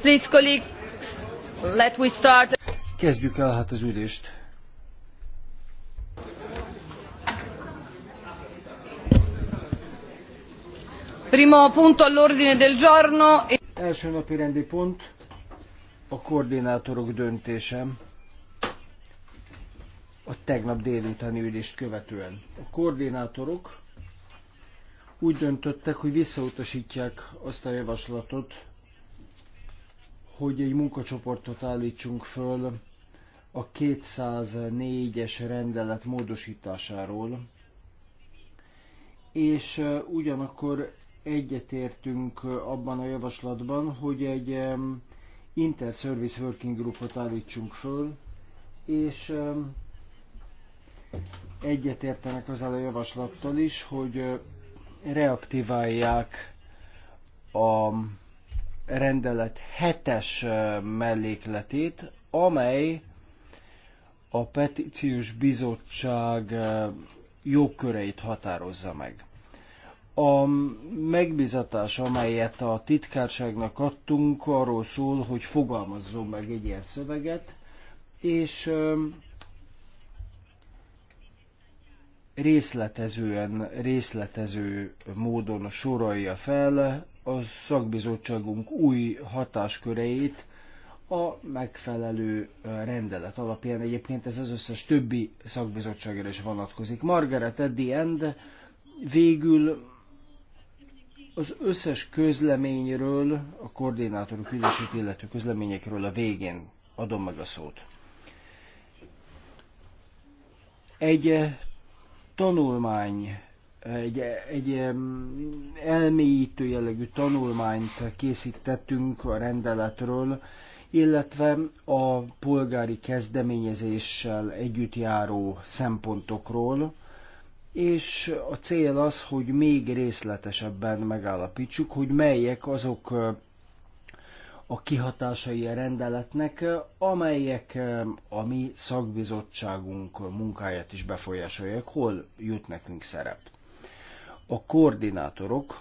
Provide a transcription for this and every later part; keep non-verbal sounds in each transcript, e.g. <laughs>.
Please, colleagues, let we start. Kezdjük el hát az ülést. Primo punto all'ordine del giorno. Első napi rendi pont a koordinátorok döntése a tegnap délutáni ülést követően. A koordinátorok úgy döntöttek, hogy visszautasítják azt a javaslatot, hogy egy munkacsoportot állítsunk föl a 204-es rendelet módosításáról, és ugyanakkor egyetértünk abban a javaslatban, hogy egy Inter-Service Working Groupot állítsunk föl, és egyetértenek azzal a javaslattal is, hogy reaktiválják a rendelet hetes mellékletét, amely a petíciós bizottság jogköreit határozza meg. A megbizatás, amelyet a titkárságnak adtunk, arról szól, hogy fogalmazzon meg egy ilyen szöveget, és részletezően, részletező módon sorolja fel a szakbizottságunk új hatásköreit a megfelelő rendelet alapján. Egyébként ez az összes többi szakbizottságra is vonatkozik. Margaret at the end végül az összes közleményről, a koordinátorok ülését illető közleményekről a végén adom meg a szót. Egy tanulmány egy, egy elmélyítő jellegű tanulmányt készítettünk a rendeletről, illetve a polgári kezdeményezéssel együtt járó szempontokról, és a cél az, hogy még részletesebben megállapítsuk, hogy melyek azok a kihatásai a rendeletnek, amelyek a mi szakbizottságunk munkáját is befolyásolják, hol jut nekünk szerep a koordinátorok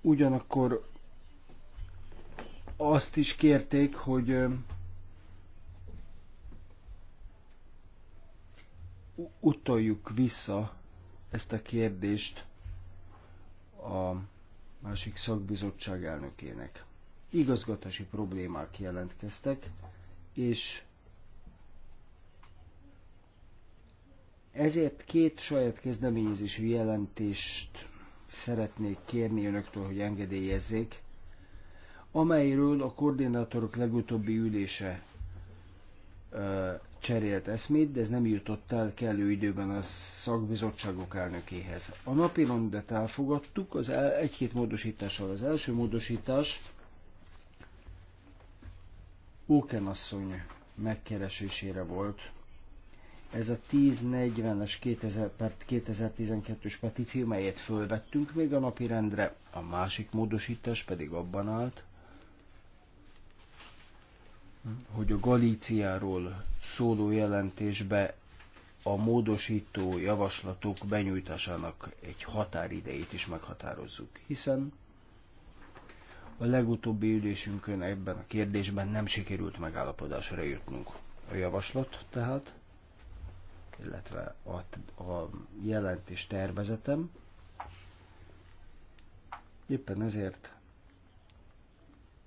ugyanakkor azt is kérték, hogy utoljuk vissza ezt a kérdést a másik szakbizottság elnökének. Igazgatási problémák jelentkeztek, és Ezért két saját kezdeményezésű jelentést szeretnék kérni önöktől, hogy engedélyezzék, amelyről a koordinátorok legutóbbi ülése ö, cserélt eszmét, de ez nem jutott el kellő időben a szakbizottságok elnökéhez. A napi rondet elfogadtuk, az el, egy-két módosítással. Az első módosítás Óken asszony megkeresésére volt, ez a 1040-es 2012-es petíció, melyet fölvettünk még a napi rendre, a másik módosítás pedig abban állt, hogy a Galíciáról szóló jelentésbe a módosító javaslatok benyújtásának egy határidejét is meghatározzuk, hiszen a legutóbbi ülésünkön ebben a kérdésben nem sikerült megállapodásra jutnunk. A javaslat tehát illetve a, a jelentés tervezetem. Éppen ezért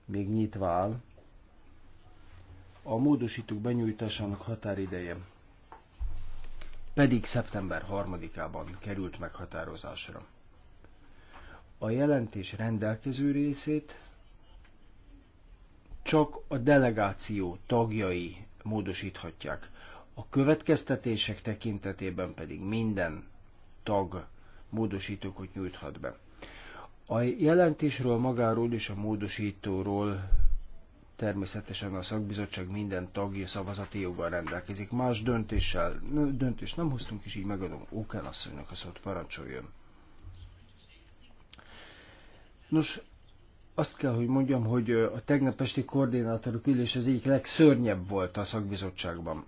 még nyitva áll a módosítók benyújtásának határideje pedig szeptember 3-ában került meghatározásra. A jelentés rendelkező részét csak a delegáció tagjai módosíthatják. A következtetések tekintetében pedig minden tag módosítókot nyújthat be. A jelentésről magáról és a módosítóról természetesen a szakbizottság minden tagja szavazati joggal rendelkezik. Más döntéssel, döntést nem hoztunk, és így megadom Ókán asszonynak a szót, parancsoljon. Nos, azt kell, hogy mondjam, hogy a tegnap esti koordinátorok ülés az egyik legszörnyebb volt a szakbizottságban.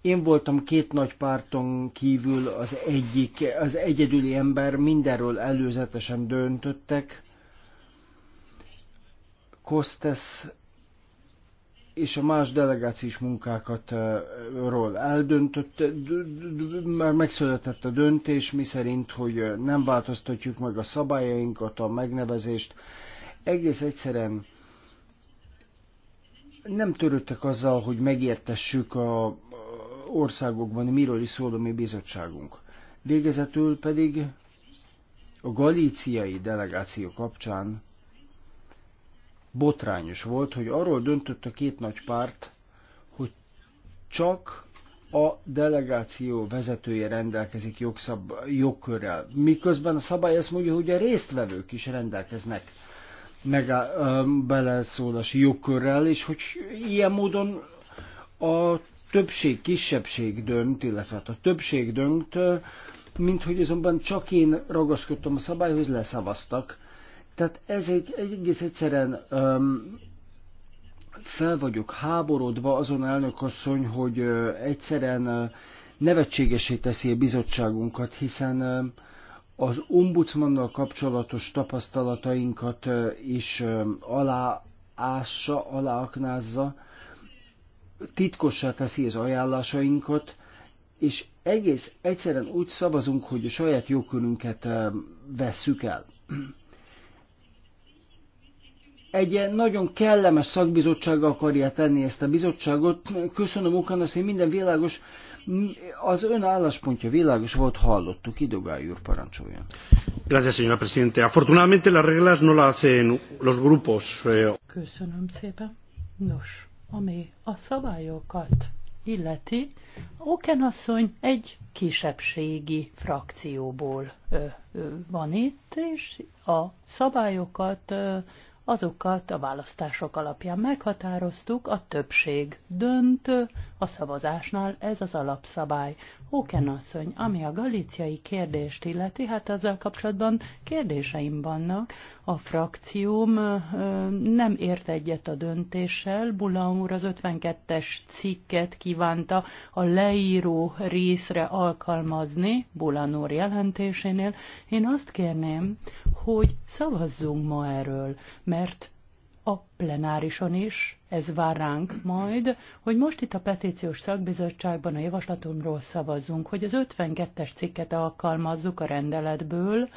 Én voltam két nagy párton kívül az egyik, az egyedüli ember, mindenről előzetesen döntöttek. Kostesz és a más delegációs munkákatról eldöntött, már megszületett a döntés, mi szerint, hogy nem változtatjuk meg a szabályainkat, a megnevezést. Egész egyszerűen nem törődtek azzal, hogy megértessük a országokban miről is szól a mi bizottságunk. Végezetül pedig a galíciai delegáció kapcsán botrányos volt, hogy arról döntött a két nagy párt, hogy csak a delegáció vezetője rendelkezik jogszab, jogkörrel. Miközben a szabály ezt mondja, hogy a résztvevők is rendelkeznek meg beleszólási jogkörrel, és hogy ilyen módon a többség-kisebbség dönt, illetve hát a többség dönt, mint hogy azonban csak én ragaszkodtam a szabályhoz, leszavaztak. Tehát ez egy, egy egész egyszerűen um, fel vagyok háborodva azon elnökasszony, hogy uh, egyszerűen uh, nevetségesé teszi a bizottságunkat, hiszen uh, az ombudsmannal kapcsolatos tapasztalatainkat is aláássa, aláaknázza, titkossá teszi az ajánlásainkat, és egész egyszerűen úgy szavazunk, hogy a saját jogkörünket eh, vesszük el. Egy nagyon kellemes szakbizottság akarja tenni ezt a bizottságot. Köszönöm azt, hogy minden világos, az ön álláspontja világos volt, hallottuk. Idogály úr parancsoljon. Gracias, señora presidente. Afortunadamente las reglas no las hacen los grupos. Eh. Köszönöm szépen. Nos, ami a szabályokat illeti, Oken asszony egy kisebbségi frakcióból ö, ö, van itt, és a szabályokat, ö, azokat a választások alapján meghatároztuk, a többség dönt a szavazásnál, ez az alapszabály. Oken asszony, ami a galíciai kérdést illeti, hát azzal kapcsolatban kérdéseim vannak, a frakcióm nem ért egyet a döntéssel. Bula úr az 52-es cikket kívánta a leíró részre alkalmazni Bulan jelentésénél. Én azt kérném, hogy szavazzunk ma erről, mert a plenárison is, ez vár ránk majd, hogy most itt a petíciós szakbizottságban a javaslatomról szavazzunk, hogy az 52-es cikket alkalmazzuk a rendeletből,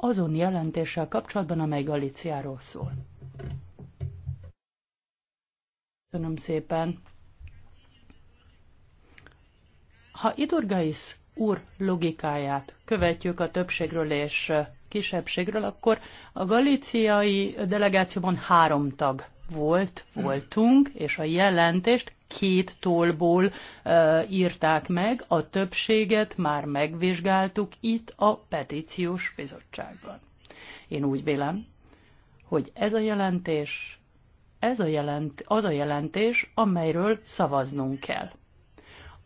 azon jelentéssel kapcsolatban, amely Galiciáról szól. Köszönöm szépen. Ha Idurgais úr logikáját követjük a többségről és kisebbségről, akkor a galíciai delegációban három tag volt, voltunk, és a jelentést két tollból e, írták meg, a többséget már megvizsgáltuk itt a petíciós bizottságban. Én úgy vélem, hogy ez a jelentés, ez a jelent, az a jelentés, amelyről szavaznunk kell.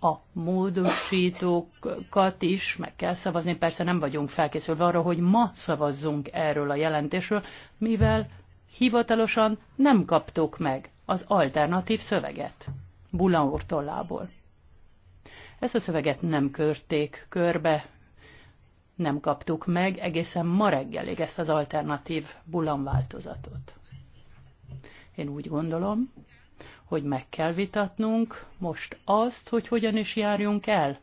A módosítókat is meg kell szavazni, persze nem vagyunk felkészülve arra, hogy ma szavazzunk erről a jelentésről, mivel hivatalosan nem kaptuk meg az alternatív szöveget. Bulan tollából. Ezt a szöveget nem körték körbe, nem kaptuk meg egészen ma reggelig ezt az alternatív Bulan változatot. Én úgy gondolom, hogy meg kell vitatnunk most azt, hogy hogyan is járjunk el,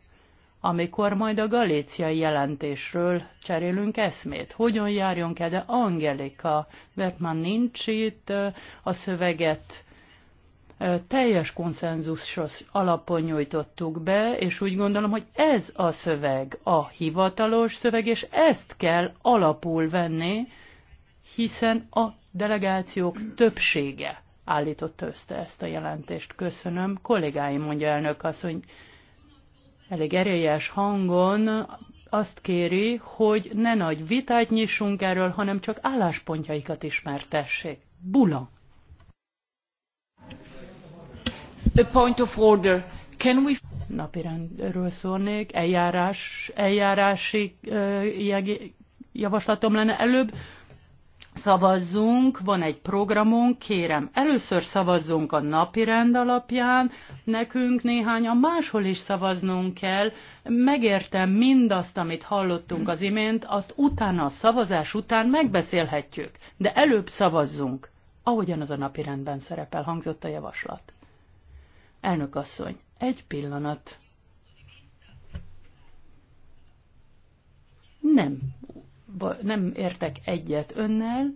amikor majd a galéciai jelentésről cserélünk eszmét. Hogyan járjunk el, de Angelika már nincs itt, a szöveget teljes konszenzusos alapon nyújtottuk be, és úgy gondolom, hogy ez a szöveg a hivatalos szöveg, és ezt kell alapul venni, hiszen a delegációk többsége állította össze ezt a jelentést. Köszönöm. Kollégáim, mondja elnök azt, hogy elég erélyes hangon azt kéri, hogy ne nagy vitát nyissunk erről, hanem csak álláspontjaikat ismertessék. Bula a point of order. Can we... Napirendről szólnék, eljárás, eljárási javaslatom lenne előbb. Szavazzunk, van egy programunk, kérem, először szavazzunk a napi rend alapján, nekünk néhányan máshol is szavaznunk kell. Megértem mindazt, amit hallottunk az imént, azt utána a szavazás után megbeszélhetjük, de előbb szavazzunk, ahogyan az a napi rendben szerepel, hangzott a javaslat. Elnök asszony, egy pillanat. Nem, nem értek egyet önnel.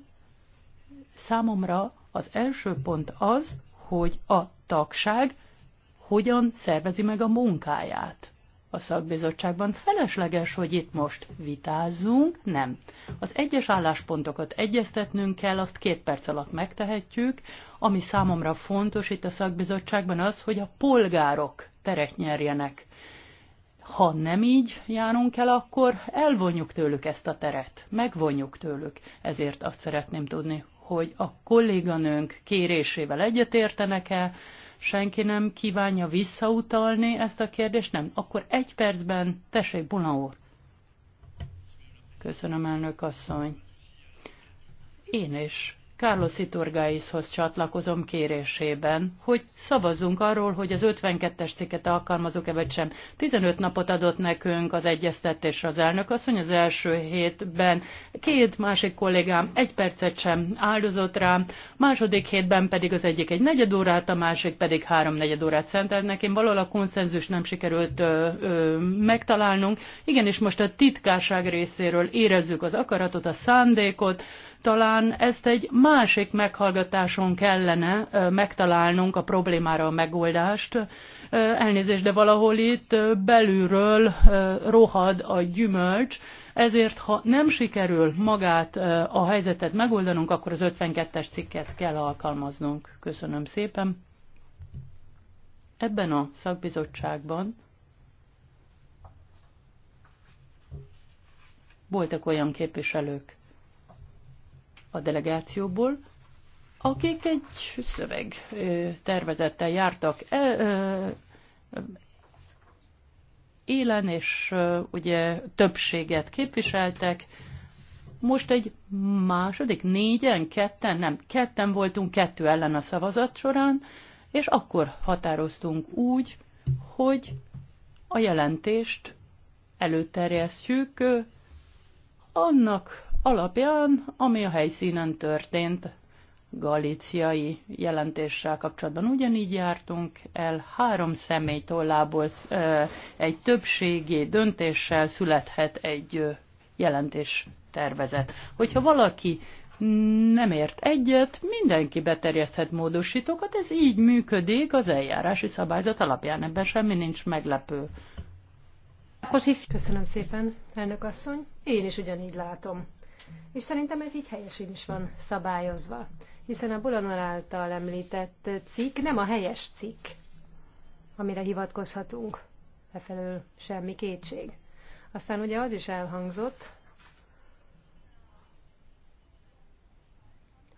Számomra az első pont az, hogy a tagság hogyan szervezi meg a munkáját a szakbizottságban. Felesleges, hogy itt most vitázzunk, nem. Az egyes álláspontokat egyeztetnünk kell, azt két perc alatt megtehetjük. Ami számomra fontos itt a szakbizottságban az, hogy a polgárok teret nyerjenek. Ha nem így járunk el, akkor elvonjuk tőlük ezt a teret, megvonjuk tőlük. Ezért azt szeretném tudni, hogy a kolléganőnk kérésével egyetértenek-e, senki nem kívánja visszautalni ezt a kérdést? Nem. Akkor egy percben, tessék, Buna úr. Köszönöm, elnök asszony. Én is Carlos Iturgaishoz csatlakozom kérésében, hogy szavazzunk arról, hogy az 52-es cikket alkalmazok-e vagy sem. 15 napot adott nekünk az egyeztetésre az elnök asszony az első hétben. Két másik kollégám egy percet sem áldozott rám, második hétben pedig az egyik egy negyed órát, a másik pedig három negyed órát szentelt nekem. Valahol a konszenzus nem sikerült ö, ö, megtalálnunk. és most a titkárság részéről érezzük az akaratot, a szándékot, talán ezt egy másik meghallgatáson kellene megtalálnunk a problémára a megoldást. Elnézést, de valahol itt belülről rohad a gyümölcs, ezért ha nem sikerül magát a helyzetet megoldanunk, akkor az 52-es cikket kell alkalmaznunk. Köszönöm szépen. Ebben a szakbizottságban voltak olyan képviselők, a delegációból, akik egy szöveg tervezettel jártak el, élen, és ugye többséget képviseltek. Most egy második, négyen, ketten, nem, ketten voltunk kettő ellen a szavazat során, és akkor határoztunk úgy, hogy a jelentést előterjesztjük annak alapján, ami a helyszínen történt Galiciai jelentéssel kapcsolatban. Ugyanígy jártunk el három személy tollából egy többségi döntéssel születhet egy jelentés tervezet. Hogyha valaki nem ért egyet, mindenki beterjeszthet módosítókat, ez így működik az eljárási szabályzat alapján, ebben semmi nincs meglepő. Köszönöm szépen, elnök asszony. Én is ugyanígy látom és szerintem ez így helyesen is van szabályozva, hiszen a Bulanor által említett cikk nem a helyes cikk, amire hivatkozhatunk, efelől semmi kétség. Aztán ugye az is elhangzott,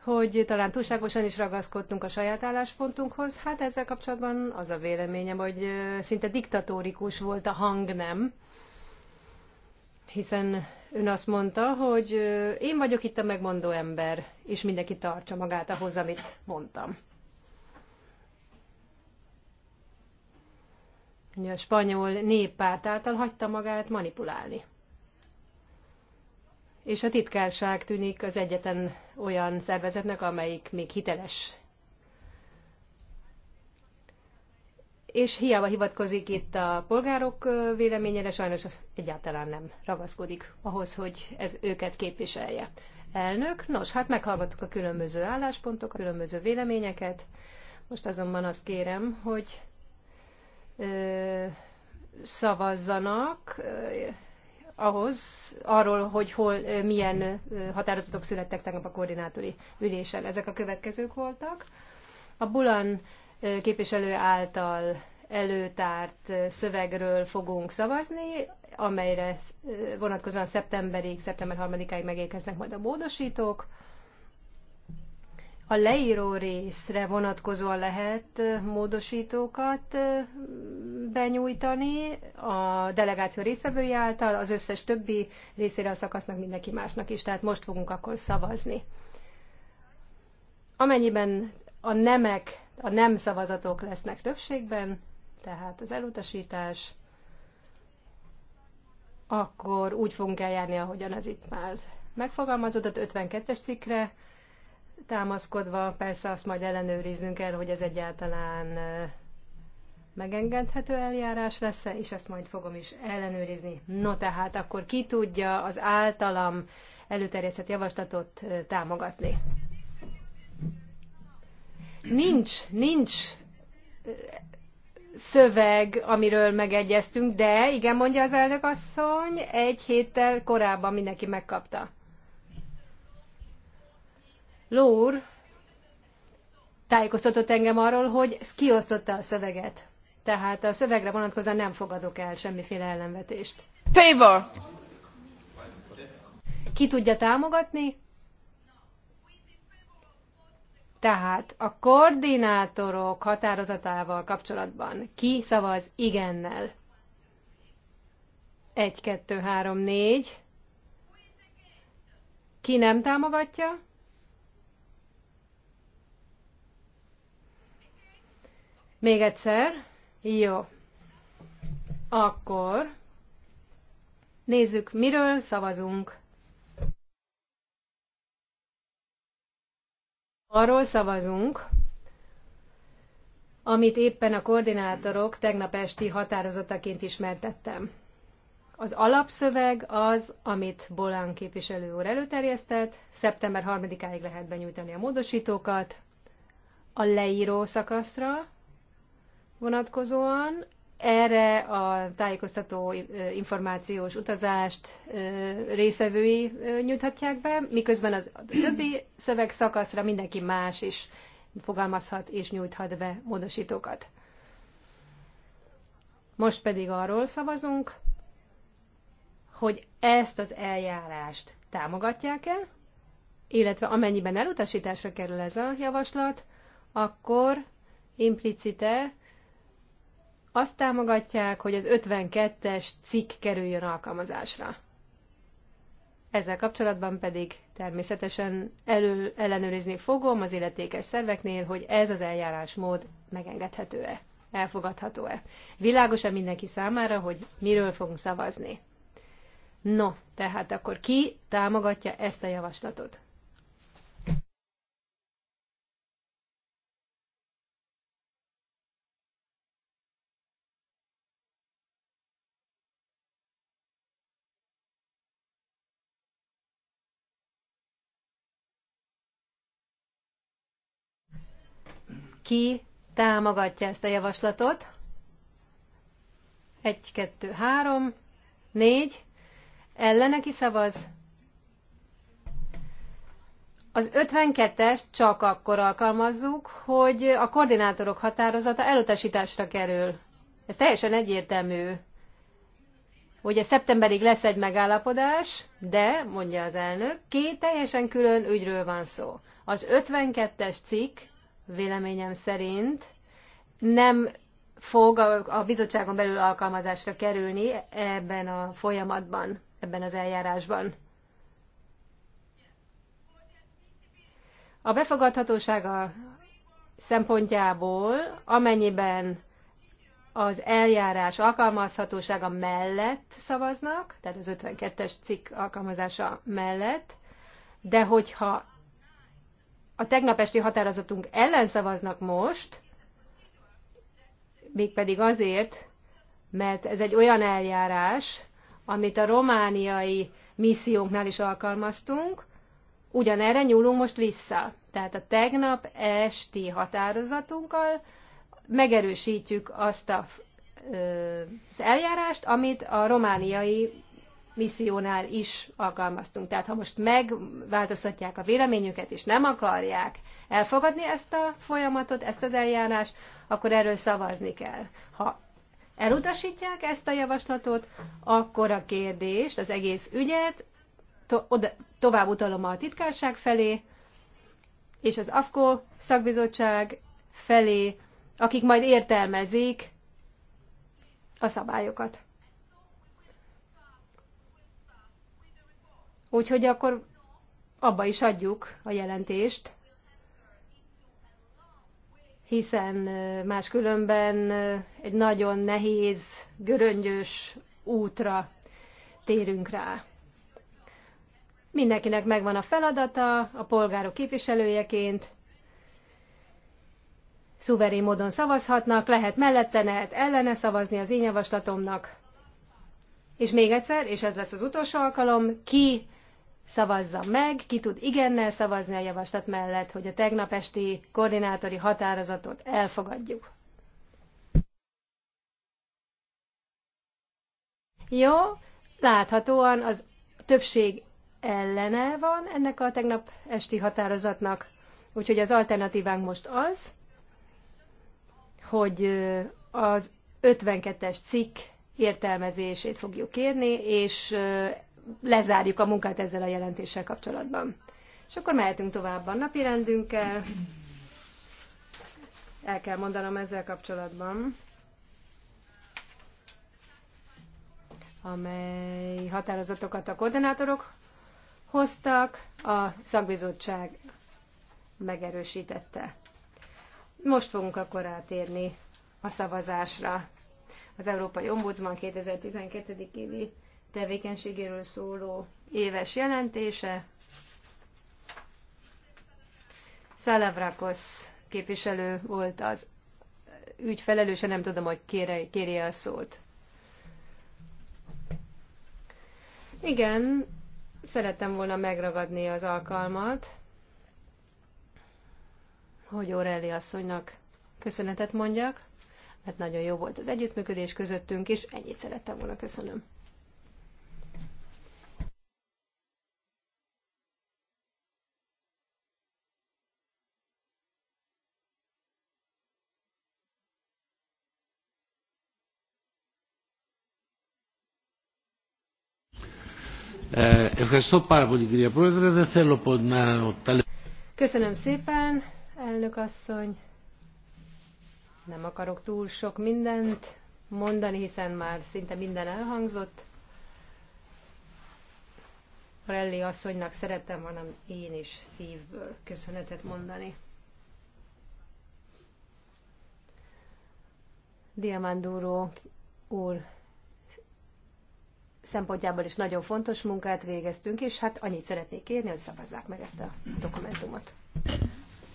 hogy talán túlságosan is ragaszkodtunk a saját álláspontunkhoz. Hát ezzel kapcsolatban az a véleményem, hogy szinte diktatórikus volt a hang, nem? Hiszen Ön azt mondta, hogy én vagyok itt a megmondó ember, és mindenki tartsa magát ahhoz, amit mondtam. A spanyol néppárt által hagyta magát manipulálni. És a titkárság tűnik az egyetlen olyan szervezetnek, amelyik még hiteles és hiába hivatkozik itt a polgárok véleményére, sajnos egyáltalán nem ragaszkodik ahhoz, hogy ez őket képviselje. Elnök, nos, hát meghallgattuk a különböző álláspontok, a különböző véleményeket. Most azonban azt kérem, hogy ö, szavazzanak ö, ahhoz, arról, hogy hol, ö, milyen ö, határozatok születtek tegnap a koordinátori ülésen. Ezek a következők voltak. A Bulan képviselő által előtárt szövegről fogunk szavazni, amelyre vonatkozóan szeptemberig, szeptember 3 ig megérkeznek majd a módosítók. A leíró részre vonatkozóan lehet módosítókat benyújtani a delegáció résztvevői által, az összes többi részére a szakasznak mindenki másnak is, tehát most fogunk akkor szavazni. Amennyiben a nemek a nem szavazatok lesznek többségben, tehát az elutasítás, akkor úgy fogunk eljárni, ahogyan az itt már megfogalmazódott 52-es cikkre, támaszkodva persze azt majd ellenőriznünk kell, hogy ez egyáltalán megengedhető eljárás lesz-e, és ezt majd fogom is ellenőrizni. No tehát akkor ki tudja az általam előterjesztett javaslatot támogatni? Nincs, nincs szöveg, amiről megegyeztünk, de igen, mondja az elnök asszony, egy héttel korábban mindenki megkapta. Lór tájékoztatott engem arról, hogy kiosztotta a szöveget. Tehát a szövegre vonatkozóan nem fogadok el semmiféle ellenvetést. Favor! Ki tudja támogatni? Tehát a koordinátorok határozatával kapcsolatban ki szavaz igennel? 1, 2, 3, 4. Ki nem támogatja? Még egyszer. Jó. Akkor nézzük, miről szavazunk. Arról szavazunk, amit éppen a koordinátorok tegnap esti határozataként ismertettem. Az alapszöveg az, amit Bolán képviselő úr előterjesztett, szeptember 3-áig lehet benyújtani a módosítókat, a leíró szakaszra vonatkozóan erre a tájékoztató információs utazást részevői nyújthatják be, miközben az többi szövegszakaszra mindenki más is fogalmazhat és nyújthat be módosítókat. Most pedig arról szavazunk, hogy ezt az eljárást támogatják-e, illetve amennyiben elutasításra kerül ez a javaslat, akkor implicite azt támogatják, hogy az 52-es cikk kerüljön alkalmazásra. Ezzel kapcsolatban pedig természetesen elő, ellenőrizni fogom az illetékes szerveknél, hogy ez az eljárásmód megengedhető-e, elfogadható-e. Világos-e mindenki számára, hogy miről fogunk szavazni? No, tehát akkor ki támogatja ezt a javaslatot? Ki támogatja ezt a javaslatot? Egy, kettő, három, négy. Ellene ki szavaz? Az 52-es csak akkor alkalmazzuk, hogy a koordinátorok határozata elutasításra kerül. Ez teljesen egyértelmű. Ugye szeptemberig lesz egy megállapodás, de, mondja az elnök, két teljesen külön ügyről van szó. Az 52-es cikk véleményem szerint nem fog a, a bizottságon belül alkalmazásra kerülni ebben a folyamatban, ebben az eljárásban. A befogadhatósága szempontjából, amennyiben az eljárás alkalmazhatósága mellett szavaznak, tehát az 52-es cikk alkalmazása mellett, de hogyha a tegnap esti határozatunk ellen szavaznak most, mégpedig azért, mert ez egy olyan eljárás, amit a romániai missziónknál is alkalmaztunk, ugyanerre nyúlunk most vissza. Tehát a tegnap esti határozatunkkal megerősítjük azt a, az eljárást, amit a romániai missziónál is alkalmaztunk. Tehát ha most megváltoztatják a véleményüket, és nem akarják elfogadni ezt a folyamatot, ezt az eljárást, akkor erről szavazni kell. Ha elutasítják ezt a javaslatot, akkor a kérdést, az egész ügyet to- oda, tovább utalom a titkárság felé, és az AFKO szakbizottság felé, akik majd értelmezik a szabályokat. Úgyhogy akkor abba is adjuk a jelentést, hiszen máskülönben egy nagyon nehéz, göröngyös útra térünk rá. Mindenkinek megvan a feladata, a polgárok képviselőjeként, szuverén módon szavazhatnak, lehet mellette, lehet ellene szavazni az én javaslatomnak. És még egyszer, és ez lesz az utolsó alkalom, ki szavazza meg, ki tud igennel szavazni a javaslat mellett, hogy a tegnap esti koordinátori határozatot elfogadjuk. Jó, láthatóan az többség ellene van ennek a tegnap esti határozatnak, úgyhogy az alternatívánk most az, hogy az 52-es cikk értelmezését fogjuk kérni, és lezárjuk a munkát ezzel a jelentéssel kapcsolatban. És akkor mehetünk tovább a rendünkkel. El kell mondanom ezzel kapcsolatban, amely határozatokat a koordinátorok hoztak, a szakbizottság megerősítette. Most fogunk akkor átérni a szavazásra. Az Európai Ombudsman 2012. évi tevékenységéről szóló éves jelentése. Szalavrakosz képviselő volt az ügyfelelőse, nem tudom, hogy kérje a szót. Igen, szerettem volna megragadni az alkalmat, hogy Orelli asszonynak köszönetet mondjak, mert nagyon jó volt az együttműködés közöttünk, és ennyit szerettem volna köszönöm. Eh, Köszönöm szépen, elnök asszony. Nem akarok túl sok mindent mondani, hiszen már szinte minden elhangzott. Relli asszonynak szerettem, hanem én is szívből köszönetet mondani. Diamandúró úr szempontjából is nagyon fontos munkát végeztünk, és hát annyit szeretnék kérni, hogy szavazzák meg ezt a dokumentumot.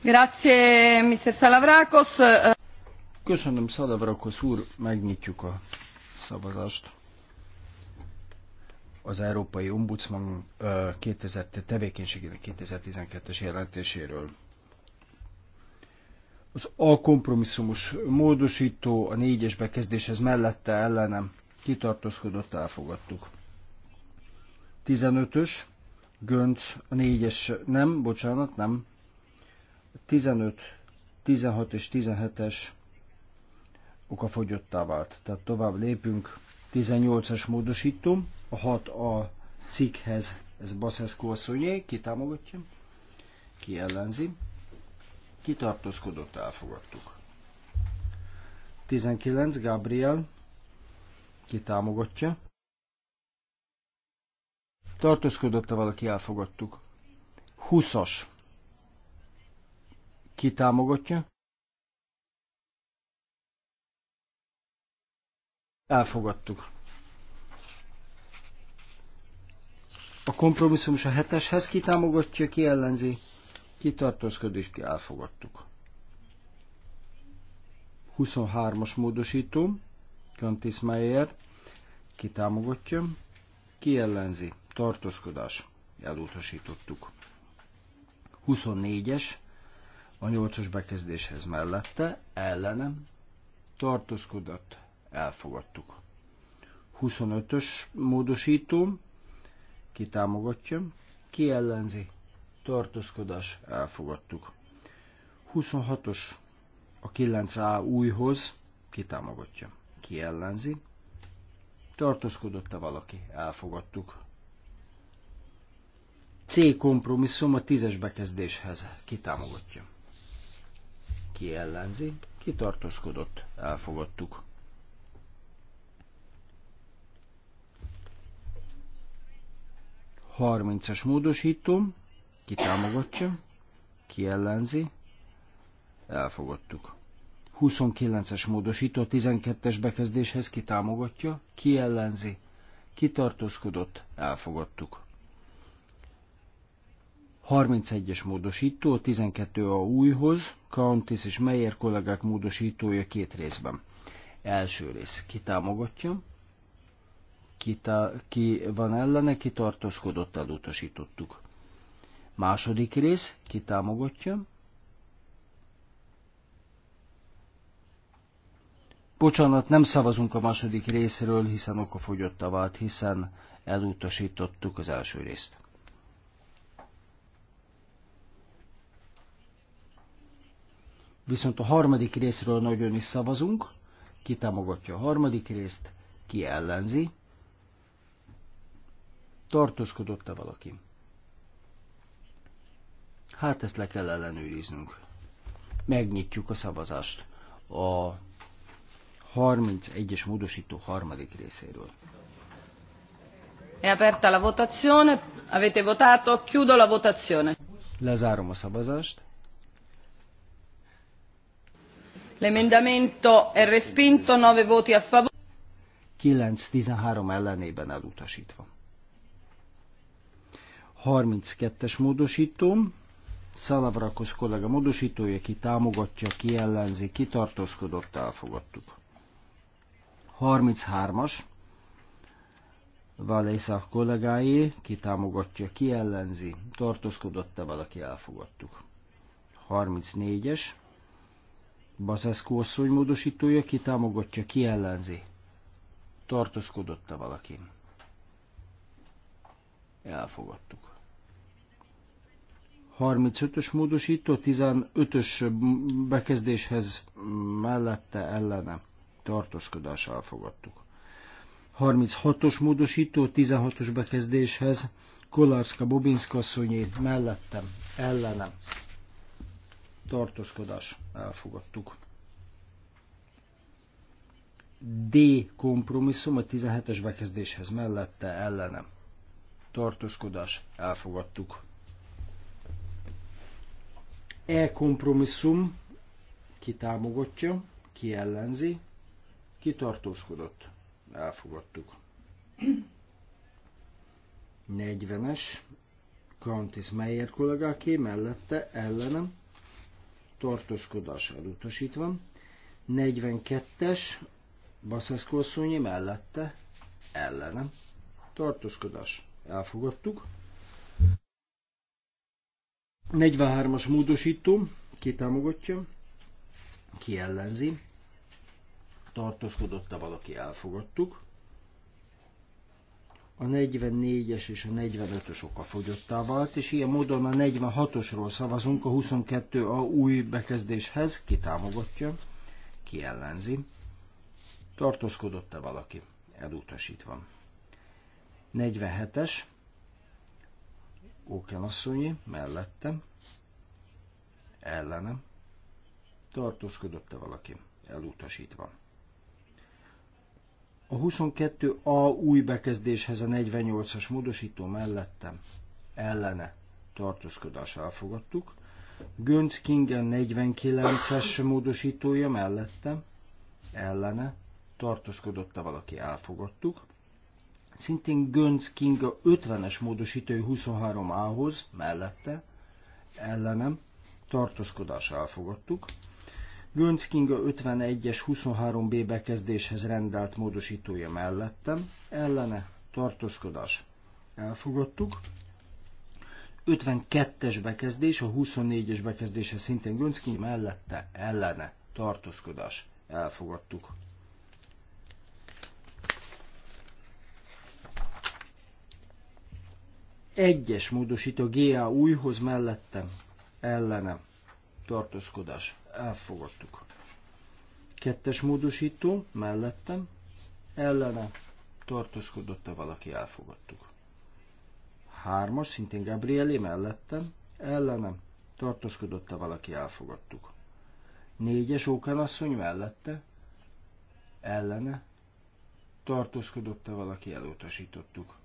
Grazie, Mr. Salavrakos. Köszönöm, Salavrakos úr, megnyitjuk a szavazást. Az Európai Ombudsman 2000, tevékenységének 2012-es jelentéséről. Az A kompromisszumos módosító a négyes bekezdéshez mellette ellenem kitartózkodott, elfogadtuk. 15-ös, Gönc, a 4-es, nem, bocsánat, nem. 15, 16 és 17-es okafogyottá vált. Tehát tovább lépünk. 18-as módosító, a 6 a cikkhez, ez Baszeszko asszonyé, ki támogatja, ki ellenzi. Kitartózkodott, elfogadtuk. 19. Gabriel, ki támogatja. Tartózkodott-e valaki, elfogadtuk. Huszas. Ki támogatja? Elfogadtuk. A kompromisszumos a heteshez ki támogatja, ki ellenzi? Ki tartózkodik, ki elfogadtuk. 23-as módosítom. Kantis Meyer, ki támogatja, ki ellenzi, tartózkodás, elutasítottuk. 24-es, a 8-os bekezdéshez mellette, ellenem, tartózkodat, elfogadtuk. 25-ös módosító, ki támogatja, ki ellenzi, tartózkodás, elfogadtuk. 26-os a 9A újhoz, ki támogatja ki ellenzi, tartózkodott-e valaki, elfogadtuk. C kompromisszum a tízes bekezdéshez kitámogatja. Ki ellenzi, ki tartózkodott, elfogadtuk. Harmincas módosító, ki támogatja, ki ellenzi, elfogadtuk. 29-es módosító 12-es bekezdéshez kitámogatja, ki ellenzi, kitartózkodott, elfogadtuk. 31-es módosító, 12 a újhoz, Countess és Meyer kollégák módosítója két részben. Első rész kitámogatja, ki, tá, ki van ellene, kitartózkodott, elutasítottuk. Második rész kitámogatja, Bocsánat, nem szavazunk a második részről, hiszen a vált, hiszen elutasítottuk az első részt. Viszont a harmadik részről nagyon is szavazunk. Ki támogatja a harmadik részt, ki ellenzi. Tartózkodott-e valaki? Hát ezt le kell ellenőriznünk. Megnyitjuk a szavazást. A 31-es módosító harmadik részéről. È aperta la votazione. Avete votato. Chiudo la votazione. Lezárom a szavazást. L'emendamento è respinto, 9 voti a favore. 9-13 ellenében elutasítva. 32-es módosítóm. Szalavrakos kollega módosítója, ki támogatja, ki ellenzi, ki tartózkodott, elfogadtuk. 33-as, Valésza kollégái, ki támogatja, ki ellenzi, tartózkodott-e valaki, elfogadtuk. 34-es, Bazeszkó asszony módosítója, ki támogatja, ki ellenzi, tartózkodott-e valaki. Elfogadtuk. 35-ös módosító, 15-ös bekezdéshez mellette ellenem tartózkodással fogadtuk. 36-os módosító 16-os bekezdéshez Kolarska Bobinska asszonyé mellettem, ellenem. Tartózkodás elfogadtuk. D kompromisszum a 17-es bekezdéshez mellette, ellenem. Tartózkodás elfogadtuk. E kompromisszum kitámogatja, kiellenzi. ki ellenzi, kitartózkodott, elfogadtuk. 40-es, Countess Meyer kollégáké mellette ellenem tartóskodás elutasítva. 42-es, Baszeszko asszonyi mellette ellenem tartózkodás elfogadtuk. 43-as módosító, ki támogatja, ki ellenzi, tartózkodott-e valaki, elfogadtuk. A 44-es és a 45-ös oka fogyottá vált, és ilyen módon a 46-osról szavazunk a 22A új bekezdéshez, ki támogatja, ki ellenzi. Tartózkodott-e valaki? Elutasítva. 47-es, Óken asszonyi, mellettem, ellenem. Tartózkodott-e valaki? Elutasítva. A 22A új bekezdéshez a 48-as módosító mellettem ellene tartózkodás elfogadtuk. Gönc a 49-es módosítója mellettem ellene tartózkodott-e valaki elfogadtuk. Szintén Gönc a 50-es módosítói 23A-hoz mellette ellenem tartózkodás elfogadtuk. Gönc Kinga 51-es 23b bekezdéshez rendelt módosítója mellettem, ellene tartózkodás. Elfogadtuk. 52-es bekezdés, a 24-es bekezdése szintén Gönc Kinga mellette, ellene tartózkodás. Elfogadtuk. Egyes módosító GA újhoz mellettem, ellenem tartózkodás elfogadtuk. Kettes módosító, mellettem, ellene, tartózkodott-e valaki, elfogadtuk. Hármas, szintén Gabrieli, mellettem, ellenem, tartózkodott-e valaki, elfogadtuk. Négyes ókanasszony mellette, ellene, tartózkodott-e valaki, elutasítottuk.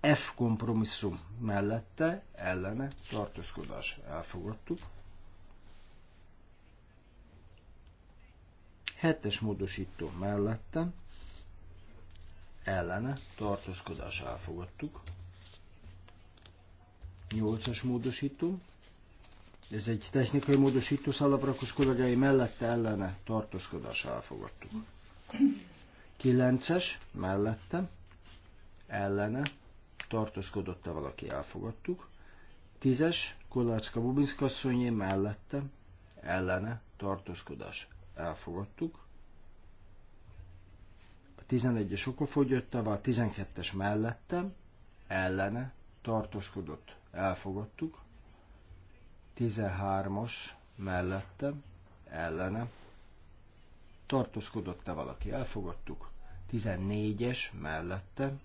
F kompromisszum mellette, ellene, tartózkodás, elfogadtuk. Hetes módosító mellettem, ellene, tartózkodás elfogadtuk. Nyolcas módosító, ez egy technikai módosító szalaprakos kollégái mellette ellene tartózkodás elfogadtuk. 9-es mellette ellene tartózkodott-e valaki elfogadtuk. 10-es Kolácska Bubinszka mellette ellene tartózkodás elfogadtuk. A 11-es okafogyottával, a 12-es mellettem, ellene, tartoskodott, elfogadtuk. 13-as mellettem, ellene, tartoskodott e valaki, elfogadtuk. 14-es mellettem,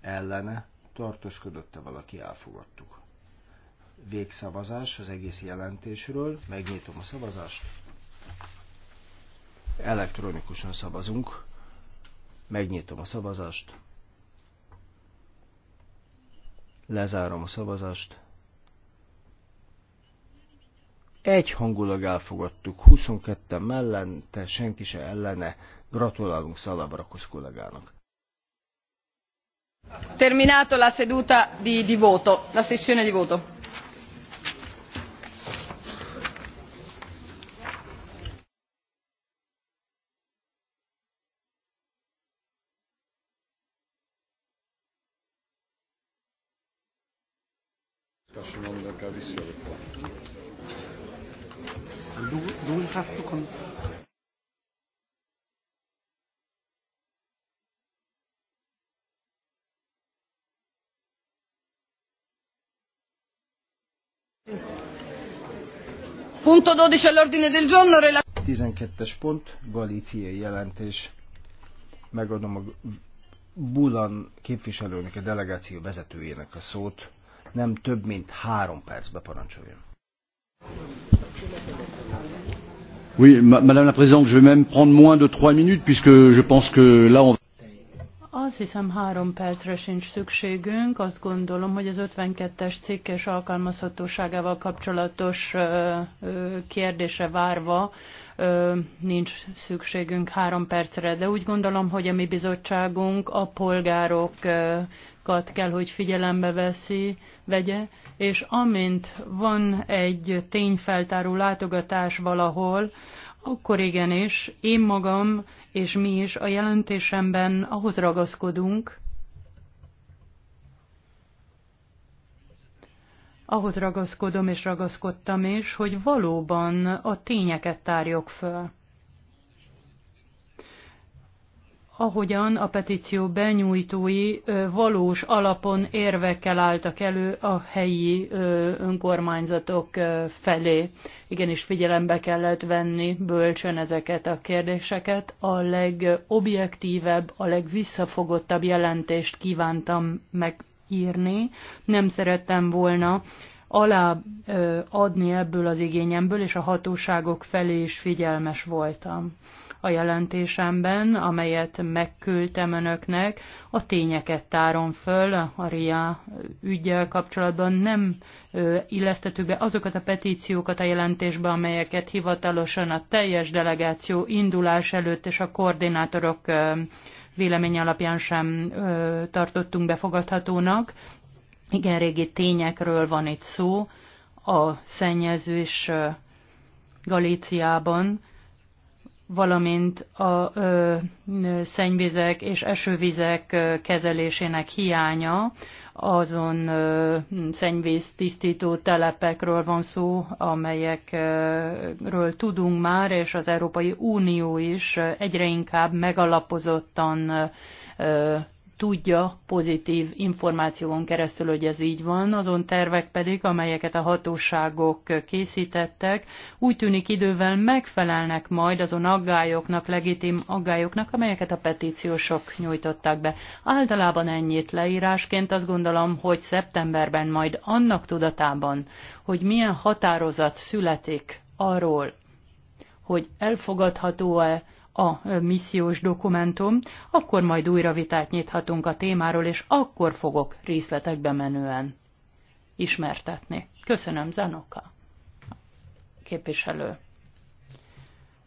ellene, tartoskodott e valaki, elfogadtuk. Végszavazás az egész jelentésről, megnyitom a szavazást elektronikusan szavazunk. Megnyitom a szavazást. Lezárom a szavazást. Egyhangulag elfogadtuk, 22-en mellente, senki se ellene. Gratulálunk Szalabrakusz kollégának. Terminato la seduta di, di voto, la sessione di voto. Punto 12 all'ordine del giorno. 12-es pont, galíciai jelentés. Megadom a Bulan képviselőnek, a delegáció vezetőjének a szót. Nem több, mint három percbe parancsoljon. Oui, Madame la Présidente, je vais même prendre moins de trois minutes puisque je pense que là on azt hiszem három percre sincs szükségünk. Azt gondolom, hogy az 52-es cikkes alkalmazhatóságával kapcsolatos kérdése várva nincs szükségünk három percre, de úgy gondolom, hogy a mi bizottságunk a polgárokat kell, hogy figyelembe veszi, vegye, és amint van egy tényfeltáró látogatás valahol, akkor igenis, én magam és mi is a jelentésemben ahhoz ragaszkodunk, ahhoz ragaszkodom és ragaszkodtam is, hogy valóban a tényeket tárjuk föl. ahogyan a petíció benyújtói valós alapon érvekkel álltak elő a helyi önkormányzatok felé. Igenis figyelembe kellett venni bölcsön ezeket a kérdéseket. A legobjektívebb, a legvisszafogottabb jelentést kívántam megírni. Nem szerettem volna alá adni ebből az igényemből, és a hatóságok felé is figyelmes voltam a jelentésemben, amelyet megküldtem önöknek. A tényeket tárom föl a RIA ügyel kapcsolatban. Nem illesztettük be azokat a petíciókat a jelentésbe, amelyeket hivatalosan a teljes delegáció indulás előtt és a koordinátorok vélemény alapján sem ö, tartottunk befogadhatónak. Igen, régi tényekről van itt szó. A szennyezés Galíciában valamint a ö, szennyvizek és esővizek kezelésének hiánya, azon ö, szennyvíz tisztító telepekről van szó, amelyekről tudunk már, és az Európai Unió is egyre inkább megalapozottan ö, tudja pozitív információon keresztül, hogy ez így van, azon tervek pedig, amelyeket a hatóságok készítettek, úgy tűnik idővel megfelelnek majd azon aggályoknak, legitim aggályoknak, amelyeket a petíciósok nyújtottak be. Általában ennyit leírásként azt gondolom, hogy szeptemberben majd annak tudatában, hogy milyen határozat születik arról, hogy elfogadható-e a missziós dokumentum, akkor majd újra vitát nyithatunk a témáról, és akkor fogok részletekbe menően ismertetni. Köszönöm, Zanoka. Képviselő.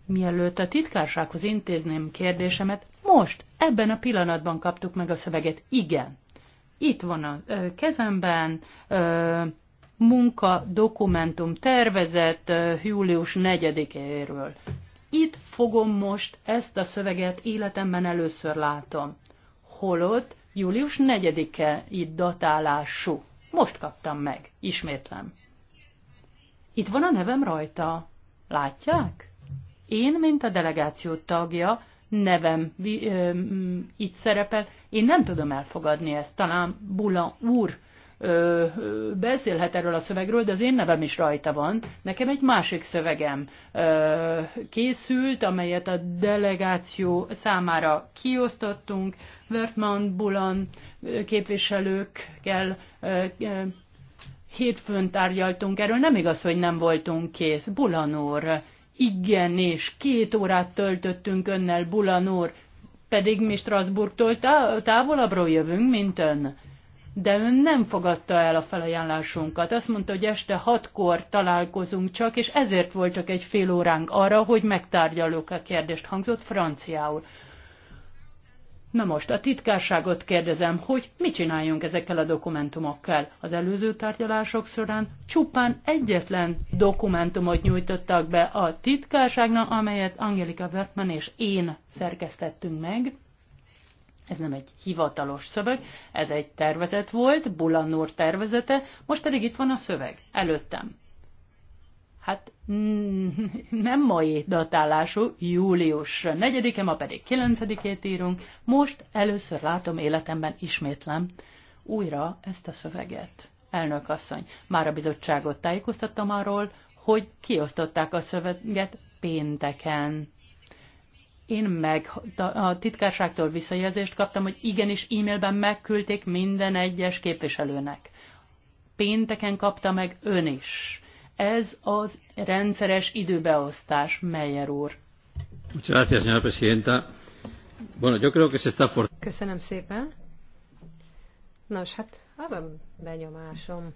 Mielőtt a titkársághoz intézném kérdésemet, most, ebben a pillanatban kaptuk meg a szöveget. Igen. Itt van a ö, kezemben ö, munka dokumentum tervezett ö, július 4-éről itt fogom most ezt a szöveget életemben először látom. Holott július 4-e itt datálású. Most kaptam meg, ismétlem. Itt van a nevem rajta. Látják? Én, mint a delegáció tagja, nevem itt szerepel. Én nem tudom elfogadni ezt. Talán Bula úr beszélhet erről a szövegről, de az én nevem is rajta van. Nekem egy másik szövegem ö, készült, amelyet a delegáció számára kiosztottunk. Wertmann, Bulan képviselőkkel ö, ö, hétfőn tárgyaltunk erről. Nem igaz, hogy nem voltunk kész. Bulan úr, igen, és két órát töltöttünk önnel, Bulan úr, pedig mi Strasbourgtól távolabbról jövünk, mint ön de ön nem fogadta el a felajánlásunkat. Azt mondta, hogy este hatkor találkozunk csak, és ezért volt csak egy fél óránk arra, hogy megtárgyaljuk a kérdést. Hangzott franciául. Na most a titkárságot kérdezem, hogy mit csináljunk ezekkel a dokumentumokkal. Az előző tárgyalások során csupán egyetlen dokumentumot nyújtottak be a titkárságnak, amelyet Angelika Wertmann és én szerkesztettünk meg. Ez nem egy hivatalos szöveg, ez egy tervezet volt, Bulanur tervezete, most pedig itt van a szöveg, előttem. Hát mm, nem mai datálású, július 4-e, ma pedig 9-ét írunk. Most először látom életemben ismétlem újra ezt a szöveget. Elnök asszony, már a bizottságot tájékoztattam arról, hogy kiosztották a szöveget pénteken én meg a titkárságtól visszajelzést kaptam, hogy igenis e-mailben megküldték minden egyes képviselőnek. Pénteken kapta meg ön is. Ez az rendszeres időbeosztás, Meyer úr. Köszönöm szépen. Nos, hát az a benyomásom,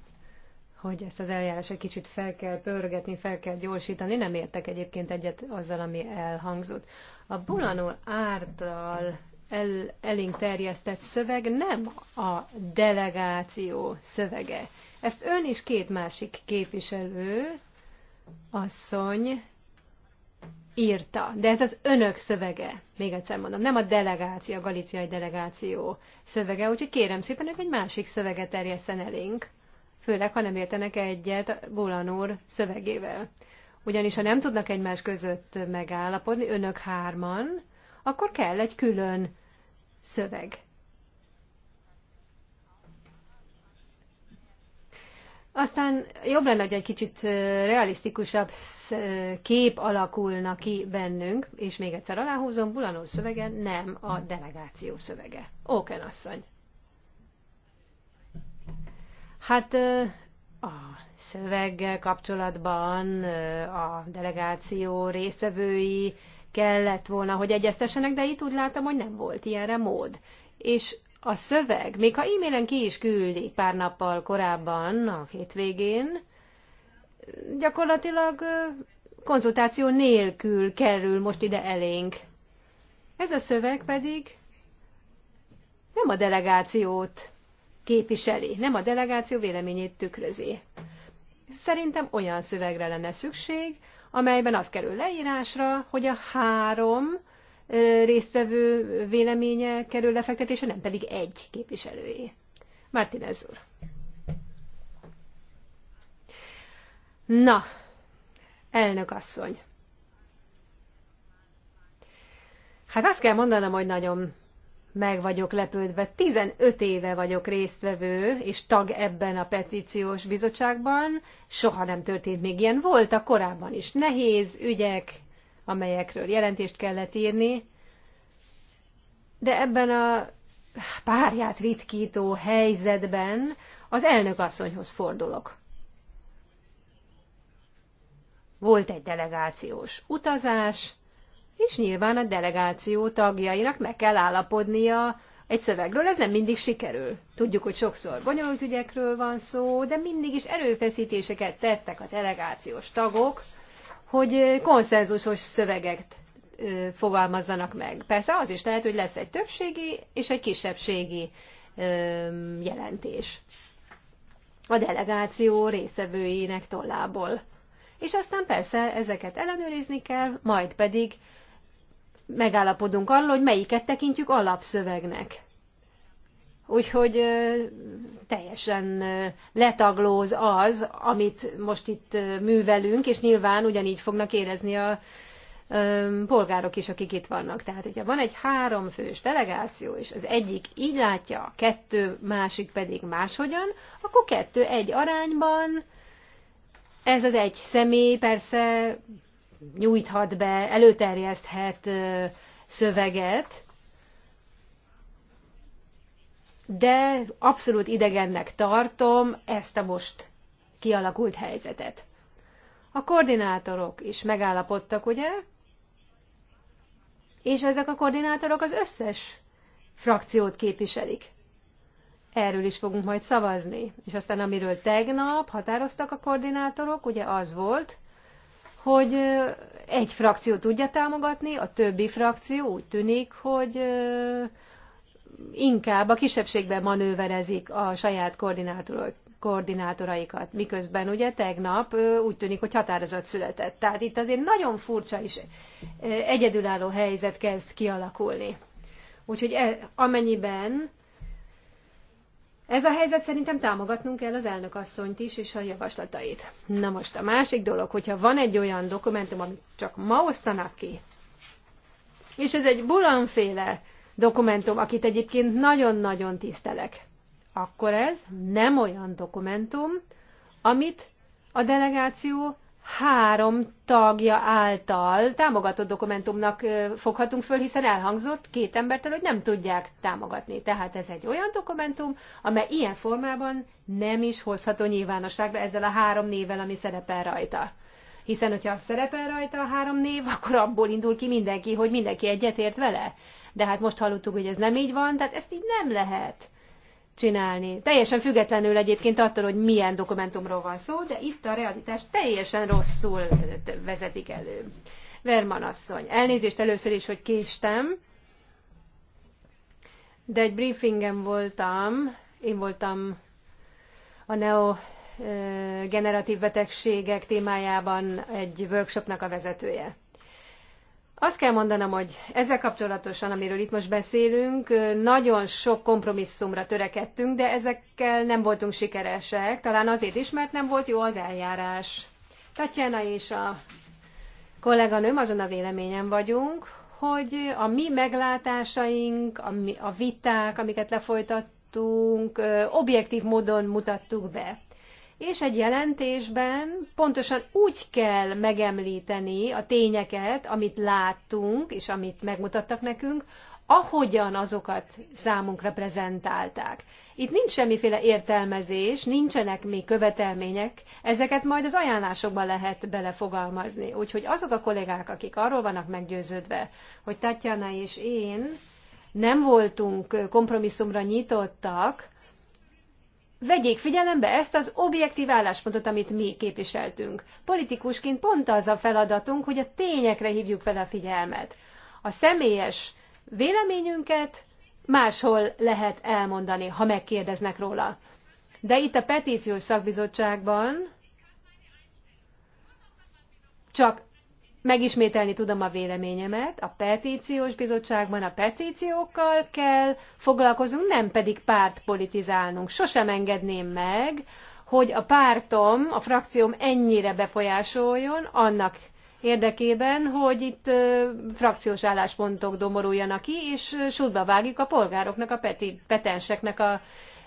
hogy ezt az eljárás egy kicsit fel kell pörgetni, fel kell gyorsítani. Nem értek egyébként egyet azzal, ami elhangzott. A Bulanul Árdal el, elénk terjesztett szöveg nem a delegáció szövege. Ezt ön is két másik képviselő asszony írta, de ez az önök szövege, még egyszer mondom, nem a delegáció, a galiciai delegáció szövege, úgyhogy kérem szépen, hogy egy másik szöveget terjeszten elénk, főleg, ha nem értenek egyet Bulan úr szövegével. Ugyanis ha nem tudnak egymás között megállapodni, önök hárman, akkor kell egy külön szöveg. Aztán jobb lenne, hogy egy kicsit realisztikusabb kép alakulna ki bennünk, és még egyszer aláhúzom, Bulanó szövege nem a delegáció szövege. Óken asszony. Hát a szöveggel kapcsolatban a delegáció részevői kellett volna, hogy egyeztessenek, de itt úgy látom, hogy nem volt ilyenre mód. És a szöveg, még ha e-mailen ki is küldik pár nappal korábban, a hétvégén, gyakorlatilag konzultáció nélkül kerül most ide elénk. Ez a szöveg pedig nem a delegációt képviseli, nem a delegáció véleményét tükrözi. Szerintem olyan szövegre lenne szükség, amelyben az kerül leírásra, hogy a három résztvevő véleménye kerül lefektetése, nem pedig egy képviselői. Martinez úr. Na, elnök asszony. Hát azt kell mondanom, hogy nagyon meg vagyok lepődve. 15 éve vagyok résztvevő és tag ebben a petíciós bizottságban. Soha nem történt még ilyen. Voltak korábban is nehéz ügyek, amelyekről jelentést kellett írni, de ebben a párját ritkító helyzetben az elnök asszonyhoz fordulok. Volt egy delegációs utazás, és nyilván a delegáció tagjainak meg kell állapodnia egy szövegről, ez nem mindig sikerül. Tudjuk, hogy sokszor bonyolult ügyekről van szó, de mindig is erőfeszítéseket tettek a delegációs tagok, hogy konszenzusos szöveget fogalmazzanak meg. Persze az is lehet, hogy lesz egy többségi és egy kisebbségi jelentés a delegáció részevőinek tollából. És aztán persze ezeket ellenőrizni kell, majd pedig megállapodunk arról, hogy melyiket tekintjük alapszövegnek. Úgyhogy teljesen letaglóz az, amit most itt művelünk, és nyilván ugyanígy fognak érezni a polgárok is, akik itt vannak. Tehát, hogyha van egy háromfős delegáció, és az egyik így látja, a kettő másik pedig máshogyan, akkor kettő egy arányban, ez az egy személy persze nyújthat be, előterjeszthet szöveget, de abszolút idegennek tartom ezt a most kialakult helyzetet. A koordinátorok is megállapodtak, ugye? És ezek a koordinátorok az összes frakciót képviselik. Erről is fogunk majd szavazni. És aztán, amiről tegnap határoztak a koordinátorok, ugye az volt, hogy egy frakció tudja támogatni, a többi frakció úgy tűnik, hogy inkább a kisebbségben manőverezik a saját koordinátorok koordinátoraikat, miközben ugye tegnap úgy tűnik, hogy határozat született. Tehát itt azért nagyon furcsa is egyedülálló helyzet kezd kialakulni. Úgyhogy e, amennyiben ez a helyzet szerintem támogatnunk kell az elnök asszonyt is és a javaslatait. Na most a másik dolog, hogyha van egy olyan dokumentum, amit csak ma osztanak ki, és ez egy bulanféle dokumentum, akit egyébként nagyon-nagyon tisztelek, akkor ez nem olyan dokumentum, amit a delegáció három tagja által támogatott dokumentumnak foghatunk föl, hiszen elhangzott két embertől, hogy nem tudják támogatni. Tehát ez egy olyan dokumentum, amely ilyen formában nem is hozható nyilvánosságra ezzel a három névvel, ami szerepel rajta. Hiszen, hogyha szerepel rajta a három név, <laughs> akkor abból indul ki mindenki, hogy mindenki egyetért vele. De hát most hallottuk, hogy ez nem így van, tehát ezt így nem lehet csinálni. Teljesen függetlenül egyébként attól, hogy milyen dokumentumról van szó, de itt a realitás teljesen rosszul vezetik elő. Verman asszony, elnézést először is, hogy késtem, de egy briefingem voltam, én voltam a neo eh, generatív betegségek témájában egy workshopnak a vezetője. Azt kell mondanom, hogy ezzel kapcsolatosan, amiről itt most beszélünk, nagyon sok kompromisszumra törekedtünk, de ezekkel nem voltunk sikeresek, talán azért is, mert nem volt jó az eljárás. Tatjana és a kolléganőm azon a véleményen vagyunk, hogy a mi meglátásaink, a, mi, a viták, amiket lefolytattunk, objektív módon mutattuk be és egy jelentésben pontosan úgy kell megemlíteni a tényeket, amit láttunk, és amit megmutattak nekünk, ahogyan azokat számunkra prezentálták. Itt nincs semmiféle értelmezés, nincsenek még követelmények, ezeket majd az ajánlásokban lehet belefogalmazni. Úgyhogy azok a kollégák, akik arról vannak meggyőződve, hogy Tatjana és én nem voltunk kompromisszumra nyitottak, vegyék figyelembe ezt az objektív álláspontot, amit mi képviseltünk. Politikusként pont az a feladatunk, hogy a tényekre hívjuk fel a figyelmet. A személyes véleményünket máshol lehet elmondani, ha megkérdeznek róla. De itt a petíciós szakbizottságban csak Megismételni tudom a véleményemet, a petíciós bizottságban a petíciókkal kell foglalkozunk, nem pedig párt politizálnunk. Sosem engedném meg, hogy a pártom, a frakcióm ennyire befolyásoljon annak érdekében, hogy itt ö, frakciós álláspontok domoruljanak ki, és sútba vágjuk a polgároknak, a peti, petenseknek a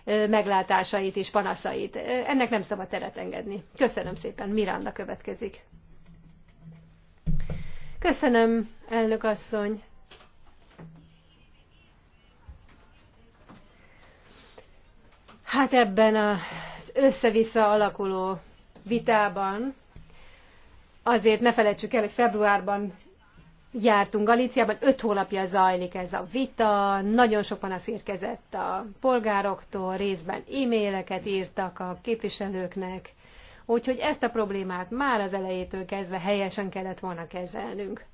ö, meglátásait és panaszait. Ennek nem szabad teret engedni. Köszönöm szépen. Miranda következik. Köszönöm, elnök asszony. Hát ebben az össze-vissza alakuló vitában azért ne felejtsük el, hogy februárban jártunk Galíciában, öt hónapja zajlik ez a vita, nagyon sok panasz érkezett a polgároktól, részben e-maileket írtak a képviselőknek, Úgyhogy ezt a problémát már az elejétől kezdve helyesen kellett volna kezelnünk.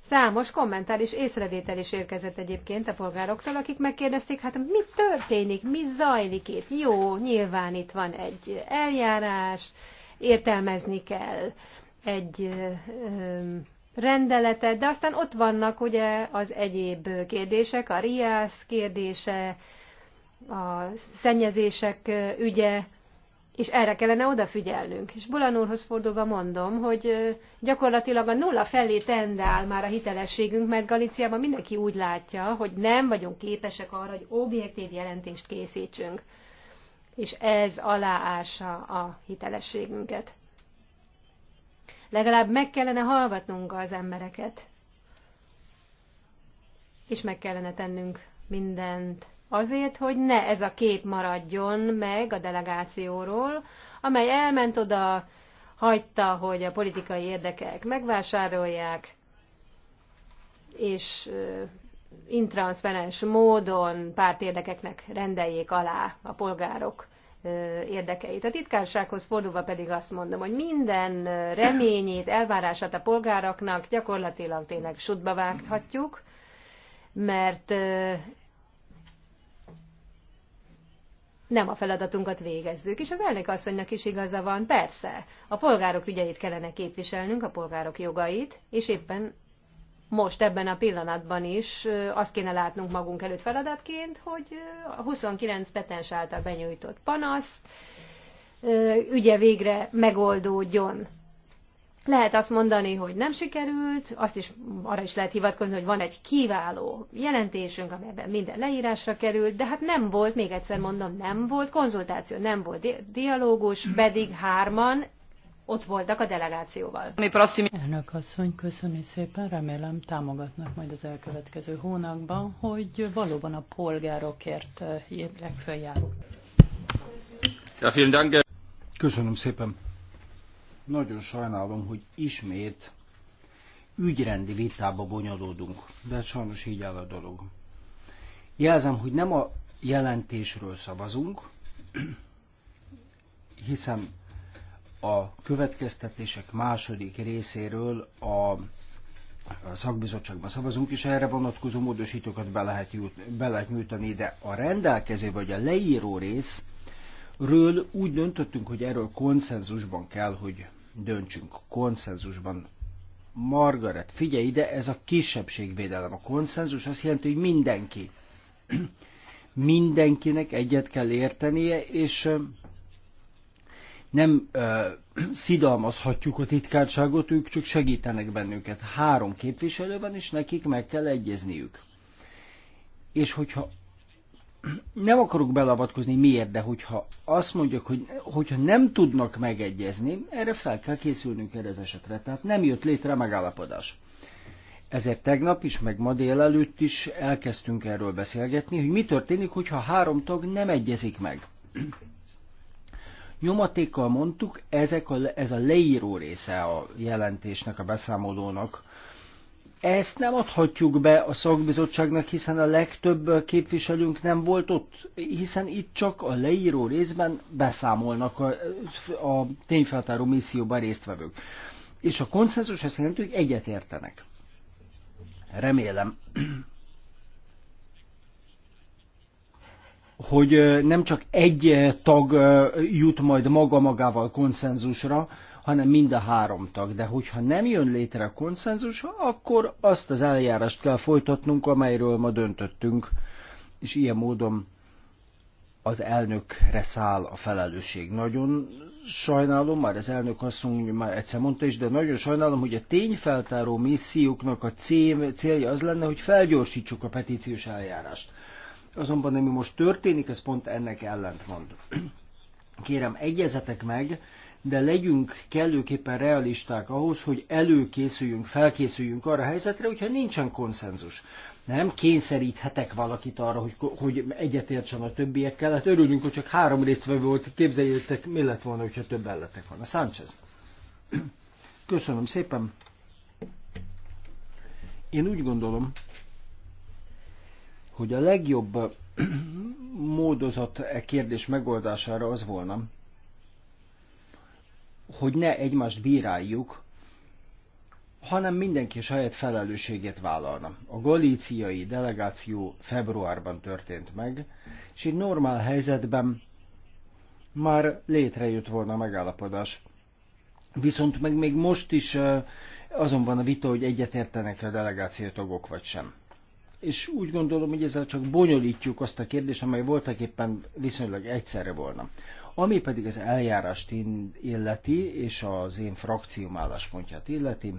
Számos kommentár és észrevétel is érkezett egyébként a polgároktól, akik megkérdezték, hát mi történik, mi zajlik itt. Jó, nyilván itt van egy eljárás, értelmezni kell egy rendeletet, de aztán ott vannak ugye az egyéb kérdések, a riász kérdése, a szennyezések ügye, és erre kellene odafigyelnünk. És Bulan úrhoz fordulva mondom, hogy gyakorlatilag a nulla felé tendál már a hitelességünk, mert Galiciában mindenki úgy látja, hogy nem vagyunk képesek arra, hogy objektív jelentést készítsünk. És ez aláása a hitelességünket. Legalább meg kellene hallgatnunk az embereket. És meg kellene tennünk mindent azért, hogy ne ez a kép maradjon meg a delegációról, amely elment oda, hagyta, hogy a politikai érdekek megvásárolják, és intranszparens módon pártérdekeknek rendeljék alá a polgárok érdekeit. A titkársághoz fordulva pedig azt mondom, hogy minden reményét, elvárását a polgároknak gyakorlatilag tényleg sutba vághatjuk, mert nem a feladatunkat végezzük. És az elnök asszonynak is igaza van, persze, a polgárok ügyeit kellene képviselnünk, a polgárok jogait, és éppen most ebben a pillanatban is azt kéne látnunk magunk előtt feladatként, hogy a 29 petens által benyújtott panasz ügye végre megoldódjon. Lehet azt mondani, hogy nem sikerült, azt is arra is lehet hivatkozni, hogy van egy kiváló jelentésünk, amelyben minden leírásra került, de hát nem volt, még egyszer mondom, nem volt konzultáció, nem volt di- dialógus, pedig hárman ott voltak a delegációval. Elnök asszony, Köszönöm szépen, remélem támogatnak majd az elkövetkező hónapban, hogy valóban a polgárokért lépnek eh, följáró. Köszönöm szépen. Nagyon sajnálom, hogy ismét ügyrendi vitába bonyolódunk, de hát sajnos így áll a dolog. Jelzem, hogy nem a jelentésről szavazunk, hiszen a következtetések második részéről a szakbizottságban szavazunk, és erre vonatkozó módosítókat be lehet, jut, be lehet nyújtani, de a rendelkező vagy a leíró részről úgy döntöttünk, hogy erről konszenzusban kell, hogy döntsünk konszenzusban. Margaret, figyelj ide, ez a kisebbségvédelem. A konszenzus azt jelenti, hogy mindenki. <clears throat> Mindenkinek egyet kell értenie, és nem ö, <clears throat> szidalmazhatjuk a titkárságot, ők csak segítenek bennünket. Három képviselő van, és nekik meg kell egyezniük. És hogyha nem akarok belavatkozni, miért, de hogyha azt mondjuk, hogy hogyha nem tudnak megegyezni, erre fel kell készülnünk erre az esetre. Tehát nem jött létre megállapodás. Ezért tegnap is, meg ma délelőtt is elkezdtünk erről beszélgetni, hogy mi történik, hogyha három tag nem egyezik meg. Nyomatékkal mondtuk, ezek a, ez a leíró része a jelentésnek, a beszámolónak, ezt nem adhatjuk be a szakbizottságnak, hiszen a legtöbb képviselőnk nem volt ott, hiszen itt csak a leíró részben beszámolnak a, a tényfeltáró misszióban résztvevők. És a konszenzus azt jelenti, hogy egyetértenek. Remélem, hogy nem csak egy tag jut majd maga magával konszenzusra, hanem mind a három tag. De hogyha nem jön létre a konszenzus, akkor azt az eljárást kell folytatnunk, amelyről ma döntöttünk, és ilyen módon az elnökre száll a felelősség. Nagyon sajnálom, már az elnök asszony már egyszer mondta is, de nagyon sajnálom, hogy a tényfeltáró misszióknak a cím, célja az lenne, hogy felgyorsítsuk a petíciós eljárást. Azonban ami most történik, ez pont ennek mond. Kérem, egyezetek meg, de legyünk kellőképpen realisták ahhoz, hogy előkészüljünk, felkészüljünk arra a helyzetre, hogyha nincsen konszenzus. Nem kényszeríthetek valakit arra, hogy, hogy egyetértsen a többiekkel. Hát örülünk, hogy csak három résztvevő volt, képzeljétek, mi lett volna, hogyha több elletek van. A Sánchez. Köszönöm szépen. Én úgy gondolom, hogy a legjobb módozat e kérdés megoldására az volna, hogy ne egymást bíráljuk, hanem mindenki a saját felelősségét vállalna. A galíciai delegáció februárban történt meg, és egy normál helyzetben már létrejött volna a megállapodás. Viszont meg még most is azon van a vita, hogy egyetértenek a delegáció tagok vagy sem. És úgy gondolom, hogy ezzel csak bonyolítjuk azt a kérdést, amely voltak éppen viszonylag egyszerre volna. Ami pedig az eljárást illeti, és az én frakcióm álláspontját illeti,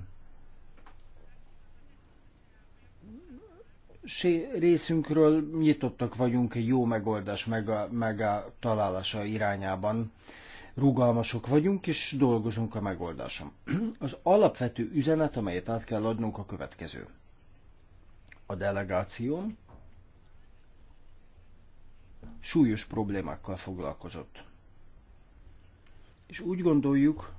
részünkről nyitottak vagyunk egy jó megoldás megtalálása irányában. Rugalmasok vagyunk, és dolgozunk a megoldáson. Az alapvető üzenet, amelyet át kell adnunk a következő. A delegáció súlyos problémákkal foglalkozott. És úgy gondoljuk,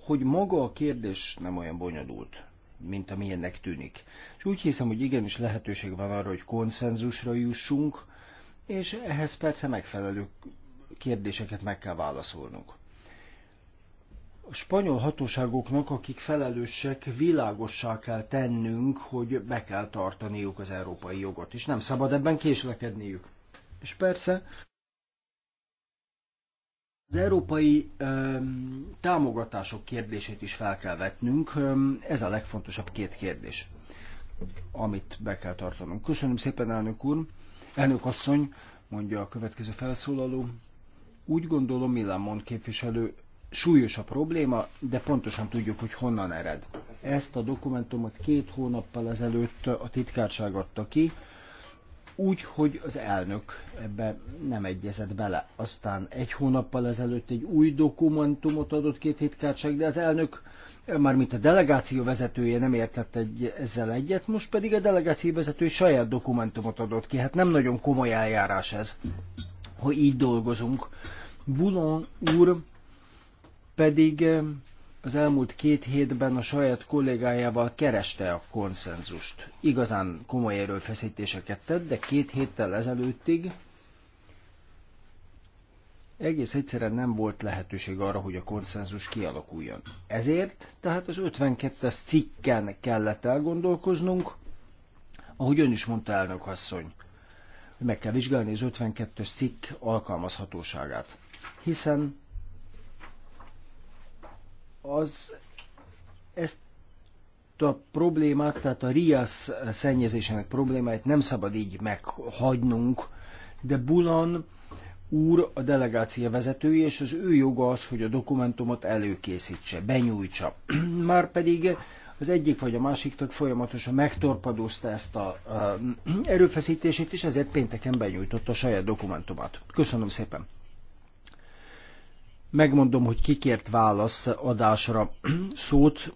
hogy maga a kérdés nem olyan bonyolult, mint amilyennek tűnik. És úgy hiszem, hogy igenis lehetőség van arra, hogy konszenzusra jussunk, és ehhez persze megfelelő kérdéseket meg kell válaszolnunk. A spanyol hatóságoknak, akik felelősek, világossá kell tennünk, hogy be kell tartaniuk az európai jogot, és nem szabad ebben késlekedniük. És persze az európai um, támogatások kérdését is fel kell vetnünk. Um, ez a legfontosabb két kérdés, amit be kell tartanunk. Köszönöm szépen, elnök úr. Elnök asszony, mondja a következő felszólaló. Úgy gondolom, Milán Mond képviselő, súlyos a probléma, de pontosan tudjuk, hogy honnan ered. Ezt a dokumentumot két hónappal ezelőtt a titkárság adta ki, úgy, hogy az elnök ebbe nem egyezett bele. Aztán egy hónappal ezelőtt egy új dokumentumot adott két hétkártság, de az elnök, mármint a delegáció vezetője nem értett egy, ezzel egyet, most pedig a delegáció vezető saját dokumentumot adott ki. Hát nem nagyon komoly eljárás ez, ha így dolgozunk. Bulon úr pedig az elmúlt két hétben a saját kollégájával kereste a konszenzust. Igazán komoly erőfeszítéseket tett, de két héttel ezelőttig egész egyszerűen nem volt lehetőség arra, hogy a konszenzus kialakuljon. Ezért tehát az 52-es cikken kellett elgondolkoznunk, ahogy ön is mondta, elnök asszony, hogy meg kell vizsgálni az 52-es cikk alkalmazhatóságát. Hiszen az ezt a problémát, tehát a riasz szennyezésének problémáit nem szabad így meghagynunk, de Bulan úr a delegáció vezetője, és az ő joga az, hogy a dokumentumot előkészítse, benyújtsa. <clears throat> pedig az egyik vagy a másik tag folyamatosan megtorpadózta ezt a, a erőfeszítését, és ezért pénteken benyújtotta a saját dokumentumát. Köszönöm szépen! Megmondom, hogy kikért válasz adásra <clears throat> szót,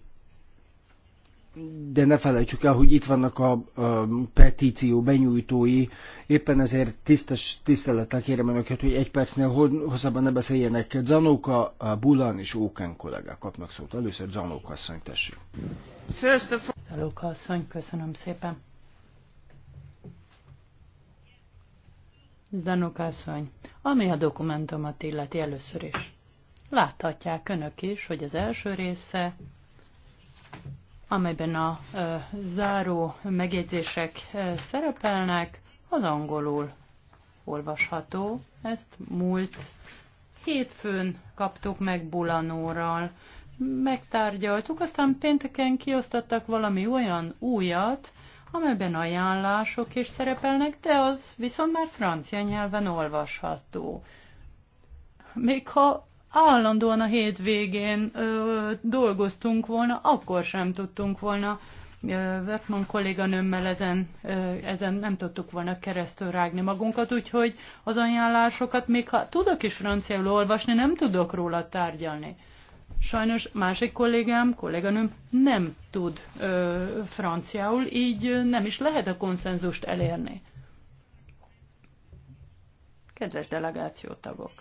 de ne felejtsük el, hogy itt vannak a, a petíció benyújtói, éppen ezért tisztes, tisztelettel kérem önöket, hogy egy percnél hosszabban ne beszéljenek. Zanóka, Bulan és Óken kollégák kapnak szót. Először Zanóka asszony, tessék. Zanóka asszony, köszönöm szépen. Zanóka asszony, ami a dokumentumat illeti először is. Láthatják önök is, hogy az első része, amelyben a ö, záró megjegyzések ö, szerepelnek, az angolul olvasható. Ezt múlt hétfőn kaptuk meg Bulanóral, megtárgyaltuk, aztán pénteken kiosztattak valami olyan újat, amelyben ajánlások is szerepelnek, de az viszont már francia nyelven olvasható. Még ha állandóan a hétvégén ö, dolgoztunk volna, akkor sem tudtunk volna Webman kolléganőmmel ezen, ezen nem tudtuk volna keresztül rágni magunkat, úgyhogy az ajánlásokat, még ha tudok is franciául olvasni, nem tudok róla tárgyalni. Sajnos másik kollégám, kolléganőm nem tud ö, franciául, így nem is lehet a konszenzust elérni. Kedves delegációtagok!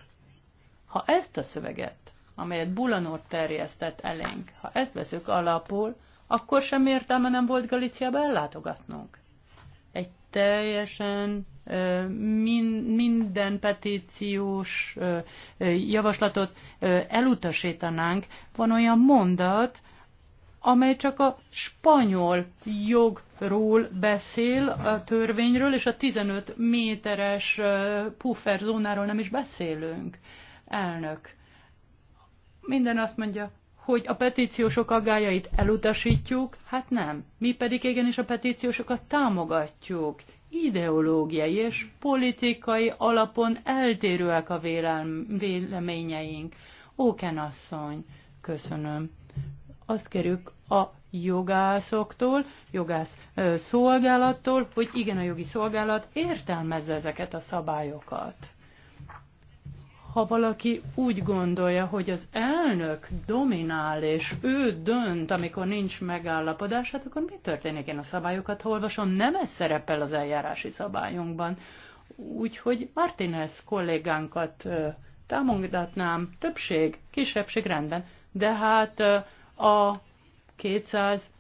Ha ezt a szöveget, amelyet Bulanor terjesztett elénk, ha ezt veszük alapul, akkor sem értelme nem volt Galiciába ellátogatnunk. Egy teljesen min, minden petíciós javaslatot elutasítanánk. Van olyan mondat, amely csak a spanyol jogról beszél, a törvényről, és a 15 méteres pufferzónáról nem is beszélünk. Elnök, minden azt mondja, hogy a petíciósok aggájait elutasítjuk, hát nem. Mi pedig igenis a petíciósokat támogatjuk. Ideológiai és politikai alapon eltérőek a véleményeink. Óken asszony, köszönöm. Azt kérjük a jogászoktól, jogász szolgálattól, hogy igen, a jogi szolgálat értelmezze ezeket a szabályokat ha valaki úgy gondolja, hogy az elnök dominál és ő dönt, amikor nincs megállapodás, hát akkor mi történik? Én a szabályokat olvasom, nem ez szerepel az eljárási szabályunkban. Úgyhogy Martinez kollégánkat támogatnám, többség, kisebbség rendben, de hát a 200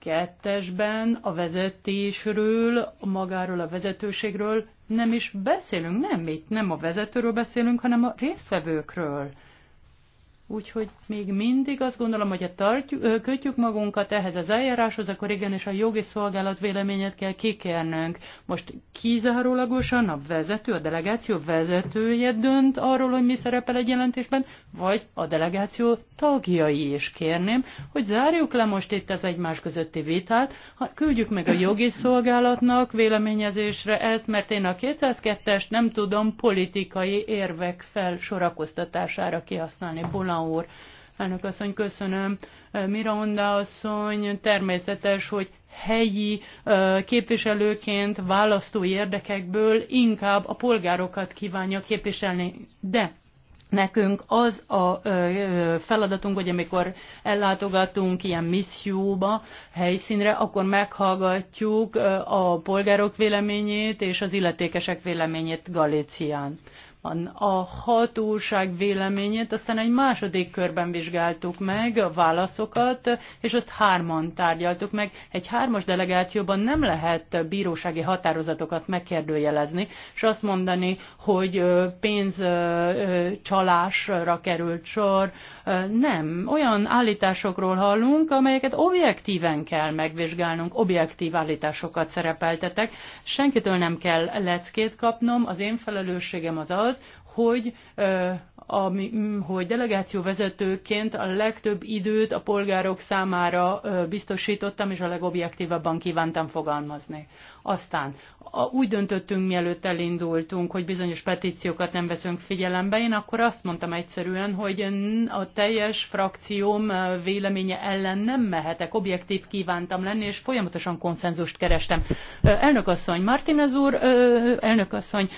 kettesben a vezetésről, magáról a vezetőségről nem is beszélünk, nem itt, nem a vezetőről beszélünk, hanem a résztvevőkről Úgyhogy még mindig azt gondolom, hogy ha tartjuk, kötjük magunkat ehhez az eljáráshoz, akkor igenis a jogi szolgálat véleményet kell kikérnünk. Most kizárólagosan a vezető, a delegáció vezetője dönt arról, hogy mi szerepel egy jelentésben, vagy a delegáció tagjai is kérném, hogy zárjuk le most itt az egymás közötti vitát, ha küldjük meg a jogi szolgálatnak véleményezésre ezt, mert én a 202-est nem tudom politikai érvek felsorakoztatására kihasználni. Bulan Katona úr. Elnök asszony, köszönöm. Miranda asszony, természetes, hogy helyi képviselőként választói érdekekből inkább a polgárokat kívánja képviselni. De nekünk az a feladatunk, hogy amikor ellátogatunk ilyen misszióba, helyszínre, akkor meghallgatjuk a polgárok véleményét és az illetékesek véleményét Galícián a hatóság véleményét, aztán egy második körben vizsgáltuk meg a válaszokat, és azt hárman tárgyaltuk meg. Egy hármas delegációban nem lehet bírósági határozatokat megkérdőjelezni, és azt mondani, hogy pénzcsalásra került sor. Nem, olyan állításokról hallunk, amelyeket objektíven kell megvizsgálnunk, objektív állításokat szerepeltetek. Senkitől nem kell leckét kapnom, az én felelősségem az az, az, hogy ö, ami, mm, hogy delegációvezetőként a legtöbb időt a polgárok számára biztosítottam, és a legobjektívabban kívántam fogalmazni. Aztán a, úgy döntöttünk, mielőtt elindultunk, hogy bizonyos petíciókat nem veszünk figyelembe. Én akkor azt mondtam egyszerűen, hogy a teljes frakcióm véleménye ellen nem mehetek. Objektív kívántam lenni, és folyamatosan konszenzust kerestem. Elnökasszony, Martinez úr, elnökasszony,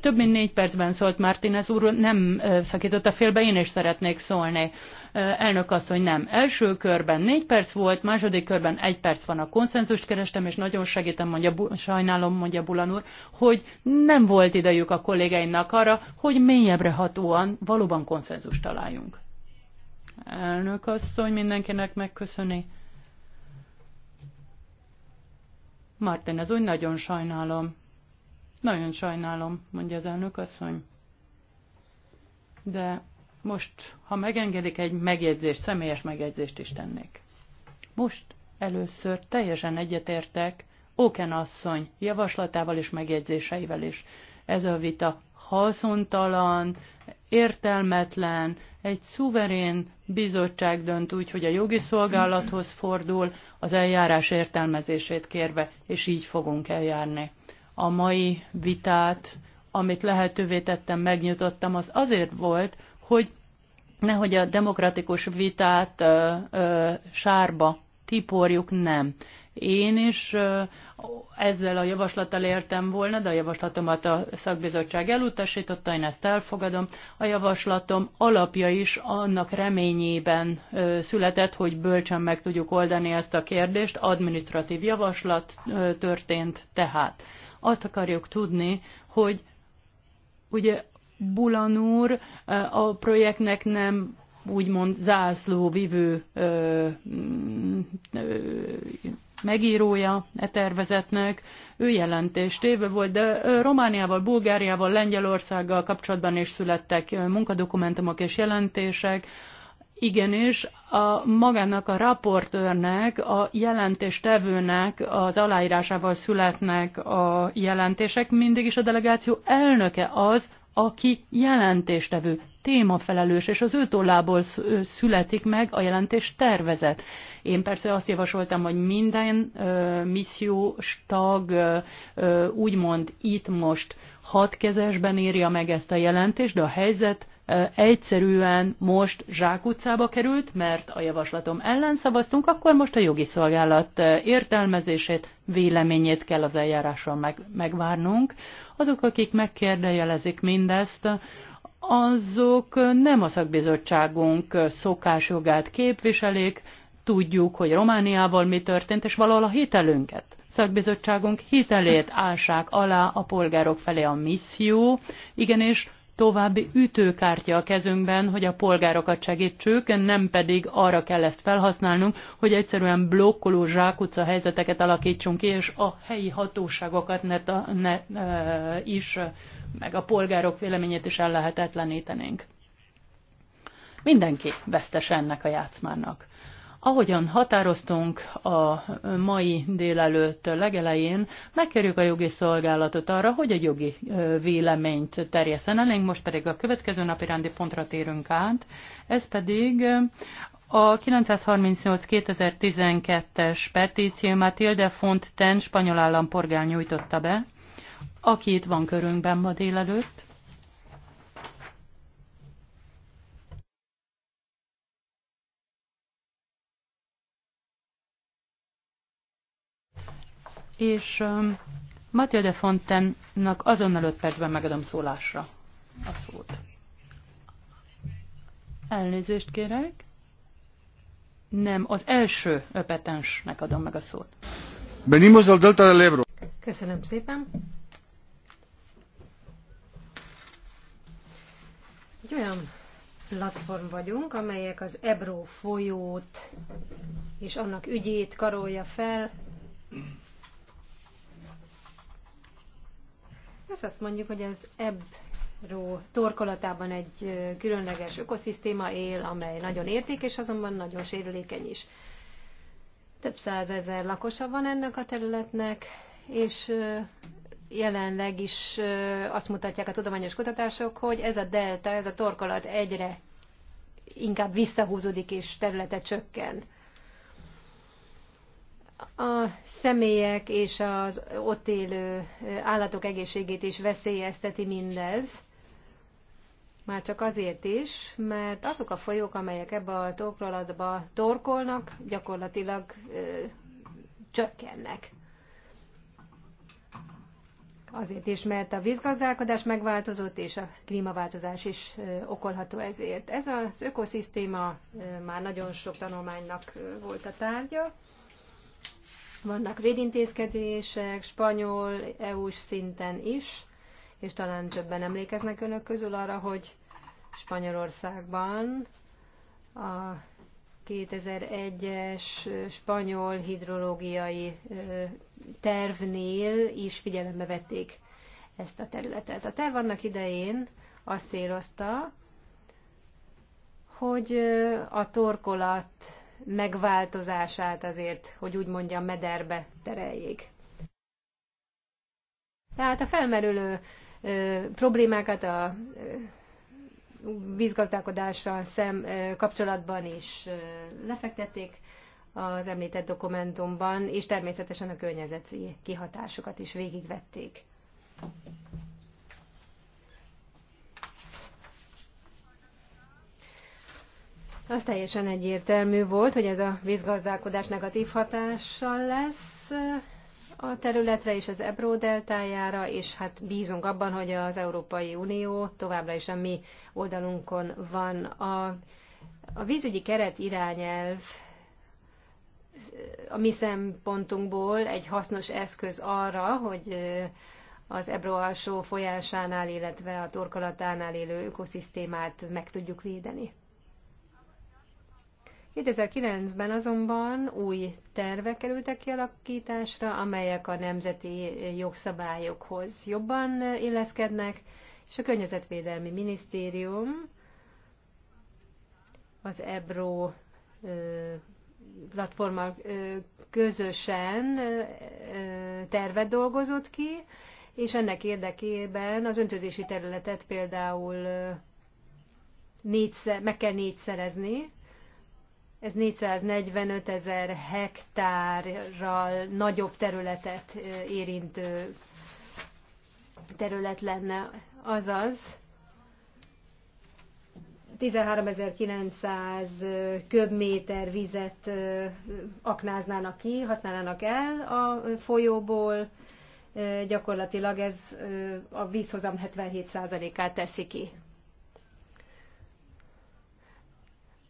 több mint négy percben szólt Martinez úr, nem szakította félbe, én is szeretnék szólni. Elnök hogy nem. Első körben négy perc volt, második körben egy perc van a konszenzust kerestem, és nagyon segítem, mondja, sajnálom, mondja Bulan úr, hogy nem volt idejük a kollégeinnak arra, hogy mélyebbre hatóan valóban konszenzust találjunk. Elnök asszony mindenkinek megköszöni. Martin, ez úgy nagyon sajnálom. Nagyon sajnálom, mondja az elnök asszony de most, ha megengedik, egy megjegyzést, személyes megjegyzést is tennék. Most először teljesen egyetértek Oken asszony javaslatával és megjegyzéseivel is. Ez a vita haszontalan, értelmetlen, egy szuverén bizottság dönt úgy, hogy a jogi szolgálathoz fordul, az eljárás értelmezését kérve, és így fogunk eljárni. A mai vitát amit lehetővé tettem, megnyitottam, az azért volt, hogy nehogy a demokratikus vitát ö, ö, sárba tiporjuk, nem. Én is ö, ezzel a javaslattal értem volna, de a javaslatomat a szakbizottság elutasította, én ezt elfogadom. A javaslatom alapja is annak reményében ö, született, hogy bölcsen meg tudjuk oldani ezt a kérdést. Administratív javaslat ö, történt tehát. Azt akarjuk tudni, hogy Ugye Bulan úr a projektnek nem úgymond zászlóvivő ö, mm, ö, megírója e tervezetnek, ő jelentéstévő volt, de Romániával, Bulgáriával, Lengyelországgal kapcsolatban is születtek munkadokumentumok és jelentések, Igenis, a magának a raportőrnek, a jelentéstevőnek az aláírásával születnek a jelentések, mindig is a delegáció elnöke az, aki jelentéstevő, témafelelős, és az ő tollából születik meg a jelentés tervezet. Én persze azt javasoltam, hogy minden ö, missziós tag ö, úgymond itt most hatkezesben írja meg ezt a jelentést, de a helyzet egyszerűen most zsákutcába került, mert a javaslatom ellen szavaztunk, akkor most a jogi szolgálat értelmezését, véleményét kell az eljárással meg, megvárnunk. Azok, akik megkérdejelezik mindezt, azok nem a szakbizottságunk szokásjogát képviselik, tudjuk, hogy Romániával mi történt, és valahol a hitelünket, szakbizottságunk hitelét ássák alá a polgárok felé a misszió, igenis további ütőkártya a kezünkben, hogy a polgárokat segítsük, nem pedig arra kell ezt felhasználnunk, hogy egyszerűen blokkoló zsákutca helyzeteket alakítsunk ki, és a helyi hatóságokat ne, ne, e, is, meg a polgárok véleményét is ellehetetlenítenénk. Mindenki vesztes ennek a játszmának. Ahogyan határoztunk a mai délelőtt legelején, megkerüljük a jogi szolgálatot arra, hogy a jogi véleményt terjeszen elénk, most pedig a következő napi rendi pontra térünk át. Ez pedig a 938-2012-es petíció Matilde Font Ten spanyol állampolgár nyújtotta be, aki itt van körünkben ma délelőtt. és um, Matilde Fontennak azonnal 5 percben megadom szólásra a szót. Elnézést kérek. Nem, az első öpetensnek adom meg a szót. Venimos al Delta del Ebro. Köszönöm szépen. Egy olyan platform vagyunk, amelyek az Ebro folyót és annak ügyét karolja fel, és azt mondjuk, hogy az ebró torkolatában egy különleges ökoszisztéma él, amely nagyon értékes, azonban nagyon sérülékeny is. Több százezer lakosa van ennek a területnek, és jelenleg is azt mutatják a tudományos kutatások, hogy ez a delta, ez a torkolat egyre inkább visszahúzódik és területe csökken a személyek és az ott élő állatok egészségét is veszélyezteti mindez. Már csak azért is, mert azok a folyók, amelyek ebbe a torkolatba torkolnak, gyakorlatilag ö, csökkennek. Azért is, mert a vízgazdálkodás megváltozott, és a klímaváltozás is okolható ezért. Ez az ökoszisztéma már nagyon sok tanulmánynak volt a tárgya. Vannak védintézkedések, spanyol, EU-s szinten is, és talán többen emlékeznek önök közül arra, hogy Spanyolországban a 2001-es spanyol hidrológiai tervnél is figyelembe vették ezt a területet. A terv annak idején azt célozta, hogy a torkolat megváltozását azért, hogy úgy mondjam, mederbe tereljék. Tehát a felmerülő ö, problémákat a vízgazdálkodással szem, ö, kapcsolatban is ö, lefektették az említett dokumentumban, és természetesen a környezeti kihatásokat is végigvették. Az teljesen egyértelmű volt, hogy ez a vízgazdálkodás negatív hatással lesz eh, a területre és az Ebro deltájára, és hát bízunk abban, hogy az Európai Unió továbbra is a mi oldalunkon van. A, a vízügyi keret irányelv eh, a mi szempontunkból egy hasznos eszköz arra, hogy eh, az Ebro alsó folyásánál, illetve a torkolatánál élő ökoszisztémát meg tudjuk védeni. 2009-ben azonban új tervek kerültek kialakításra, amelyek a nemzeti jogszabályokhoz jobban illeszkednek, és a Környezetvédelmi Minisztérium az EBRO platformmal közösen tervet dolgozott ki, és ennek érdekében az öntözési területet például négyszer, meg kell négyszerezni, ez 445 ezer hektárral nagyobb területet érintő terület lenne, azaz 13.900 köbméter vizet aknáznának ki, használnának el a folyóból, gyakorlatilag ez a vízhozam 77%-át teszi ki.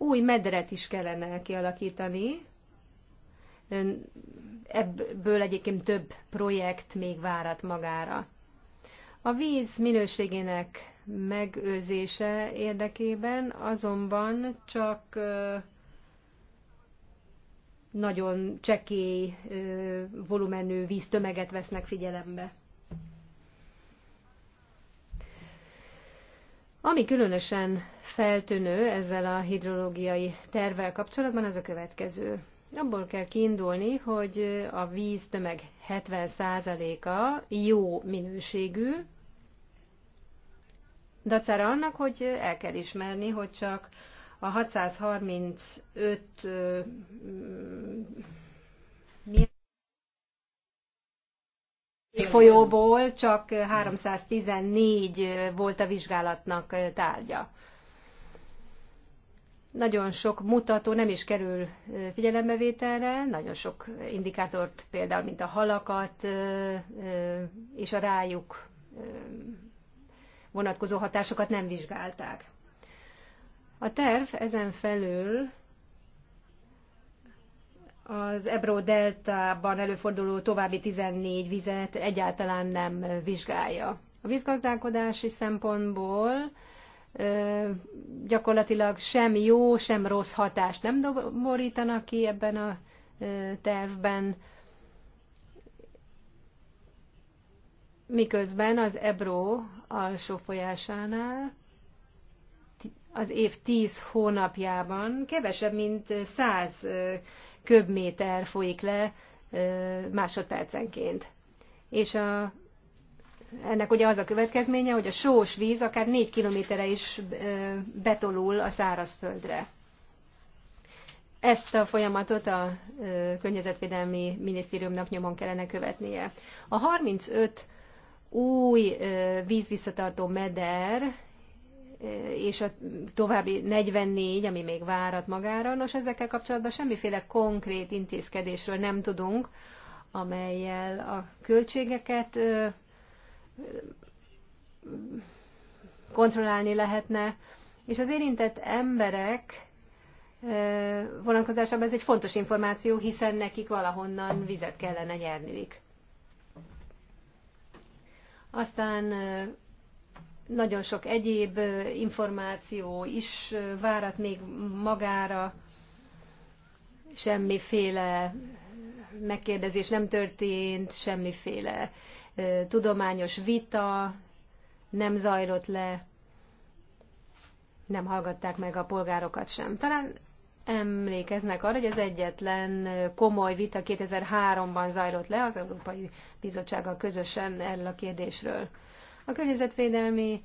új mederet is kellene kialakítani. Ebből egyébként több projekt még várat magára. A víz minőségének megőrzése érdekében azonban csak nagyon csekély volumenű víztömeget vesznek figyelembe. Ami különösen feltűnő ezzel a hidrológiai tervvel kapcsolatban az a következő. Abból kell kiindulni, hogy a víz tömeg 70%-a jó minőségű, dacára annak, hogy el kell ismerni, hogy csak a 635 mm, folyóból csak 314 volt a vizsgálatnak tárgya. Nagyon sok mutató nem is kerül figyelembevételre, nagyon sok indikátort, például mint a halakat és a rájuk vonatkozó hatásokat nem vizsgálták. A terv ezen felül az Ebro deltában előforduló további 14 vizet egyáltalán nem vizsgálja. A vízgazdálkodási szempontból gyakorlatilag sem jó, sem rossz hatást nem doborítanak ki ebben a tervben, miközben az Ebro alsó folyásánál az év 10 hónapjában kevesebb, mint 100 köbméter folyik le másodpercenként. És a ennek ugye az a következménye, hogy a sós víz akár négy kilométerre is betolul a szárazföldre. Ezt a folyamatot a Környezetvédelmi Minisztériumnak nyomon kellene követnie. A 35 új vízvisszatartó meder és a további 44, ami még várat magára, nos ezekkel kapcsolatban semmiféle konkrét intézkedésről nem tudunk, amelyel a költségeket kontrollálni lehetne, és az érintett emberek vonatkozásában ez egy fontos információ, hiszen nekik valahonnan vizet kellene nyerniük. Aztán nagyon sok egyéb információ is várat még magára, semmiféle megkérdezés nem történt, semmiféle tudományos vita nem zajlott le, nem hallgatták meg a polgárokat sem. Talán emlékeznek arra, hogy az egyetlen komoly vita 2003-ban zajlott le az Európai Bizottsággal közösen erről a kérdésről. A környezetvédelmi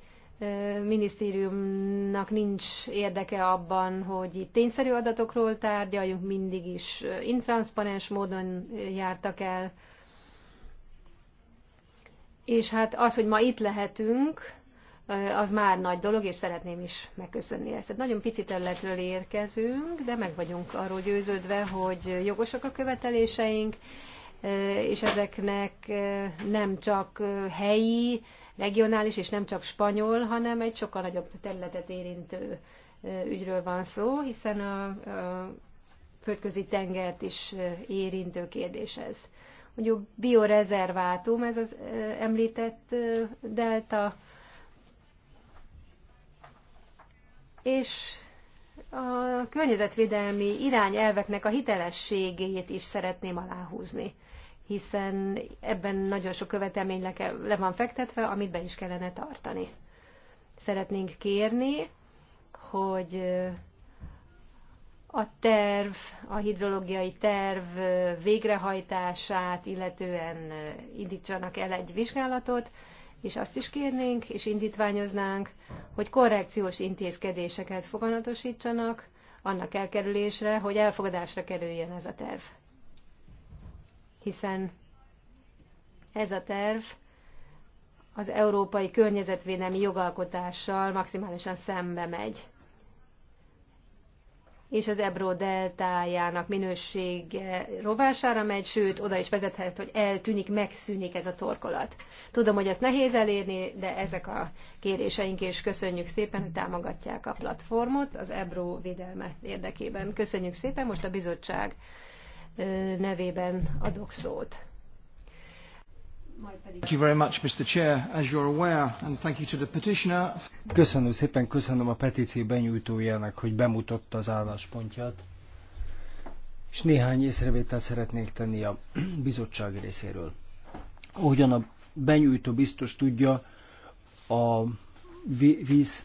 minisztériumnak nincs érdeke abban, hogy itt tényszerű adatokról tárgyaljunk, mindig is intranszparens módon jártak el. És hát az, hogy ma itt lehetünk, az már nagy dolog, és szeretném is megköszönni ezt. Hát nagyon pici területről érkezünk, de meg vagyunk arról győződve, hogy jogosak a követeléseink, és ezeknek nem csak helyi, regionális, és nem csak spanyol, hanem egy sokkal nagyobb területet érintő ügyről van szó, hiszen a, a földközi tengert is érintő kérdés ez mondjuk biorezervátum, ez az említett delta, és a környezetvédelmi irányelveknek a hitelességét is szeretném aláhúzni, hiszen ebben nagyon sok követelmény le van fektetve, amit be is kellene tartani. Szeretnénk kérni, hogy a terv, a hidrológiai terv végrehajtását, illetően indítsanak el egy vizsgálatot, és azt is kérnénk és indítványoznánk, hogy korrekciós intézkedéseket foganatosítsanak annak elkerülésre, hogy elfogadásra kerüljön ez a terv. Hiszen ez a terv az európai környezetvédelmi jogalkotással maximálisan szembe megy és az Ebro deltájának minőség rovására megy, sőt, oda is vezethet, hogy eltűnik, megszűnik ez a torkolat. Tudom, hogy ezt nehéz elérni, de ezek a kéréseink, és köszönjük szépen, hogy támogatják a platformot az Ebro védelme érdekében. Köszönjük szépen, most a bizottság nevében adok szót. Köszönöm szépen, köszönöm a petíció benyújtójának, hogy bemutatta az álláspontját. És néhány észrevételt szeretnék tenni a <clears throat> bizottság részéről. Ahogyan a benyújtó biztos tudja, a víz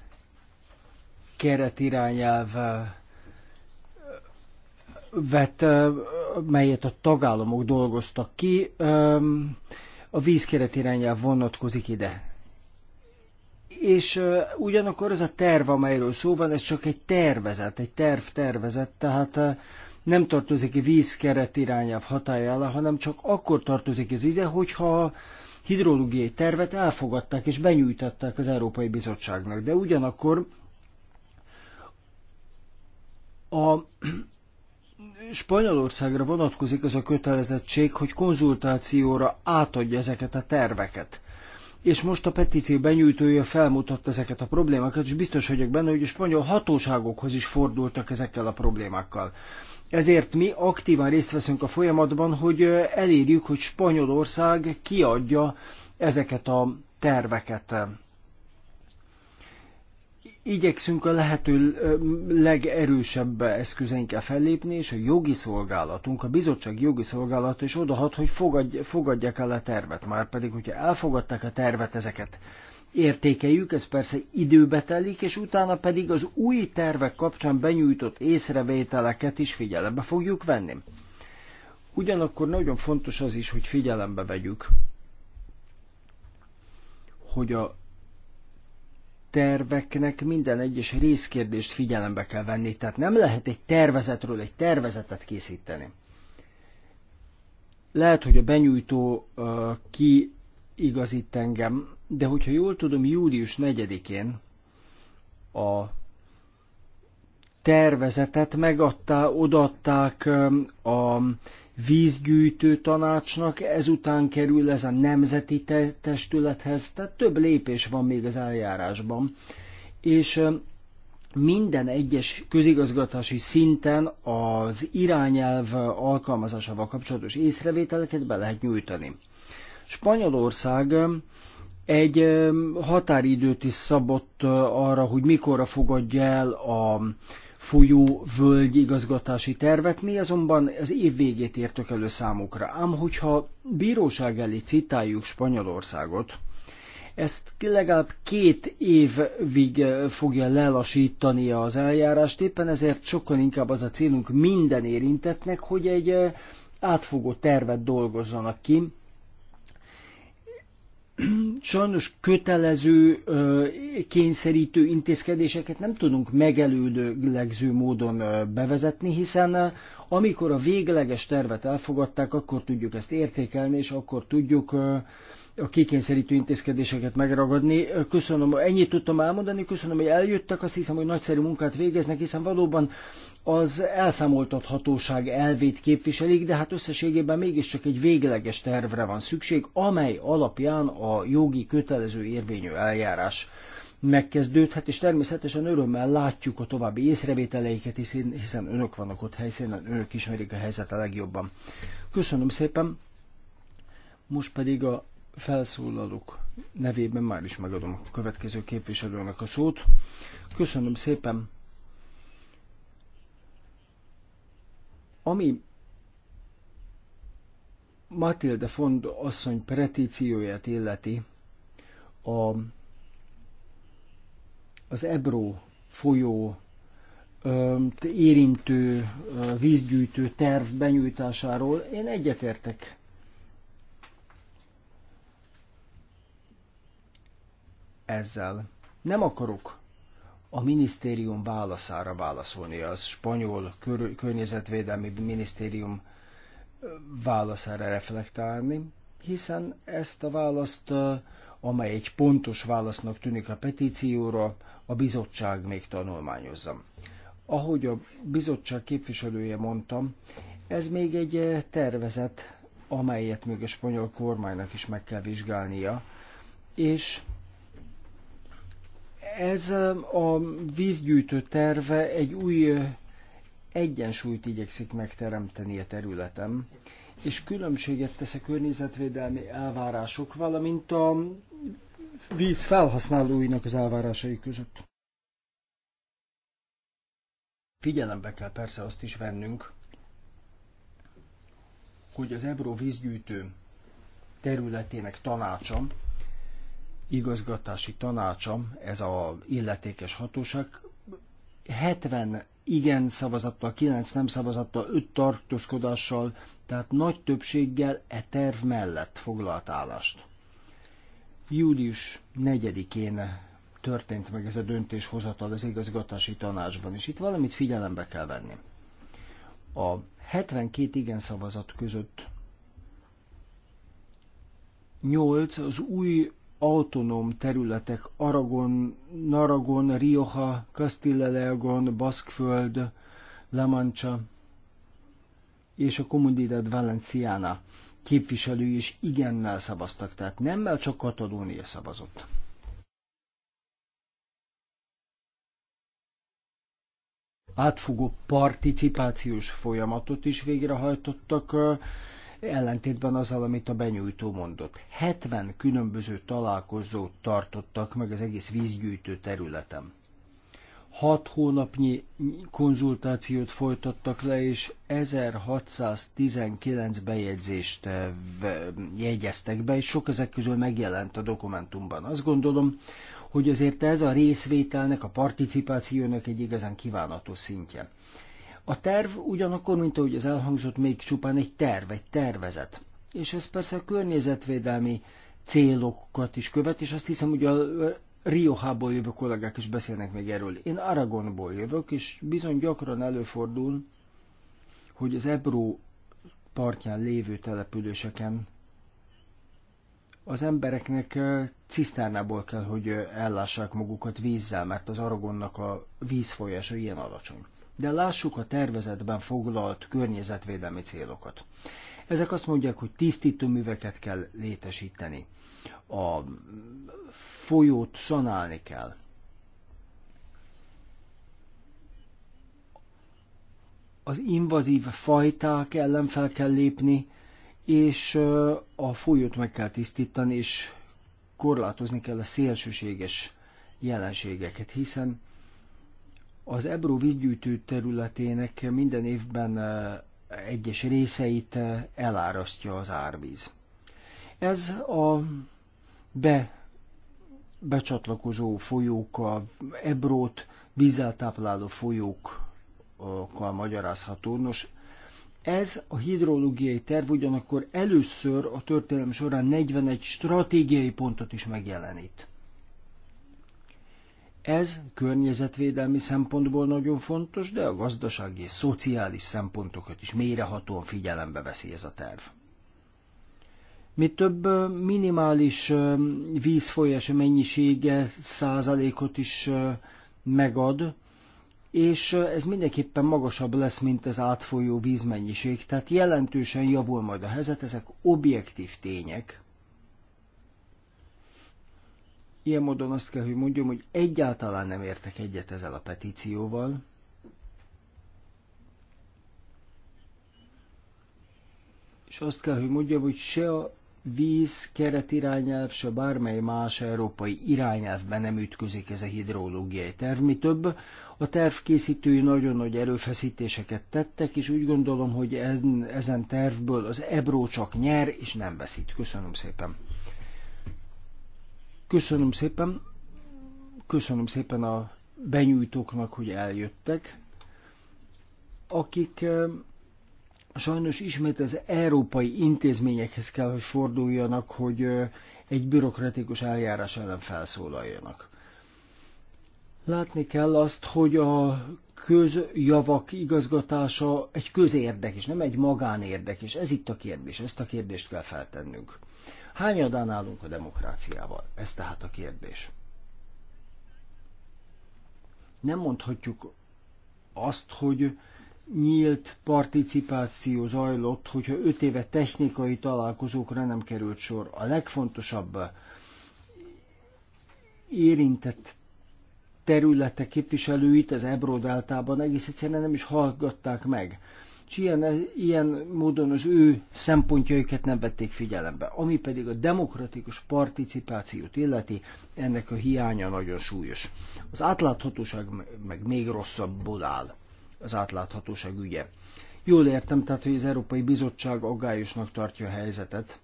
irányelv vett, melyet a tagállamok dolgoztak ki, a vízkeret irányába vonatkozik ide. És uh, ugyanakkor ez a terv, amelyről szó van, ez csak egy tervezet, egy terv tervezet, tehát uh, nem tartozik a vízkeret irányelv hatájára, hanem csak akkor tartozik ez ide, hogyha a hidrológiai tervet elfogadták és benyújtatták az Európai Bizottságnak. De ugyanakkor a Spanyolországra vonatkozik az a kötelezettség, hogy konzultációra átadja ezeket a terveket. És most a petíció benyújtója felmutatta ezeket a problémákat, és biztos vagyok benne, hogy a spanyol hatóságokhoz is fordultak ezekkel a problémákkal. Ezért mi aktívan részt veszünk a folyamatban, hogy elérjük, hogy Spanyolország kiadja ezeket a terveket igyekszünk a lehető legerősebb eszközeinkkel fellépni, és a jogi szolgálatunk, a bizottság jogi szolgálata is odahat, hogy fogadj, fogadják el a tervet. Már pedig, hogyha elfogadták a tervet, ezeket értékeljük, ez persze időbe telik, és utána pedig az új tervek kapcsán benyújtott észrevételeket is figyelembe fogjuk venni. Ugyanakkor nagyon fontos az is, hogy figyelembe vegyük, hogy a terveknek minden egyes részkérdést figyelembe kell venni, tehát nem lehet egy tervezetről egy tervezetet készíteni. Lehet, hogy a benyújtó uh, kiigazít engem, de hogyha jól tudom, július 4-én a tervezetet megadták, odaadták a vízgyűjtő tanácsnak, ezután kerül ez a nemzeti testülethez, tehát több lépés van még az eljárásban. És minden egyes közigazgatási szinten az irányelv alkalmazásával kapcsolatos észrevételeket be lehet nyújtani. Spanyolország egy határidőt is szabott arra, hogy mikorra fogadja el a folyó völgy igazgatási tervet, mi azonban az év végét értök elő számukra. Ám hogyha bíróság elé citáljuk Spanyolországot, ezt legalább két évig eh, fogja lelassítani az eljárást, éppen ezért sokkal inkább az a célunk minden érintetnek, hogy egy eh, átfogó tervet dolgozzanak ki, sajnos kötelező, kényszerítő intézkedéseket nem tudunk megelőlegző módon bevezetni, hiszen amikor a végleges tervet elfogadták, akkor tudjuk ezt értékelni, és akkor tudjuk a kikényszerítő intézkedéseket megragadni. Köszönöm, ennyit tudtam elmondani, köszönöm, hogy eljöttek, azt hiszem, hogy nagyszerű munkát végeznek, hiszen valóban az elszámoltathatóság elvét képviselik, de hát összességében mégiscsak egy végleges tervre van szükség, amely alapján a jogi kötelező érvényű eljárás megkezdődhet, és természetesen örömmel látjuk a további észrevételeiket, hiszen önök vannak ott helyszínen, önök ismerik a helyzet a legjobban. Köszönöm szépen! Most pedig a felszólalók nevében már is megadom a következő képviselőnek a szót. Köszönöm szépen. Ami Matilde Fond asszony petícióját illeti, a, az Ebro folyó érintő vízgyűjtő terv benyújtásáról én egyetértek ezzel. Nem akarok a minisztérium válaszára válaszolni, az spanyol kör- környezetvédelmi minisztérium válaszára reflektálni, hiszen ezt a választ, amely egy pontos válasznak tűnik a petícióra, a bizottság még tanulmányozza. Ahogy a bizottság képviselője mondta, ez még egy tervezet, amelyet még a spanyol kormánynak is meg kell vizsgálnia, és ez a vízgyűjtő terve egy új egyensúlyt igyekszik megteremteni a területem, és különbséget tesz a környezetvédelmi elvárások, valamint a víz felhasználóinak az elvárásai között. Figyelembe kell persze azt is vennünk, hogy az ebro vízgyűjtő területének tanácsa igazgatási tanácsa, ez a illetékes hatóság, 70 igen szavazattal, 9 nem szavazattal, 5 tartózkodással, tehát nagy többséggel e terv mellett foglalt állást. Július 4-én történt meg ez a döntéshozatal az igazgatási tanácsban, és itt valamit figyelembe kell venni. A 72 igen szavazat között 8 az új autonóm területek Aragon, Naragon, Rioja, Castilla leagon Baszkföld, La Mancha és a Comunidad Valenciana képviselői is igennel szavaztak, tehát nemmel csak Katalónia szavazott. Átfogó participációs folyamatot is végrehajtottak ellentétben azzal, amit a benyújtó mondott. 70 különböző találkozót tartottak meg az egész vízgyűjtő területen. Hat hónapnyi konzultációt folytattak le, és 1619 bejegyzést eh, jegyeztek be, és sok ezek közül megjelent a dokumentumban. Azt gondolom, hogy azért ez a részvételnek, a participációnak egy igazán kívánatos szintje. A terv ugyanakkor, mint ahogy az elhangzott, még csupán egy terv, egy tervezet. És ez persze a környezetvédelmi célokat is követ, és azt hiszem, hogy a Riohából jövő kollégák is beszélnek még erről. Én Aragonból jövök, és bizony gyakran előfordul, hogy az Ebro partján lévő településeken az embereknek eh, cisztárnából kell, hogy eh, ellássák magukat vízzel, mert az Aragonnak a vízfolyása ilyen alacsony. De lássuk a tervezetben foglalt környezetvédelmi célokat. Ezek azt mondják, hogy műveket kell létesíteni, a folyót szanálni kell, az invazív fajták ellen fel kell lépni, és a folyót meg kell tisztítani, és korlátozni kell a szélsőséges jelenségeket, hiszen az Ebro vízgyűjtő területének minden évben e, egyes részeit e, elárasztja az árvíz. Ez a be, becsatlakozó folyók, a Ebrót vízzel tápláló folyókkal magyarázható. Nos, ez a hidrológiai terv ugyanakkor először a történelem során 41 stratégiai pontot is megjelenít. Ez környezetvédelmi szempontból nagyon fontos, de a gazdasági és szociális szempontokat is mélyrehatóan figyelembe veszi ez a terv. Mi több minimális vízfolyás mennyisége százalékot is megad, és ez mindenképpen magasabb lesz, mint az átfolyó vízmennyiség, tehát jelentősen javul majd a helyzet, ezek objektív tények, Ilyen módon azt kell, hogy mondjam, hogy egyáltalán nem értek egyet ezzel a petícióval. És azt kell, hogy mondjam, hogy se a víz keretirányelv, se bármely más európai irányelvben nem ütközik ez a hidrológiai terv. Mi több, a tervkészítői nagyon nagy erőfeszítéseket tettek, és úgy gondolom, hogy ezen tervből az Ebró csak nyer, és nem veszít. Köszönöm szépen. Köszönöm szépen, köszönöm szépen a benyújtóknak, hogy eljöttek, akik eh, sajnos ismét az európai intézményekhez kell, hogy forduljanak, hogy eh, egy bürokratikus eljárás ellen felszólaljanak. Látni kell azt, hogy a közjavak igazgatása egy közérdek, és nem egy magánérdek, és ez itt a kérdés, ezt a kérdést kell feltennünk. Hányadán állunk a demokráciával? Ez tehát a kérdés. Nem mondhatjuk azt, hogy nyílt participáció zajlott, hogyha öt éve technikai találkozókra nem került sor. A legfontosabb érintett területek képviselőit az Ebro deltában egész egyszerűen nem is hallgatták meg és ilyen, ilyen módon az ő szempontjaikat nem vették figyelembe. Ami pedig a demokratikus participációt illeti, ennek a hiánya nagyon súlyos. Az átláthatóság meg még rosszabbul áll, az átláthatóság ügye. Jól értem, tehát, hogy az Európai Bizottság aggályosnak tartja a helyzetet.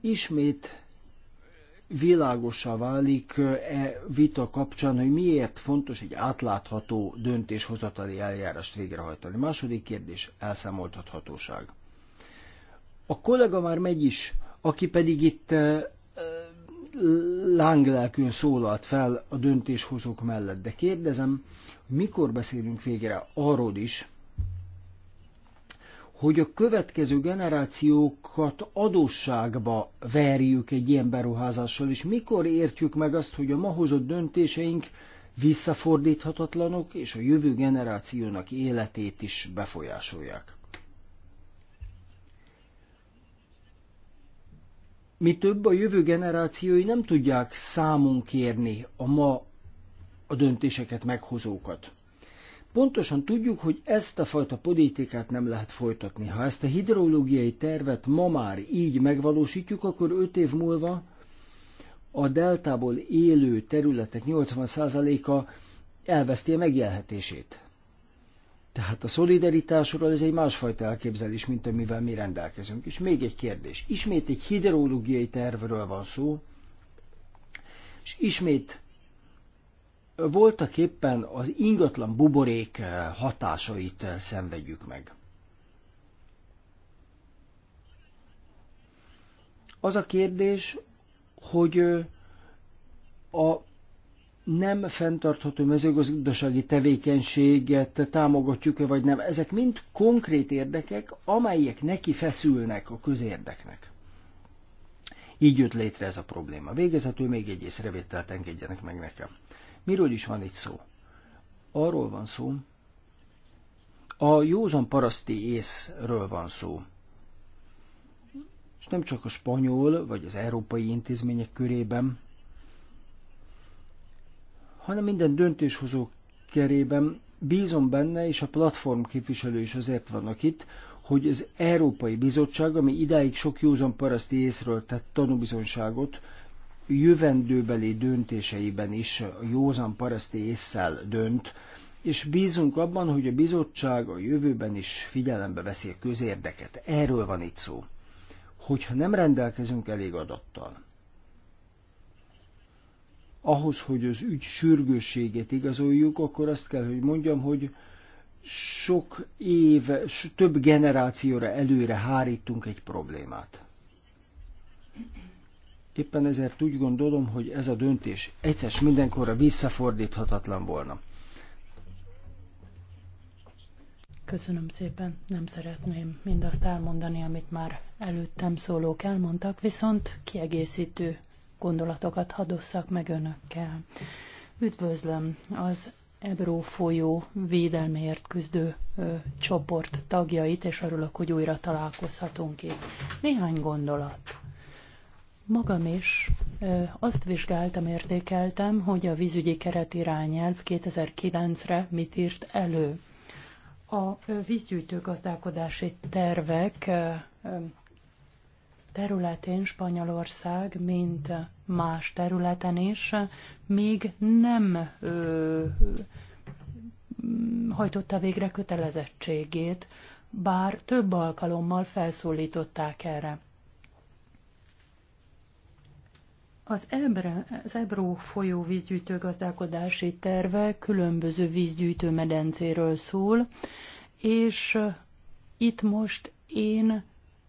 Ismét világosá válik e vita kapcsán, hogy miért fontos egy átlátható döntéshozatali eljárást végrehajtani. Második kérdés, elszámoltathatóság. A kollega már megy is, aki pedig itt lánglelkűn szólalt fel a döntéshozók mellett, de kérdezem, mikor beszélünk végre arról is, hogy a következő generációkat adósságba verjük egy ilyen beruházással, és mikor értjük meg azt, hogy a ma hozott döntéseink visszafordíthatatlanok, és a jövő generációnak életét is befolyásolják. Mi több, a jövő generációi nem tudják számon kérni a ma a döntéseket meghozókat. Pontosan tudjuk, hogy ezt a fajta politikát nem lehet folytatni. Ha ezt a hidrológiai tervet ma már így megvalósítjuk, akkor 5 év múlva a deltából élő területek 80%-a elveszti a megélhetését. Tehát a szolidaritásról ez egy másfajta elképzelés, mint amivel mi rendelkezünk. És még egy kérdés. Ismét egy hidrológiai tervről van szó, és ismét voltak éppen az ingatlan buborék eh, hatásait eh, szenvedjük meg. Az a kérdés, hogy eh, a nem fenntartható mezőgazdasági tevékenységet támogatjuk-e vagy nem. Ezek mind konkrét érdekek, amelyek neki feszülnek a közérdeknek. Így jött létre ez a probléma. Végezetül még egy észrevételt engedjenek meg nekem. Miről is van itt szó? Arról van szó, a józan paraszti észről van szó. És nem csak a spanyol vagy az európai intézmények körében, hanem minden döntéshozó kerében bízom benne, és a platform képviselő is azért vannak itt, hogy az Európai Bizottság, ami idáig sok józan paraszti észről tett tanúbizonságot, jövendőbeli döntéseiben is józan paraszti észszel dönt, és bízunk abban, hogy a bizottság a jövőben is figyelembe veszi a közérdeket. Erről van itt szó. Hogyha nem rendelkezünk elég adattal, ahhoz, hogy az ügy sürgősségét igazoljuk, akkor azt kell, hogy mondjam, hogy sok év, több generációra előre hárítunk egy problémát. Éppen ezért úgy gondolom, hogy ez a döntés egyszer mindenkorra visszafordíthatatlan volna. Köszönöm szépen. Nem szeretném mindazt elmondani, amit már előttem szólók elmondtak, viszont kiegészítő gondolatokat hadosszak meg önökkel. Üdvözlöm az Ebró folyó védelméért küzdő ö, csoport tagjait, és örülök, hogy újra találkozhatunk itt. Néhány gondolat Magam is azt vizsgáltam, értékeltem, hogy a vízügyi keretirányelv 2009-re mit írt elő. A vízgyűjtő gazdálkodási tervek területén Spanyolország, mint más területen is még nem ö, hajtotta végre kötelezettségét, bár több alkalommal felszólították erre. Az, Ebre, az Ebró folyó vízgyűjtő gazdálkodási terve különböző vízgyűjtő medencéről szól, és uh, itt most én,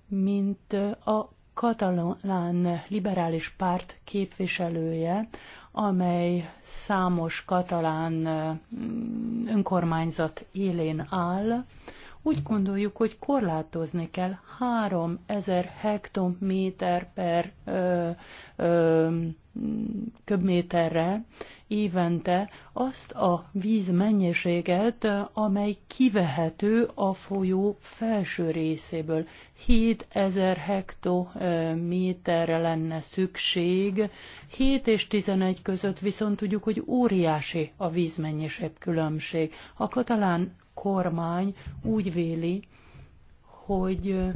mint uh, a katalán liberális párt képviselője, amely számos katalán uh, önkormányzat élén áll, úgy gondoljuk, hogy korlátozni kell 3000 hektométer per ö, ö, köbméterre évente azt a víz mennyiséget, amely kivehető a folyó felső részéből. 7000 hektométerre lenne szükség, 7 és 11 között viszont tudjuk, hogy óriási a vízmennyiség különbség. A katalán kormány úgy véli, hogy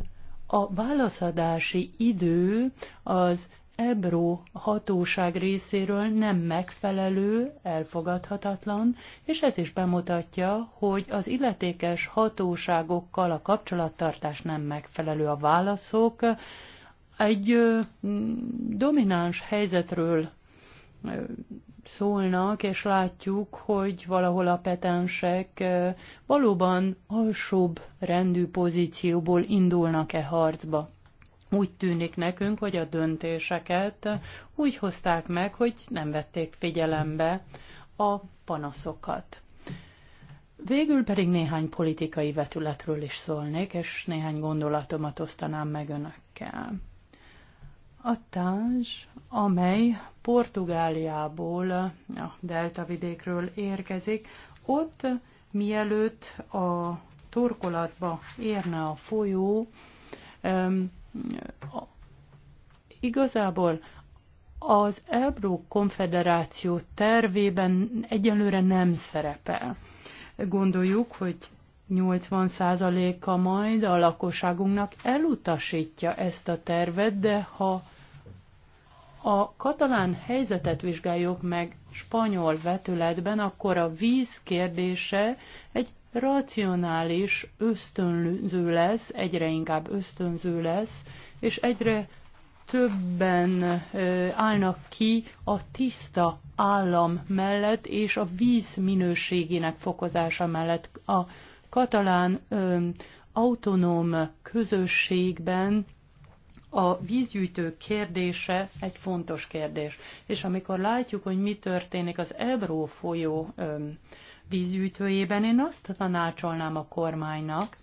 a válaszadási idő az Ebro hatóság részéről nem megfelelő, elfogadhatatlan, és ez is bemutatja, hogy az illetékes hatóságokkal a kapcsolattartás nem megfelelő a válaszok. Egy mm, domináns helyzetről szólnak, és látjuk, hogy valahol a petensek valóban alsóbb rendű pozícióból indulnak-e harcba. Úgy tűnik nekünk, hogy a döntéseket úgy hozták meg, hogy nem vették figyelembe a panaszokat. Végül pedig néhány politikai vetületről is szólnék, és néhány gondolatomat osztanám meg önökkel. A tánzs, amely Portugáliából, a delta vidékről érkezik, ott mielőtt a torkolatba érne a folyó, igazából az Ebro konfederáció tervében egyelőre nem szerepel. Gondoljuk, hogy 80%-a majd a lakosságunknak elutasítja ezt a tervet, de ha a katalán helyzetet vizsgáljuk meg spanyol vetületben, akkor a víz kérdése egy racionális ösztönző lesz, egyre inkább ösztönző lesz, és egyre többen állnak ki a tiszta állam mellett és a víz minőségének fokozása mellett. A katalán autonóm közösségben a vízgyűjtő kérdése egy fontos kérdés. És amikor látjuk, hogy mi történik az Ebró folyó vízgyűjtőjében, én azt tanácsolnám a kormánynak,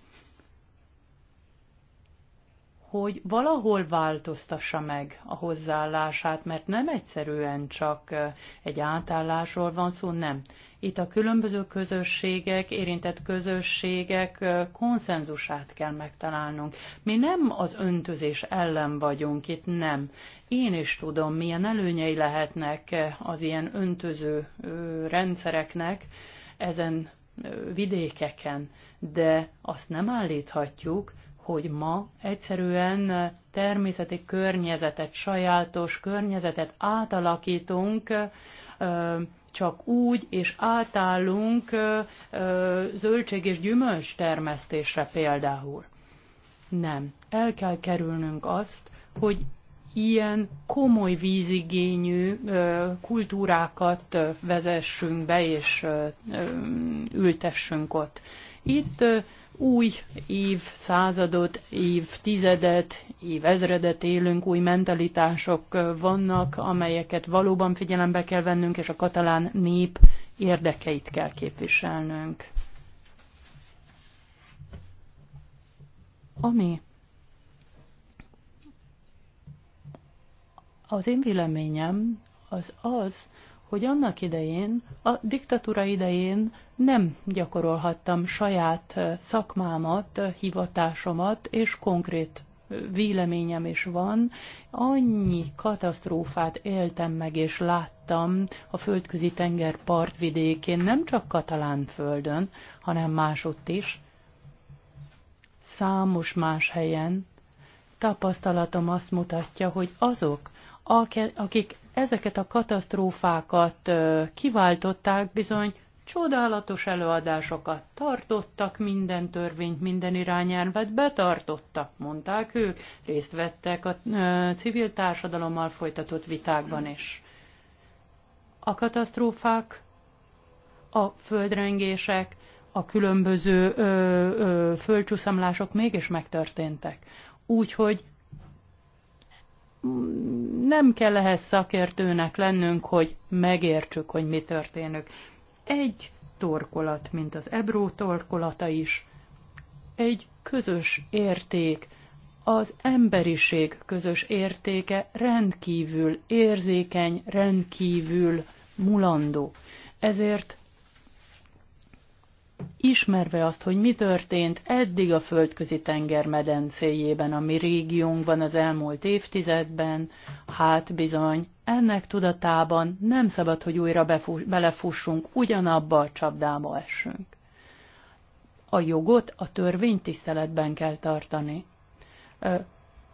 hogy valahol változtassa meg a hozzáállását, mert nem egyszerűen csak egy átállásról van szó, nem. Itt a különböző közösségek, érintett közösségek konszenzusát kell megtalálnunk. Mi nem az öntözés ellen vagyunk itt, nem. Én is tudom, milyen előnyei lehetnek az ilyen öntöző rendszereknek ezen vidékeken, de azt nem állíthatjuk, hogy ma egyszerűen természeti környezetet, sajátos környezetet átalakítunk, csak úgy, és átállunk zöldség és gyümölcs termesztésre például. Nem. El kell kerülnünk azt, hogy ilyen komoly vízigényű kultúrákat vezessünk be és ültessünk ott. Itt új év, századot, év, tizedet, év ezredet élünk, új mentalitások vannak, amelyeket valóban figyelembe kell vennünk, és a katalán nép érdekeit kell képviselnünk. Ami az én véleményem az az, hogy annak idején, a diktatúra idején nem gyakorolhattam saját szakmámat, hivatásomat, és konkrét véleményem is van. Annyi katasztrófát éltem meg és láttam a földközi tenger partvidékén, nem csak katalán földön, hanem másutt is, számos más helyen. Tapasztalatom azt mutatja, hogy azok, akik ezeket a katasztrófákat kiváltották, bizony csodálatos előadásokat tartottak, minden törvényt, minden irányelvet betartottak, mondták ők, részt vettek a civil társadalommal folytatott vitákban is. A katasztrófák, a földrengések, a különböző ö, ö, földcsúszamlások mégis megtörténtek. Úgyhogy nem kell ehhez szakértőnek lennünk, hogy megértsük, hogy mi történik. Egy torkolat, mint az Ebró torkolata is, egy közös érték, az emberiség közös értéke rendkívül érzékeny, rendkívül mulandó. Ezért ismerve azt, hogy mi történt eddig a földközi tenger medencéjében, ami régiónkban az elmúlt évtizedben, hát bizony, ennek tudatában nem szabad, hogy újra befus, belefussunk, ugyanabba a csapdába essünk. A jogot, a törvény tiszteletben kell tartani.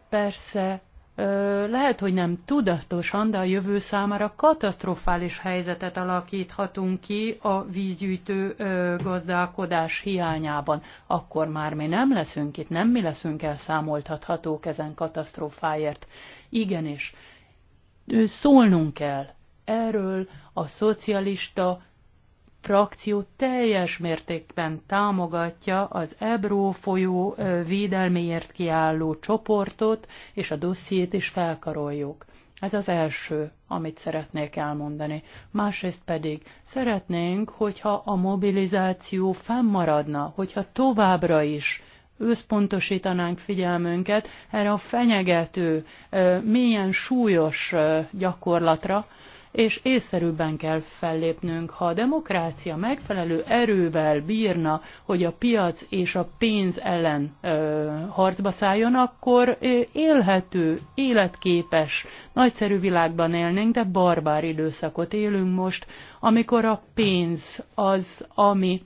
Persze lehet, hogy nem tudatosan, de a jövő számára katasztrofális helyzetet alakíthatunk ki a vízgyűjtő gazdálkodás hiányában. Akkor már mi nem leszünk itt, nem mi leszünk elszámoltathatók ezen katasztrófáért. Igenis, szólnunk kell erről a szocialista frakció teljes mértékben támogatja az Ebró folyó védelméért kiálló csoportot, és a dossziét is felkaroljuk. Ez az első, amit szeretnék elmondani. Másrészt pedig szeretnénk, hogyha a mobilizáció fennmaradna, hogyha továbbra is összpontosítanánk figyelmünket erre a fenyegető, mélyen súlyos gyakorlatra, és észszerűbben kell fellépnünk. Ha a demokrácia megfelelő erővel bírna, hogy a piac és a pénz ellen ö, harcba szálljon, akkor ö, élhető, életképes, nagyszerű világban élnénk, de barbár időszakot élünk most, amikor a pénz az, ami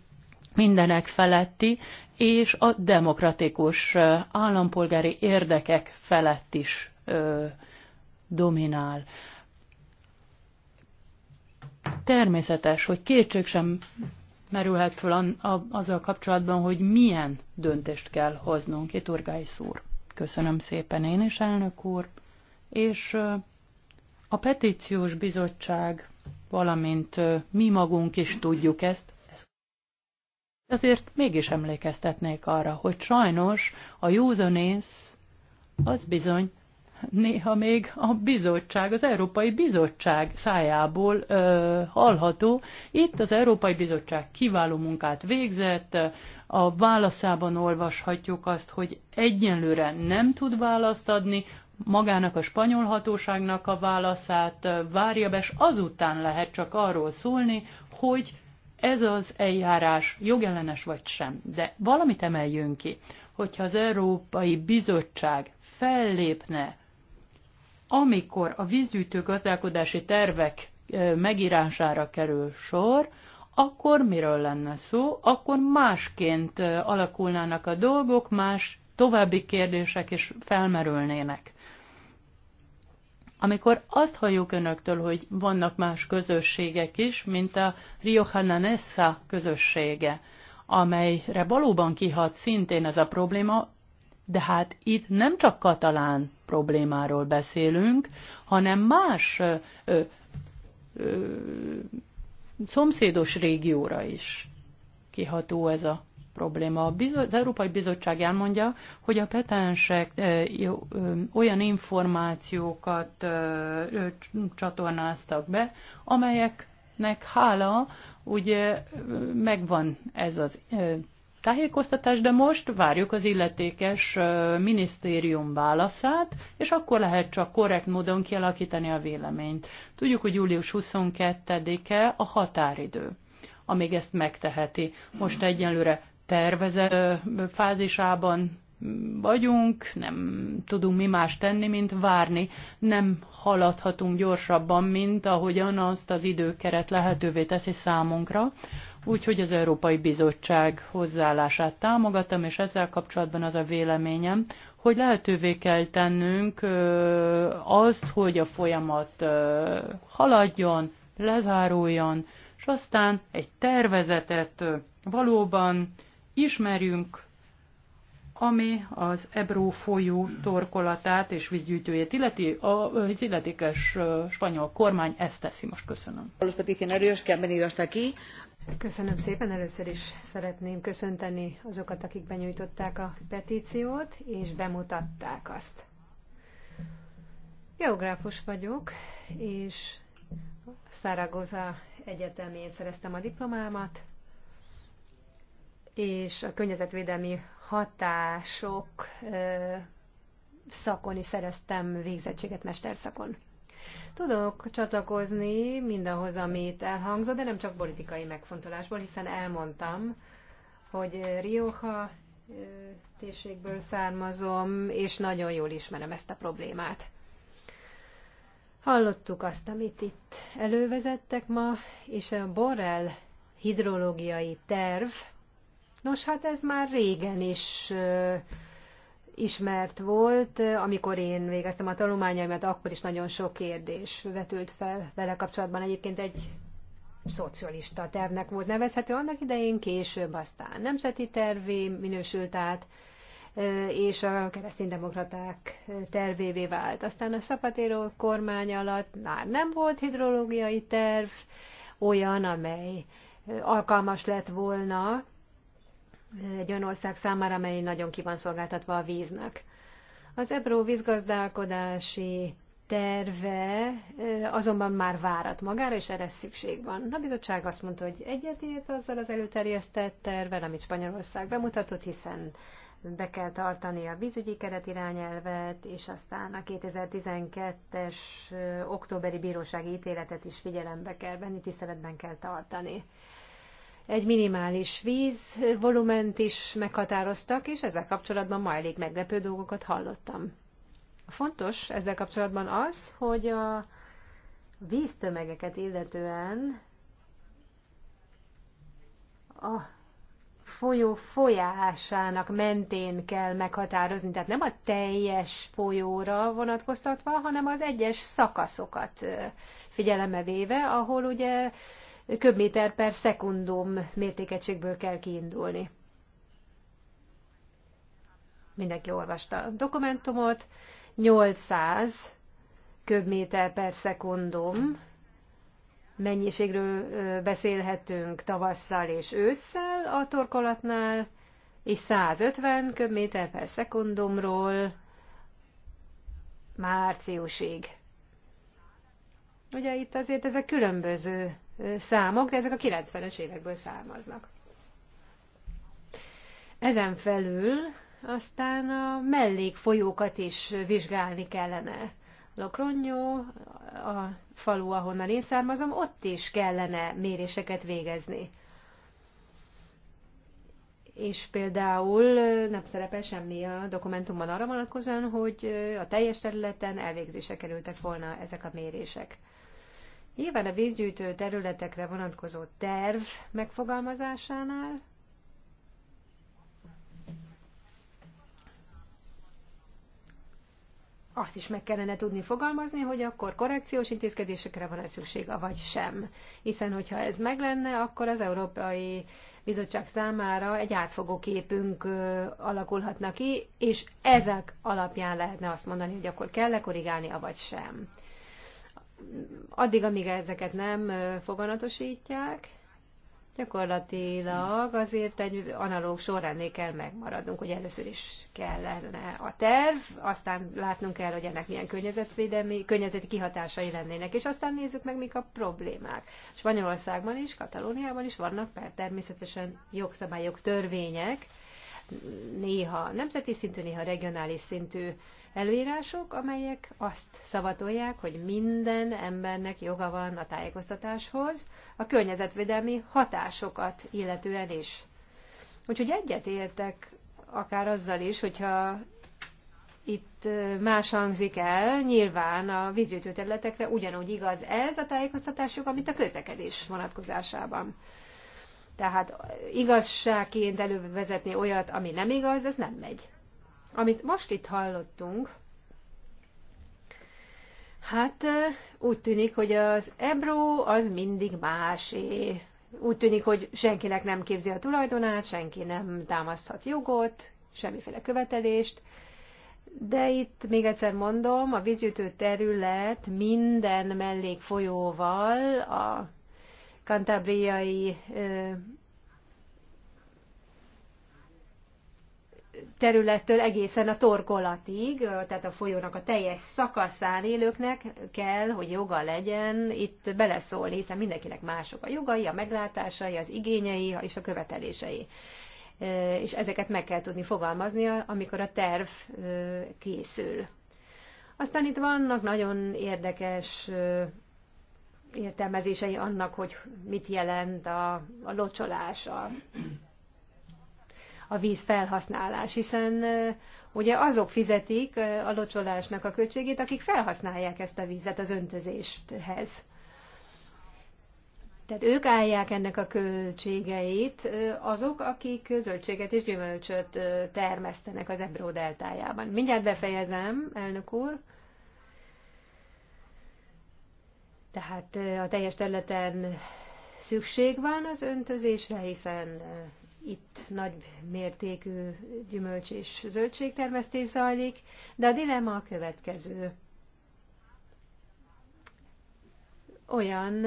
mindenek feletti, és a demokratikus állampolgári érdekek felett is ö, dominál. Természetes, hogy kétség sem merülhet föl a, a, azzal kapcsolatban, hogy milyen döntést kell hoznunk. Itt Urgály szúr. Köszönöm szépen én is, elnök úr. És a petíciós bizottság, valamint mi magunk is tudjuk ezt, azért mégis emlékeztetnék arra, hogy sajnos a józanész az bizony néha még a bizottság, az Európai Bizottság szájából ö, hallható. Itt az Európai Bizottság kiváló munkát végzett, a válaszában olvashatjuk azt, hogy egyenlőre nem tud választ adni, magának a spanyol hatóságnak a válaszát várja be, és azután lehet csak arról szólni, hogy ez az eljárás jogellenes vagy sem. De valamit emeljünk ki, hogyha az Európai Bizottság fellépne amikor a vízgyűjtő gazdálkodási tervek megírására kerül sor, akkor miről lenne szó? Akkor másként alakulnának a dolgok, más további kérdések is felmerülnének. Amikor azt halljuk önöktől, hogy vannak más közösségek is, mint a Riohananessa közössége, amelyre valóban kihat szintén ez a probléma, de hát itt nem csak katalán problémáról beszélünk, hanem más ö, ö, ö, szomszédos régióra is kiható ez a probléma. Az Európai Bizottság elmondja, hogy a petensek olyan információkat csatornáztak be, amelyeknek hála ugye megvan ez az tájékoztatás, de most várjuk az illetékes minisztérium válaszát, és akkor lehet csak korrekt módon kialakítani a véleményt. Tudjuk, hogy július 22-e a határidő, amíg ezt megteheti. Most egyenlőre tervezett fázisában vagyunk, nem tudunk mi más tenni, mint várni. Nem haladhatunk gyorsabban, mint ahogyan azt az időkeret lehetővé teszi számunkra. Úgyhogy az Európai Bizottság hozzáállását támogatom, és ezzel kapcsolatban az a véleményem, hogy lehetővé kell tennünk azt, hogy a folyamat haladjon, lezáruljon, és aztán egy tervezetet valóban ismerjünk, ami az Ebro folyó torkolatát és vízgyűjtőjét illeti. a illetékes spanyol kormány ezt teszi. Most köszönöm. Köszönöm szépen. Először is szeretném köszönteni azokat, akik benyújtották a petíciót, és bemutatták azt. Geográfus vagyok, és Száragoza Egyetemén szereztem a diplomámat, és a környezetvédelmi hatások szakon is szereztem végzettséget mesterszakon. Tudok csatlakozni mindahhoz, amit elhangzott, de nem csak politikai megfontolásból, hiszen elmondtam, hogy Rioja térségből származom, és nagyon jól ismerem ezt a problémát. Hallottuk azt, amit itt elővezettek ma, és a Borrell hidrológiai terv Nos, hát ez már régen is ismert volt, amikor én végeztem a tanulmányaimat, akkor is nagyon sok kérdés vetült fel vele kapcsolatban. Egyébként egy szocialista tervnek volt nevezhető, annak idején később aztán nemzeti tervé minősült át, és a kereszténydemokraták tervévé vált. Aztán a Zapatero kormány alatt már nem volt hidrológiai terv, olyan, amely alkalmas lett volna egy olyan ország számára, amely nagyon ki van szolgáltatva a víznek. Az Ebró vízgazdálkodási terve azonban már várat magára, és erre szükség van. A bizottság azt mondta, hogy egyetért azzal az előterjesztett tervel, amit Spanyolország bemutatott, hiszen be kell tartani a vízügyi keretirányelvet, és aztán a 2012-es októberi bírósági ítéletet is figyelembe kell venni, tiszteletben kell tartani egy minimális vízvolument is meghatároztak, és ezzel kapcsolatban ma elég meglepő dolgokat hallottam. Fontos ezzel kapcsolatban az, hogy a víztömegeket illetően a folyó folyásának mentén kell meghatározni, tehát nem a teljes folyóra vonatkoztatva, hanem az egyes szakaszokat figyelembe véve, ahol ugye köbméter per szekundum mértékegységből kell kiindulni. Mindenki olvasta a dokumentumot. 800 köbméter per szekundum mennyiségről beszélhetünk tavasszal és ősszel a torkolatnál, és 150 köbméter per szekundumról márciusig. Ugye itt azért ezek különböző számok, de ezek a 90-es évekből származnak. Ezen felül aztán a mellékfolyókat is vizsgálni kellene. Lokronyó, a falu, ahonnan én származom, ott is kellene méréseket végezni. És például nem szerepel semmi a dokumentumban arra vonatkozóan, hogy a teljes területen elvégzése kerültek volna ezek a mérések. Nyilván a vízgyűjtő területekre vonatkozó terv megfogalmazásánál azt is meg kellene tudni fogalmazni, hogy akkor korrekciós intézkedésekre van-e szüksége, vagy sem. Hiszen, hogyha ez meg lenne, akkor az Európai Bizottság számára egy átfogó képünk alakulhatna ki, és ezek alapján lehetne azt mondani, hogy akkor kell-e korrigálni, vagy sem addig, amíg ezeket nem foganatosítják, gyakorlatilag azért egy analóg sorrendnél kell megmaradnunk, hogy először is kellene a terv, aztán látnunk kell, hogy ennek milyen környezetvédelmi, környezeti kihatásai lennének, és aztán nézzük meg, mik a problémák. Spanyolországban is, Katalóniában is vannak per természetesen jogszabályok, törvények, néha nemzeti szintű, néha regionális szintű előírások, amelyek azt szavatolják, hogy minden embernek joga van a tájékoztatáshoz, a környezetvédelmi hatásokat illetően is. Úgyhogy egyetértek akár azzal is, hogyha itt más hangzik el, nyilván a vízgyűjtő területekre ugyanúgy igaz ez a tájékoztatásuk, amit a közlekedés vonatkozásában. Tehát igazságként elővezetni olyat, ami nem igaz, ez nem megy. Amit most itt hallottunk, hát úgy tűnik, hogy az Ebro az mindig másé. Úgy tűnik, hogy senkinek nem képzi a tulajdonát, senki nem támaszthat jogot, semmiféle követelést. De itt még egyszer mondom, a vízgyűjtő terület minden mellékfolyóval a kantábriai területtől egészen a torkolatig, tehát a folyónak a teljes szakaszán élőknek kell, hogy joga legyen itt beleszólni, hiszen mindenkinek mások a jogai, a meglátásai, az igényei és a követelései. És ezeket meg kell tudni fogalmazni, amikor a terv készül. Aztán itt vannak nagyon érdekes értelmezései annak, hogy mit jelent a, a locsolás, a a vízfelhasználás, hiszen ugye azok fizetik a locsolásnak a költségét, akik felhasználják ezt a vízet az öntözéshez. Tehát ők állják ennek a költségeit azok, akik zöldséget és gyümölcsöt termesztenek az Ebró deltájában. Mindjárt befejezem, elnök úr. Tehát a teljes területen szükség van az öntözésre, hiszen itt nagy mértékű gyümölcs és zöldségtermesztés zajlik, de a dilemma a következő. Olyan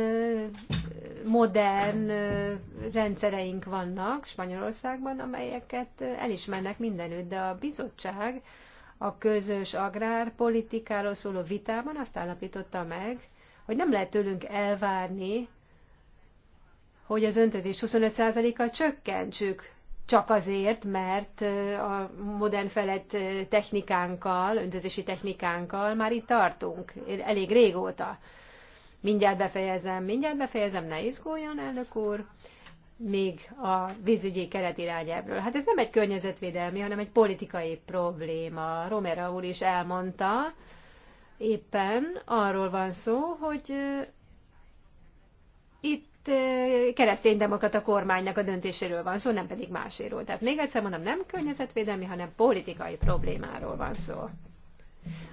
modern rendszereink vannak Spanyolországban, amelyeket elismernek mindenütt, de a bizottság a közös agrárpolitikáról szóló vitában azt állapította meg, hogy nem lehet tőlünk elvárni, hogy az öntözés 25%-kal csökkentsük, csak azért, mert a modern felett technikánkkal, öntözési technikánkkal már itt tartunk, elég régóta. Mindjárt befejezem, mindjárt befejezem, ne izguljon, elnök úr, még a vízügyi keretirányábról. Hát ez nem egy környezetvédelmi, hanem egy politikai probléma. Romera úr is elmondta, éppen arról van szó, hogy itt Hát, kereszténydemokrata kormánynak a döntéséről van szó, nem pedig máséről. Tehát még egyszer mondom, nem környezetvédelmi, hanem politikai problémáról van szó.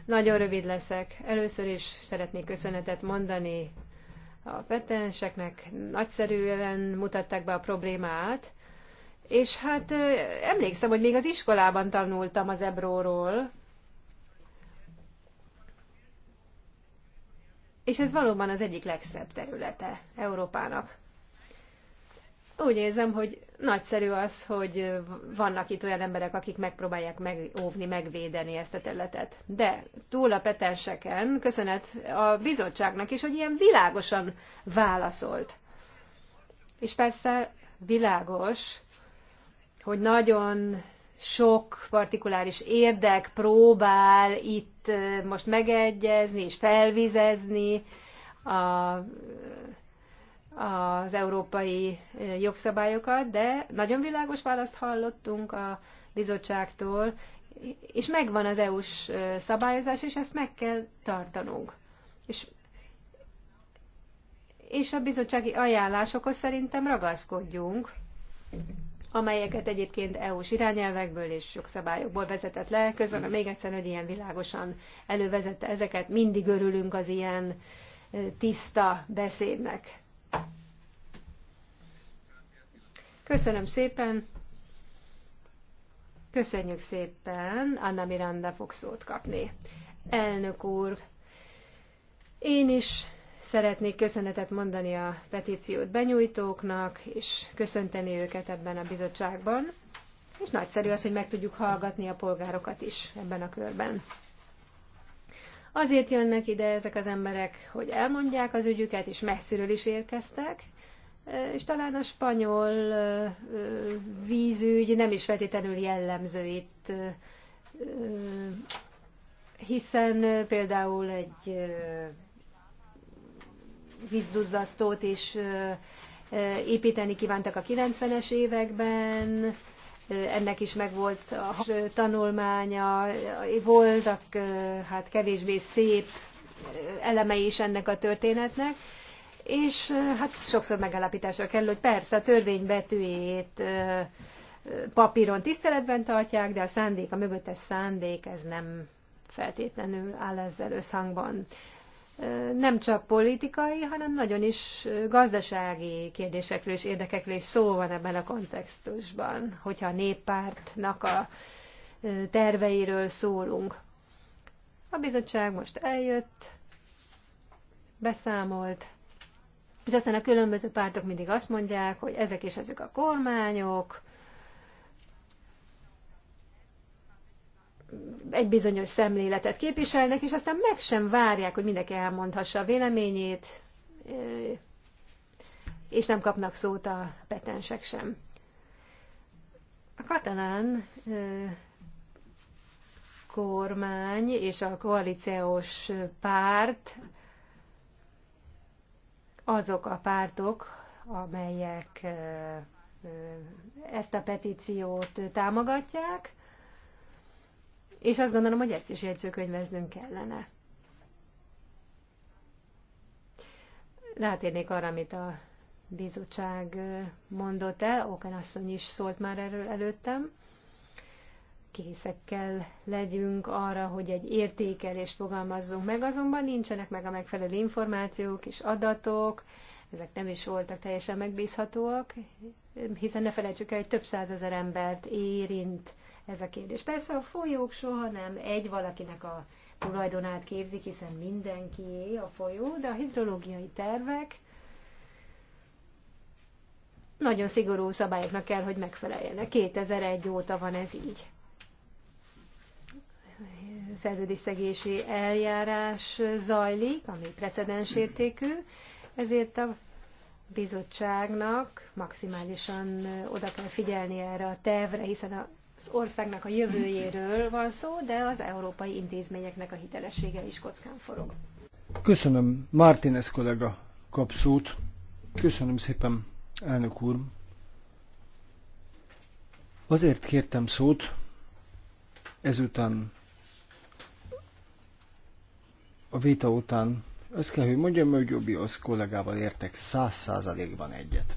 Nagyon rövid leszek. Először is szeretnék köszönetet mondani a petenseknek. Nagyszerűen mutatták be a problémát. És hát emlékszem, hogy még az iskolában tanultam az ebróról, És ez valóban az egyik legszebb területe Európának. Úgy érzem, hogy nagyszerű az, hogy vannak itt olyan emberek, akik megpróbálják megóvni, megvédeni ezt a területet. De túl a petenseken köszönet a bizottságnak is, hogy ilyen világosan válaszolt. És persze világos, hogy nagyon sok partikuláris érdek próbál itt most megegyezni és felvizezni a, az európai jogszabályokat, de nagyon világos választ hallottunk a bizottságtól, és megvan az EU-s szabályozás, és ezt meg kell tartanunk. És, és a bizottsági ajánlásokhoz szerintem ragaszkodjunk amelyeket egyébként EU-s irányelvekből és jogszabályokból vezetett le. Köszönöm még egyszer, hogy ilyen világosan elővezette ezeket. Mindig örülünk az ilyen tiszta beszédnek. Köszönöm szépen. Köszönjük szépen. Anna Miranda fog szót kapni. Elnök úr, én is Szeretnék köszönetet mondani a petíciót benyújtóknak, és köszönteni őket ebben a bizottságban. És nagyszerű az, hogy meg tudjuk hallgatni a polgárokat is ebben a körben. Azért jönnek ide ezek az emberek, hogy elmondják az ügyüket, és messziről is érkeztek, és talán a spanyol vízügy nem is feltétlenül jellemző itt, hiszen például egy vízduzzasztót is építeni kívántak a 90-es években, ennek is megvolt a tanulmánya, voltak hát kevésbé szép elemei is ennek a történetnek, és hát sokszor megállapításra kerül, hogy persze a törvény betűjét papíron tiszteletben tartják, de a szándék, a mögöttes szándék, ez nem feltétlenül áll ezzel összhangban nem csak politikai, hanem nagyon is gazdasági kérdésekről és érdekekről is szó van ebben a kontextusban, hogyha a néppártnak a terveiről szólunk. A bizottság most eljött, beszámolt, és aztán a különböző pártok mindig azt mondják, hogy ezek és ezek a kormányok, egy bizonyos szemléletet képviselnek, és aztán meg sem várják, hogy mindenki elmondhassa a véleményét, és nem kapnak szót a petensek sem. A katalán kormány és a koalíciós párt azok a pártok, amelyek ezt a petíciót támogatják, és azt gondolom, hogy ezt is jegyzőkönyveznünk kellene. Rátérnék arra, amit a bizottság mondott el, Oken asszony is szólt már erről előttem. Készekkel legyünk arra, hogy egy értékelést fogalmazzunk meg, azonban nincsenek meg a megfelelő információk és adatok, ezek nem is voltak teljesen megbízhatóak, hiszen ne felejtsük el, hogy több százezer embert érint ez a kérdés. Persze a folyók soha nem egy valakinek a tulajdonát képzik, hiszen mindenkié a folyó, de a hidrológiai tervek nagyon szigorú szabályoknak kell, hogy megfeleljenek. 2001 óta van ez így. Szerződésszegési eljárás zajlik, ami precedensértékű, ezért a bizottságnak maximálisan oda kell figyelni erre a tervre, hiszen a az országnak a jövőjéről van szó, de az európai intézményeknek a hitelessége is kockán forog. Köszönöm, Martínez kollega kap szót. Köszönöm szépen, elnök úr. Azért kértem szót, ezután a vita után, azt kell, hogy mondjam, hogy Jobbi az kollégával értek száz százalékban egyet.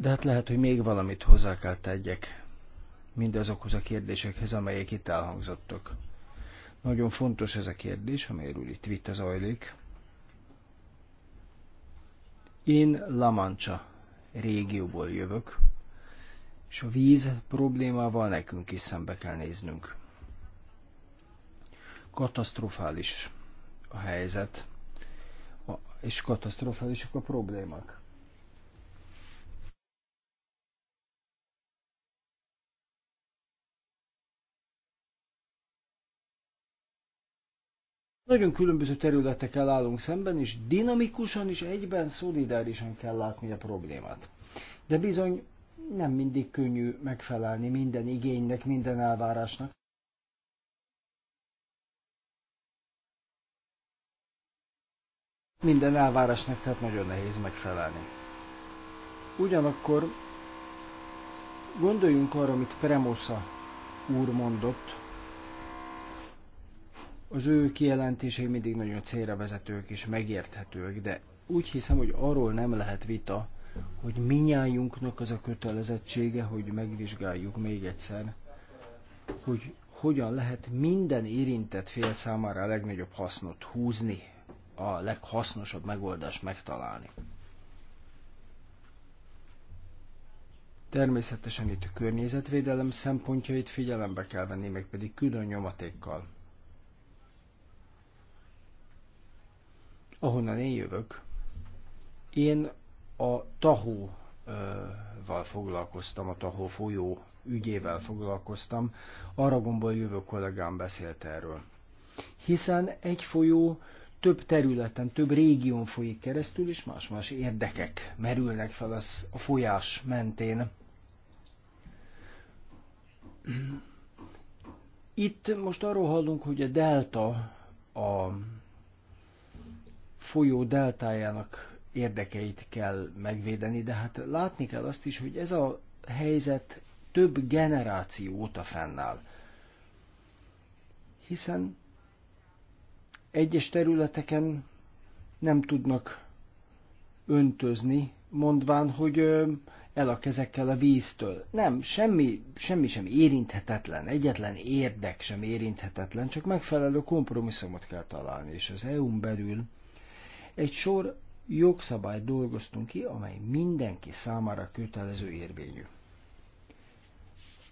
De hát lehet, hogy még valamit hozzá kell tegyek mindazokhoz a kérdésekhez, amelyek itt elhangzottak. Nagyon fontos ez a kérdés, amelyről itt az zajlik. Én Lamancsa régióból jövök, és a víz problémával nekünk is szembe kell néznünk. Katasztrofális a helyzet, és katasztrofálisak a problémák. Nagyon különböző területekkel állunk szemben, és dinamikusan és egyben szolidárisan kell látni a problémát. De bizony nem mindig könnyű megfelelni minden igénynek, minden elvárásnak. Minden elvárásnak tehát nagyon nehéz megfelelni. Ugyanakkor gondoljunk arra, amit Premosa úr mondott, az ő kijelentései mindig nagyon célra vezetők és megérthetők, de úgy hiszem, hogy arról nem lehet vita, hogy minnyájunknak az a kötelezettsége, hogy megvizsgáljuk még egyszer, hogy hogyan lehet minden érintett fél számára a legnagyobb hasznot húzni, a leghasznosabb megoldást megtalálni. Természetesen itt a környezetvédelem szempontjait figyelembe kell venni, meg pedig külön nyomatékkal. ahonnan én jövök. Én a tahóval foglalkoztam, a tahó folyó ügyével foglalkoztam. Aragonból jövő kollégám beszélt erről. Hiszen egy folyó több területen, több régión folyik keresztül, és más-más érdekek merülnek fel az a folyás mentén. Itt most arról hallunk, hogy a delta a folyó deltájának érdekeit kell megvédeni, de hát látni kell azt is, hogy ez a helyzet több generáció óta fennáll. Hiszen egyes területeken nem tudnak öntözni, mondván, hogy el a kezekkel a víztől. Nem, semmi, semmi sem érinthetetlen, egyetlen érdek sem érinthetetlen, csak megfelelő kompromisszumot kell találni, és az EU-n belül egy sor jogszabályt dolgoztunk ki, amely mindenki számára kötelező érvényű.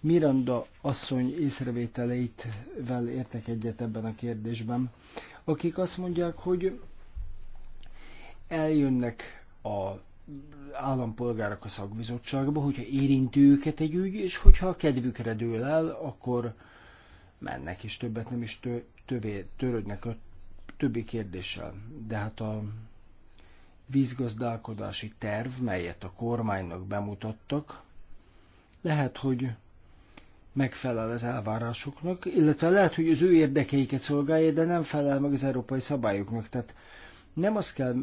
Miranda asszony észrevételeitvel értek egyet ebben a kérdésben, akik azt mondják, hogy eljönnek a állampolgárok a szakbizottságba, hogyha érinti őket egy ügy, és hogyha a kedvükre dől el, akkor mennek, és többet nem is tövé, törődnek többi kérdéssel. De hát a vízgazdálkodási terv, melyet a kormánynak bemutattak, lehet, hogy megfelel az elvárásoknak, illetve lehet, hogy az ő érdekeiket szolgálja, de nem felel meg az európai szabályoknak. Tehát nem azt kell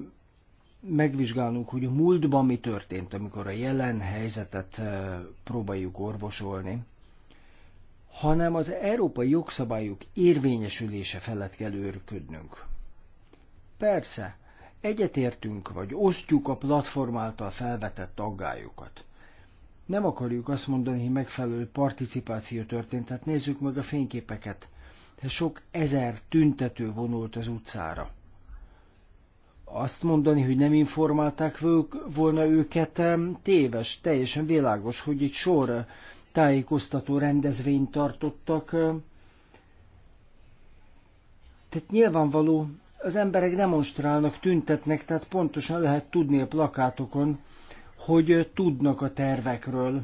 megvizsgálnunk, hogy a múltban mi történt, amikor a jelen helyzetet eh, próbáljuk orvosolni, hanem az európai jogszabályok érvényesülése felett kell őrködnünk. Persze, egyetértünk vagy osztjuk a platform által felvetett aggályokat. Nem akarjuk azt mondani, hogy megfelelő participáció történt, Tehát nézzük meg a fényképeket. De hát sok ezer tüntető vonult az utcára. Azt mondani, hogy nem informálták volna őket, téves, teljesen világos, hogy egy sor tájékoztató rendezvényt tartottak. Tehát nyilvánvaló, az emberek demonstrálnak, tüntetnek, tehát pontosan lehet tudni a plakátokon, hogy tudnak a tervekről.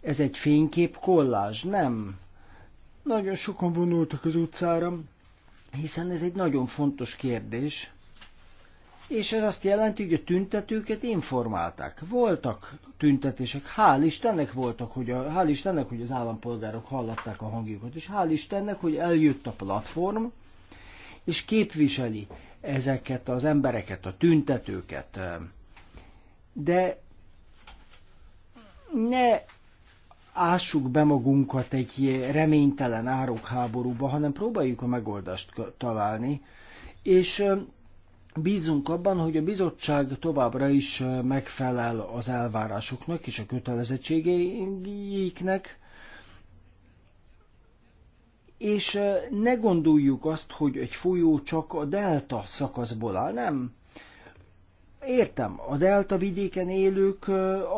Ez egy fénykép kollázs, nem? Nagyon sokan vonultak az utcára, hiszen ez egy nagyon fontos kérdés és ez azt jelenti, hogy a tüntetőket informálták. Voltak tüntetések, hál' Istennek voltak, hogy a, hál' Istennek, hogy az állampolgárok hallatták a hangjukat, és hál' Istennek, hogy eljött a platform, és képviseli ezeket az embereket, a tüntetőket. De ne ássuk be magunkat egy reménytelen árokháborúba, hanem próbáljuk a megoldást találni, és Bízunk abban, hogy a bizottság továbbra is megfelel az elvárásoknak és a kötelezettségeiknek, és ne gondoljuk azt, hogy egy folyó csak a delta szakaszból áll, nem. Értem, a delta vidéken élők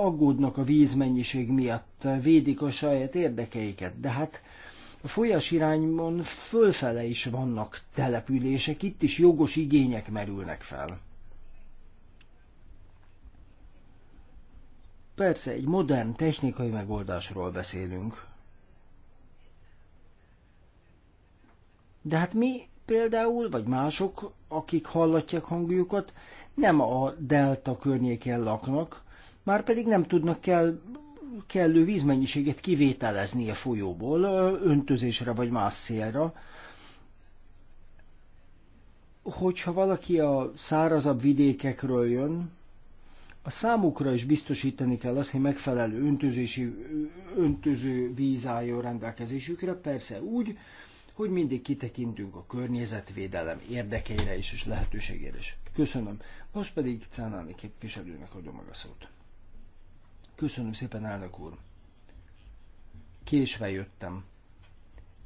aggódnak a vízmennyiség miatt, védik a saját érdekeiket, de hát a folyás irányban fölfele is vannak települések, itt is jogos igények merülnek fel. Persze, egy modern technikai megoldásról beszélünk. De hát mi például, vagy mások, akik hallatják hangjukat, nem a delta környékén laknak, már pedig nem tudnak kell kellő vízmennyiséget kivételezni a folyóból, öntözésre vagy más célra. Hogyha valaki a szárazabb vidékekről jön, a számukra is biztosítani kell azt, hogy megfelelő öntözési, öntöző víz álljon rendelkezésükre, persze úgy, hogy mindig kitekintünk a környezetvédelem érdekeire is és lehetőségére is. Köszönöm. Most pedig Cánálni képviselőnek adom meg a szót. Köszönöm szépen, elnök úr. Késve jöttem,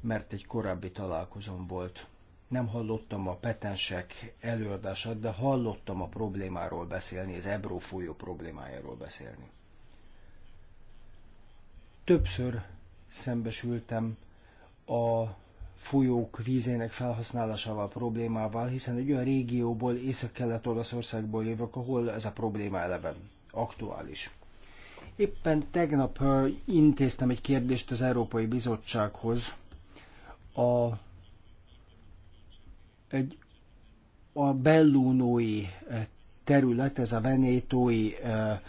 mert egy korábbi találkozom volt. Nem hallottam a petensek előadását, de hallottam a problémáról beszélni, az Ebró folyó problémájáról beszélni. Többször szembesültem a folyók vízének felhasználásával problémával, hiszen egy olyan régióból, észak-kelet-olaszországból jövök, ahol ez a probléma eleve aktuális. Éppen tegnap intéztem egy kérdést az Európai Bizottsághoz. A, egy, a Bellunói eh, terület, ez a Venétói eh,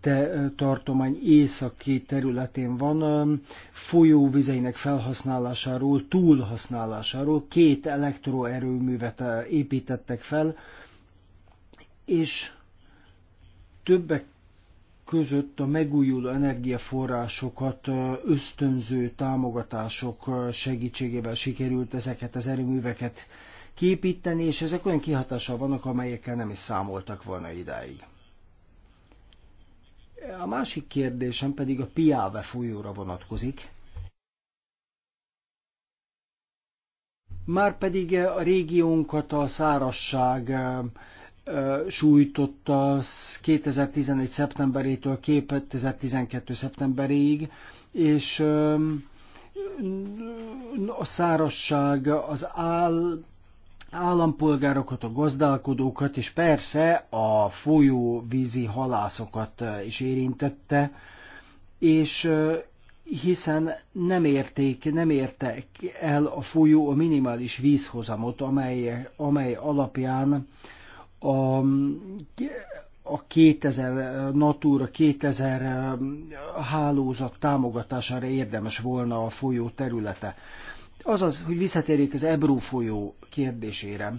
te, eh, tartomány északi területén van, folyóvizeinek felhasználásáról, túlhasználásáról két elektroerőművet építettek fel, és többek között a megújuló energiaforrásokat ösztönző támogatások segítségével sikerült ezeket az erőműveket képíteni, és ezek olyan kihatással vannak, amelyekkel nem is számoltak volna idáig. A másik kérdésem pedig a Piave folyóra vonatkozik. Márpedig a régiónkat a szárasság sújtotta 2011. szeptemberétől 2012. szeptemberéig, és a szárasság az áll, állampolgárokat, a gazdálkodókat, és persze a folyóvízi halászokat is érintette, és hiszen nem érték, nem értek el a folyó a minimális vízhozamot, amely, amely alapján a, a 2000, Natura 2000 um, hálózat támogatására érdemes volna a folyó területe. Azaz, hogy visszatérjék az Ebró folyó kérdésére.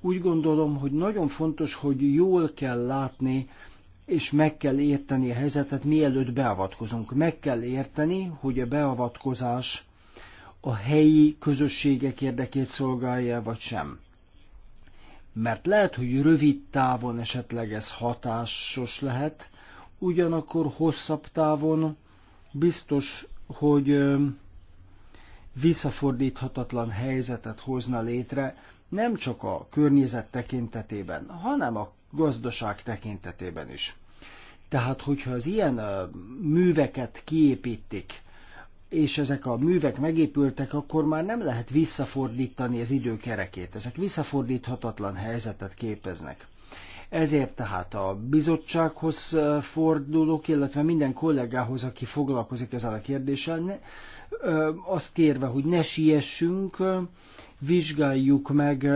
Úgy gondolom, hogy nagyon fontos, hogy jól kell látni, és meg kell érteni a helyzetet, mielőtt beavatkozunk. Meg kell érteni, hogy a beavatkozás a helyi közösségek érdekét szolgálja, vagy sem mert lehet, hogy rövid távon esetleg ez hatásos lehet, ugyanakkor hosszabb távon biztos, hogy visszafordíthatatlan helyzetet hozna létre, nem csak a környezet tekintetében, hanem a gazdaság tekintetében is. Tehát, hogyha az ilyen műveket kiépítik, és ezek a művek megépültek, akkor már nem lehet visszafordítani az időkerekét. Ezek visszafordíthatatlan helyzetet képeznek. Ezért tehát a bizottsághoz fordulok, illetve minden kollégához, aki foglalkozik ezzel a kérdéssel, azt kérve, hogy ne siessünk, vizsgáljuk meg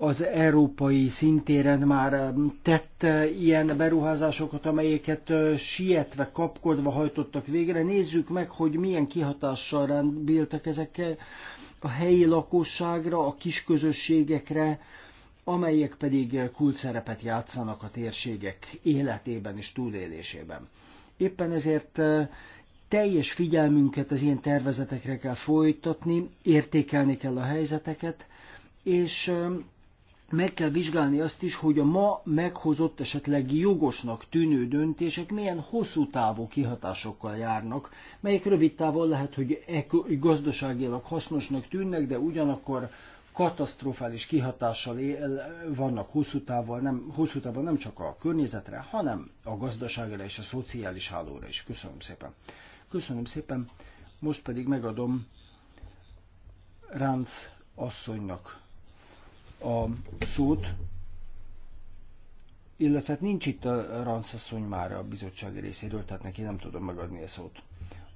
az európai szintéren már um, tett uh, ilyen beruházásokat, amelyeket uh, sietve, kapkodva hajtottak végre. Nézzük meg, hogy milyen kihatással rendbírtak ezekkel a helyi lakosságra, a kisközösségekre, amelyek pedig uh, kulcszerepet játszanak a térségek életében és túlélésében. Éppen ezért teljes figyelmünket az ilyen tervezetekre kell folytatni, értékelni kell a helyzeteket, és um, meg kell vizsgálni azt is, hogy a ma meghozott esetleg jogosnak tűnő döntések milyen hosszú távú kihatásokkal járnak, melyek rövid távon lehet, hogy gazdaságilag hasznosnak tűnnek, de ugyanakkor katasztrofális kihatással él, vannak hosszú távon, nem, hosszú távon nem csak a környezetre, hanem a gazdaságra és a szociális hálóra is. Köszönöm szépen. Köszönöm szépen. Most pedig megadom Ránc asszonynak a szót, illetve hát nincs itt a Ranszasszony már a bizottság részéről, tehát neki nem tudom megadni a szót.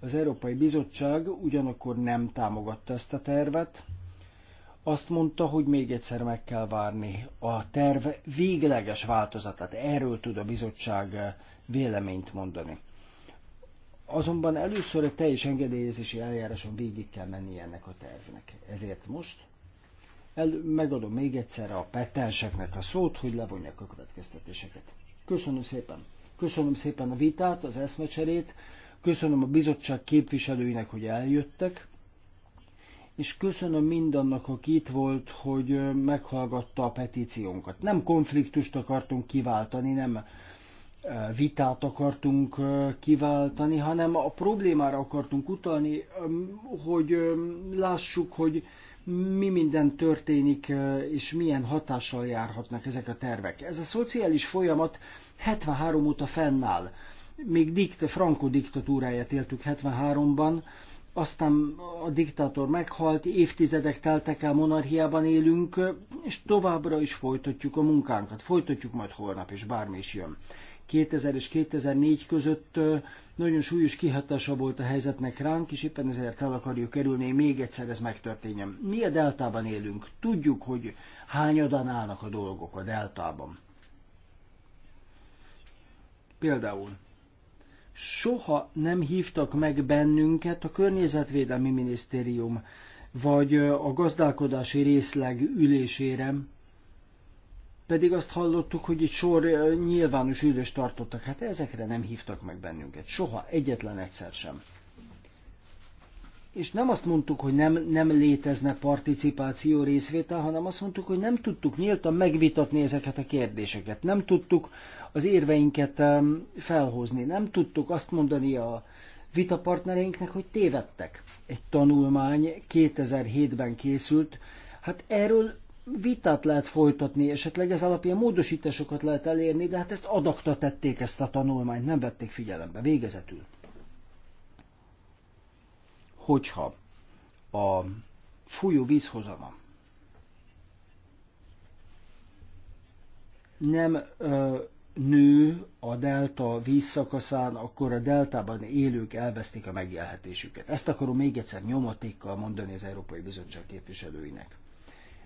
Az Európai Bizottság ugyanakkor nem támogatta ezt a tervet, azt mondta, hogy még egyszer meg kell várni a terv végleges változatát. Erről tud a bizottság véleményt mondani. Azonban először egy teljes engedélyezési eljáráson végig kell menni ennek a tervnek. Ezért most el, megadom még egyszer a petenseknek a szót, hogy levonják a következtetéseket. Köszönöm szépen. Köszönöm szépen a vitát, az eszmecserét, köszönöm a bizottság képviselőinek, hogy eljöttek, és köszönöm mindannak, aki itt volt, hogy meghallgatta a petíciónkat. Nem konfliktust akartunk kiváltani, nem vitát akartunk kiváltani, hanem a problémára akartunk utalni, hogy lássuk, hogy mi minden történik, és milyen hatással járhatnak ezek a tervek. Ez a szociális folyamat 73 óta fennáll. Még dikt, Franco diktatúráját éltük 73-ban, aztán a diktátor meghalt, évtizedek teltek el, monarchiában élünk, és továbbra is folytatjuk a munkánkat. Folytatjuk majd holnap, és bármi is jön. 2000 és 2004 között nagyon súlyos kihatása volt a helyzetnek ránk, és éppen ezért el akarjuk kerülni, hogy még egyszer ez megtörténjen. Mi a deltában élünk, tudjuk, hogy hányadan állnak a dolgok a deltában. Például soha nem hívtak meg bennünket a Környezetvédelmi Minisztérium vagy a gazdálkodási részleg ülésére, pedig azt hallottuk, hogy egy sor eh, nyilvános ülést tartottak. Hát ezekre nem hívtak meg bennünket. Soha, egyetlen egyszer sem. És nem azt mondtuk, hogy nem, nem létezne participáció részvétel, hanem azt mondtuk, hogy nem tudtuk nyíltan megvitatni ezeket a kérdéseket. Nem tudtuk az érveinket felhozni. Nem tudtuk azt mondani a vitapartnereinknek, hogy tévedtek. Egy tanulmány 2007-ben készült, Hát erről vitát lehet folytatni, esetleg ez alapján módosításokat lehet elérni, de hát ezt adakta tették ezt a tanulmányt, nem vették figyelembe, végezetül. Hogyha a fújó vízhozama nem ö, nő a delta vízszakaszán, akkor a deltában élők elvesztik a megélhetésüket. Ezt akarom még egyszer nyomatékkal mondani az Európai Bizottság képviselőinek.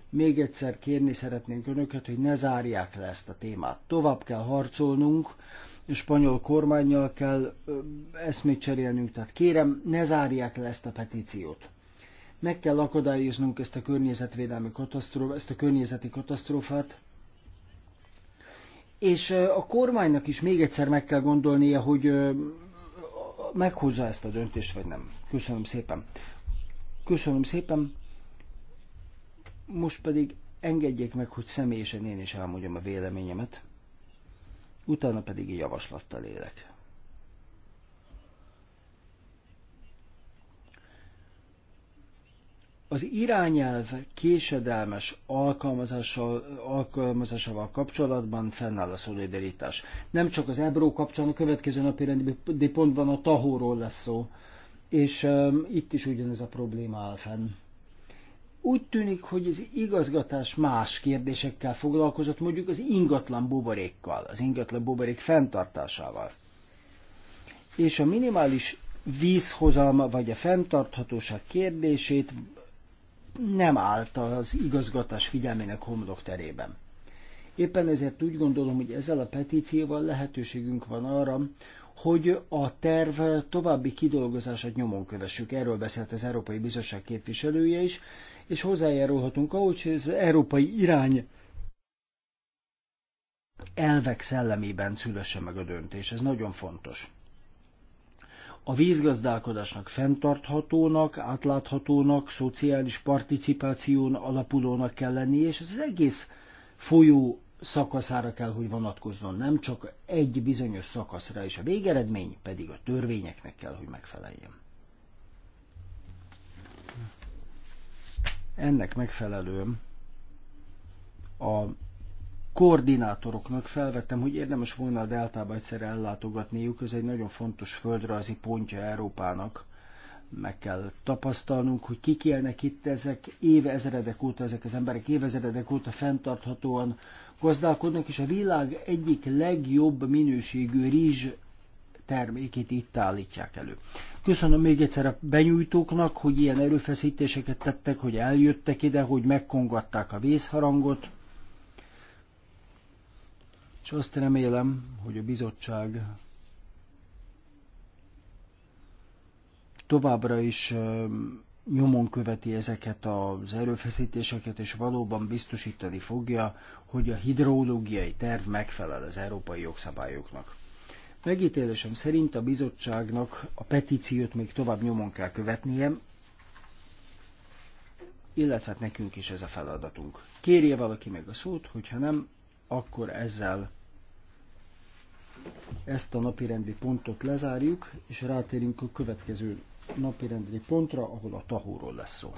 Még egyszer kérni szeretnénk önöket, hogy ne zárják le ezt a témát. Tovább kell harcolnunk, a spanyol kormányjal kell eszmét cserélnünk, tehát kérem, ne zárják le ezt a petíciót. Meg kell akadályoznunk ezt a környezetvédelmi katasztrófát, ezt a környezeti katasztrófát, és a kormánynak is még egyszer meg kell gondolnia, hogy meghozza ezt a döntést, vagy nem. Köszönöm szépen. Köszönöm szépen. Most pedig engedjék meg, hogy személyesen én is elmondjam a véleményemet, utána pedig egy javaslattal élek. Az irányelv késedelmes alkalmazással, alkalmazásával kapcsolatban fennáll a szolidaritás. Nem csak az Ebró kapcsán, a következő napi rendi pontban a Tahóról lesz szó, és um, itt is ugyanez a probléma áll fenn. Úgy tűnik, hogy az igazgatás más kérdésekkel foglalkozott, mondjuk az ingatlan buborékkal, az ingatlan buborék fenntartásával. És a minimális vízhozalma vagy a fenntarthatóság kérdését nem állt az igazgatás figyelmének homlok terében. Éppen ezért úgy gondolom, hogy ezzel a petícióval lehetőségünk van arra, hogy a terv további kidolgozását nyomon kövessük. Erről beszélt az Európai Bizottság képviselője is, és hozzájárulhatunk ahhoz, hogy az európai irány elvek szellemében szülesse meg a döntés. Ez nagyon fontos. A vízgazdálkodásnak fenntarthatónak, átláthatónak, szociális participáción alapulónak kell lennie, és ez az egész folyó szakaszára kell, hogy vonatkozzon, nem csak egy bizonyos szakaszra, és a végeredmény pedig a törvényeknek kell, hogy megfeleljen. Ennek megfelelően a koordinátoroknak felvettem, hogy érdemes volna a Deltába egyszer ellátogatniuk, ez egy nagyon fontos földrajzi pontja Európának. Meg kell tapasztalnunk, hogy kik élnek itt ezek évezredek óta, ezek az emberek évezredek óta fenntarthatóan gazdálkodnak, és a világ egyik legjobb minőségű rizs termékét itt állítják elő. Köszönöm még egyszer a benyújtóknak, hogy ilyen erőfeszítéseket tettek, hogy eljöttek ide, hogy megkongatták a vészharangot. És azt remélem, hogy a bizottság továbbra is nyomon követi ezeket az erőfeszítéseket, és valóban biztosítani fogja, hogy a hidrológiai terv megfelel az európai jogszabályoknak. Megítélésem szerint a bizottságnak a petíciót még tovább nyomon kell követnie, illetve hát nekünk is ez a feladatunk. Kérje valaki meg a szót, hogyha nem, akkor ezzel ezt a napirendi pontot lezárjuk, és rátérünk a következő napirendi pontra, ahol a tahóról lesz szó.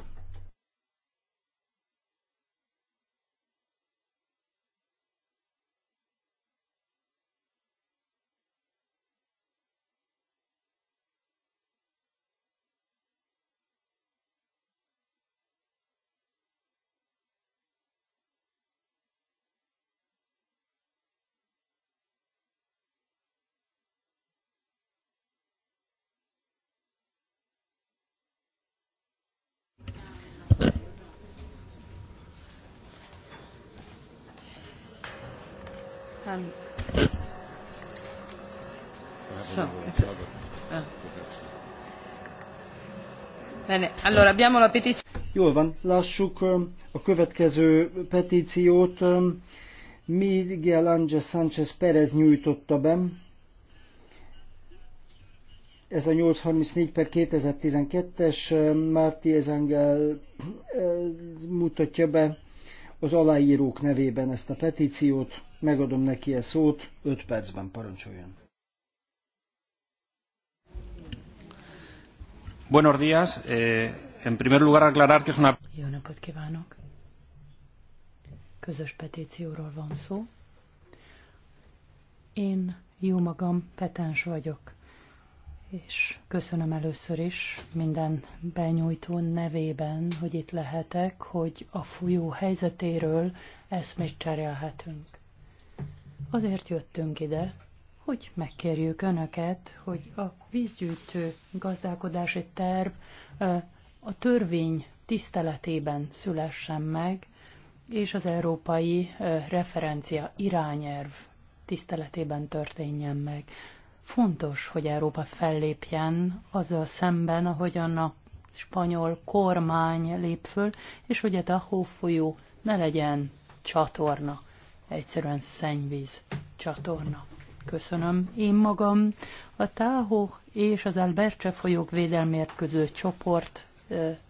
kann. Ah. Jól van, lássuk um, a következő petíciót. Um, Miguel Ángel Sánchez Pérez nyújtotta be. Ez a 834 per 2012-es Márti Ezengel mutatja be az aláírók nevében ezt a petíciót, megadom neki a szót, 5 percben parancsoljon. Buenos días. Eh, en primer lugar aclarar que es una... Jó napot kívánok! Közös petícióról van szó. Én jó magam, petens vagyok és köszönöm először is minden benyújtó nevében, hogy itt lehetek, hogy a folyó helyzetéről eszmét cserélhetünk. Azért jöttünk ide, hogy megkérjük Önöket, hogy a vízgyűjtő gazdálkodási terv a törvény tiszteletében szülessen meg, és az európai referencia irányerv tiszteletében történjen meg. Fontos, hogy Európa fellépjen azzal szemben, ahogyan a spanyol kormány lép föl, és hogy a Tahó folyó ne legyen csatorna, egyszerűen szennyvíz csatorna. Köszönöm. Én magam a Táhó és az Albercse folyók védelmért közül csoport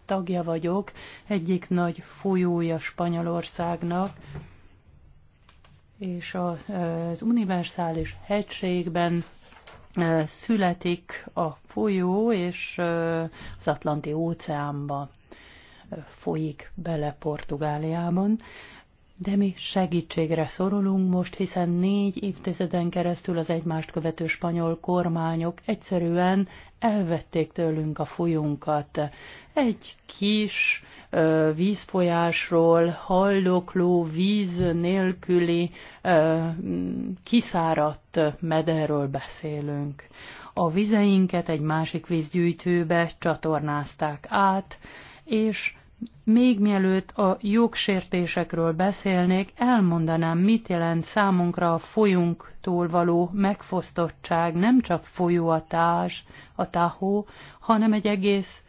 tagja vagyok, egyik nagy folyója Spanyolországnak, és az, az univerzális hegységben születik a folyó, és az Atlanti óceánba folyik bele Portugáliában. De mi segítségre szorulunk most, hiszen négy évtizeden keresztül az egymást követő spanyol kormányok egyszerűen elvették tőlünk a folyunkat. Egy kis ö, vízfolyásról hallokló, víz nélküli, ö, kiszáradt mederről beszélünk. A vizeinket egy másik vízgyűjtőbe csatornázták át, és még mielőtt a jogsértésekről beszélnék, elmondanám, mit jelent számunkra a folyunktól való megfosztottság, nem csak folyóatás, a tahó, hanem egy egész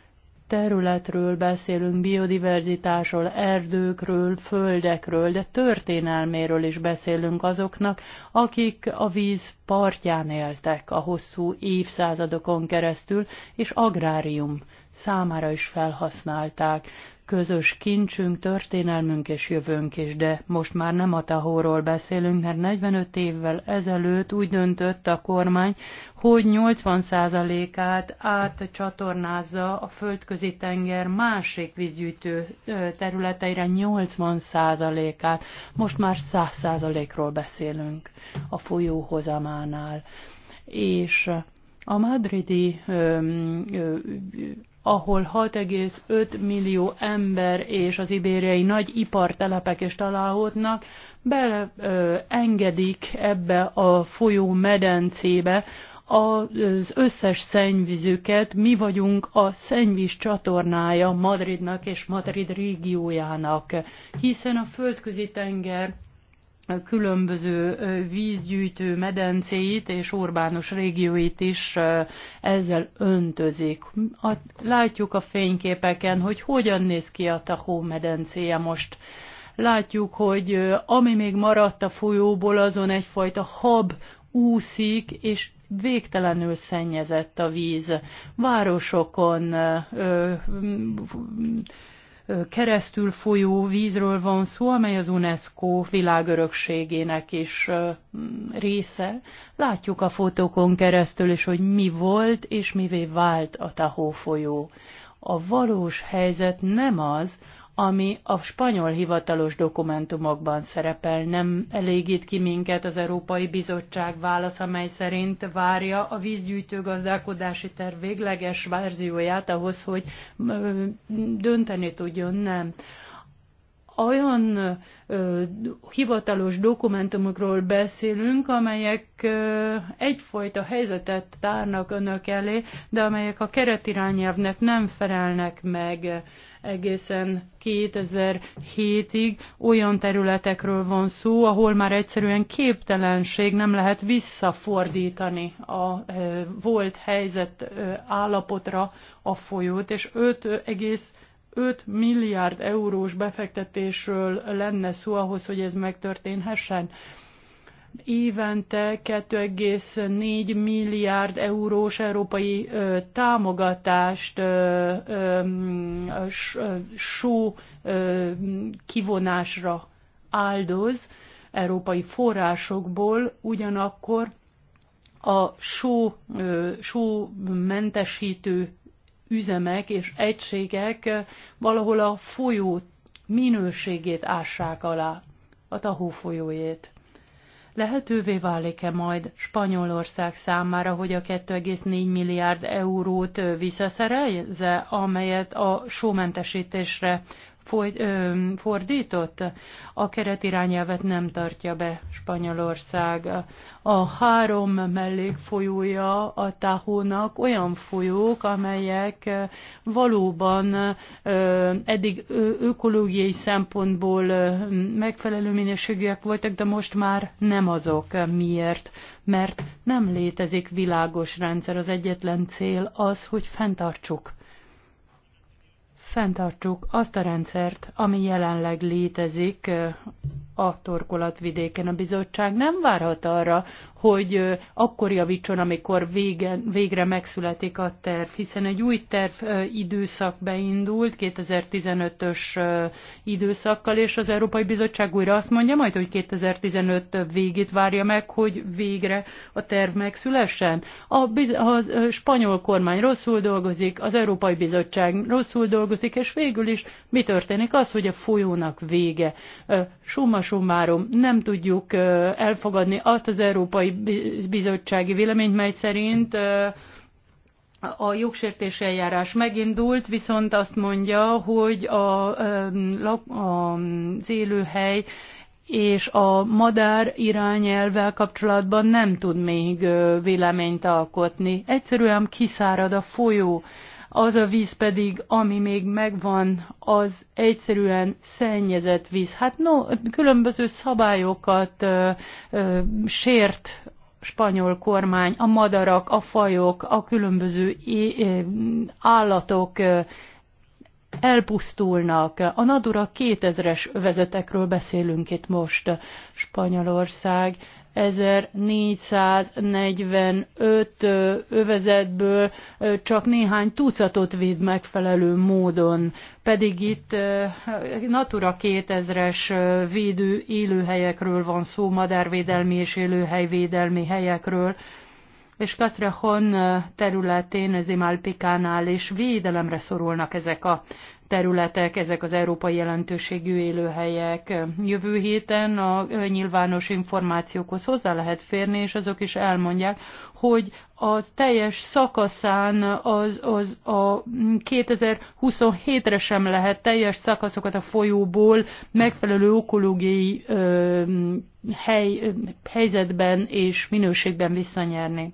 területről beszélünk, biodiverzitásról, erdőkről, földekről, de történelméről is beszélünk azoknak, akik a víz partján éltek a hosszú évszázadokon keresztül, és agrárium számára is felhasználták közös kincsünk, történelmünk és jövőnk is, de most már nem a tahóról beszélünk, mert 45 évvel ezelőtt úgy döntött a kormány, hogy 80%-át átcsatornázza a földközi tenger másik vízgyűjtő területeire 80%-át. Most már 100%-ról beszélünk a folyó hozamánál. És a madridi ö, ö, ahol 6,5 millió ember és az ibériai nagy ipartelepek is találhatnak, beleengedik ebbe a folyó medencébe az összes szennyvizüket, mi vagyunk a szennyvíz csatornája Madridnak és Madrid régiójának, hiszen a földközi tenger különböző vízgyűjtő medencéit és urbánus régióit is ezzel öntözik. Látjuk a fényképeken, hogy hogyan néz ki a Tahó medencéje most. Látjuk, hogy ami még maradt a folyóból, azon egyfajta hab úszik, és végtelenül szennyezett a víz. Városokon, ö, ö, keresztül folyó vízről van szó, amely az UNESCO világörökségének is része. Látjuk a fotókon keresztül is, hogy mi volt és mivé vált a Tahó folyó. A valós helyzet nem az, ami a spanyol hivatalos dokumentumokban szerepel. Nem elégít ki minket az Európai Bizottság válasz, amely szerint várja a vízgyűjtő gazdálkodási terv végleges verzióját ahhoz, hogy dönteni tudjon. Nem olyan ö, hivatalos dokumentumokról beszélünk, amelyek ö, egyfajta helyzetet tárnak önök elé, de amelyek a keretirányelvnek nem felelnek meg egészen 2007-ig olyan területekről van szó, ahol már egyszerűen képtelenség nem lehet visszafordítani a volt helyzet állapotra a folyót, és egész 5 milliárd eurós befektetésről lenne szó ahhoz, hogy ez megtörténhessen. Évente 2,4 milliárd eurós európai ö, támogatást ö, ö, só ö, kivonásra áldoz európai forrásokból, ugyanakkor a só, só mentesítő üzemek és egységek valahol a folyó minőségét ássák alá, a Tahó folyójét. Lehetővé válik-e majd Spanyolország számára, hogy a 2,4 milliárd eurót visszaszerelze, amelyet a sómentesítésre fordított. A keretirányelvet nem tartja be Spanyolország. A három mellékfolyója a Tahónak olyan folyók, amelyek valóban eddig ökológiai szempontból megfelelő minőségűek voltak, de most már nem azok. Miért? Mert nem létezik világos rendszer. Az egyetlen cél az, hogy fenntartsuk fenntartsuk azt a rendszert, ami jelenleg létezik a torkolatvidéken. A bizottság nem várhat arra, hogy akkor javítson, amikor vége, végre megszületik a terv, hiszen egy új terv időszak beindult 2015-ös időszakkal, és az Európai Bizottság újra azt mondja majd, hogy 2015 végét várja meg, hogy végre a terv megszülessen. A, a spanyol kormány rosszul dolgozik, az Európai Bizottság rosszul dolgozik, és végül is mi történik? Az, hogy a folyónak vége. Summa summarum, nem tudjuk elfogadni azt az Európai Európai Bizottsági Véleményt, mely szerint a jogsértés eljárás megindult, viszont azt mondja, hogy a, a, az élőhely és a madár irányelvvel kapcsolatban nem tud még véleményt alkotni. Egyszerűen kiszárad a folyó az a víz pedig, ami még megvan, az egyszerűen szennyezett víz. Hát no, különböző szabályokat ö, ö, sért spanyol kormány, a madarak, a fajok, a különböző állatok elpusztulnak. A Nadura 2000-es övezetekről beszélünk itt most Spanyolország 1445 övezetből csak néhány tucatot véd megfelelő módon, pedig itt Natura 2000-es védő élőhelyekről van szó, madárvédelmi és élőhelyvédelmi helyekről, és Katrehon területén, az Imalpikánál is védelemre szorulnak ezek a területek, ezek az európai jelentőségű élőhelyek. Jövő héten a nyilvános információkhoz hozzá lehet férni, és azok is elmondják, hogy a teljes szakaszán az, az a 2027-re sem lehet teljes szakaszokat a folyóból megfelelő okológiai hely, helyzetben és minőségben visszanyerni.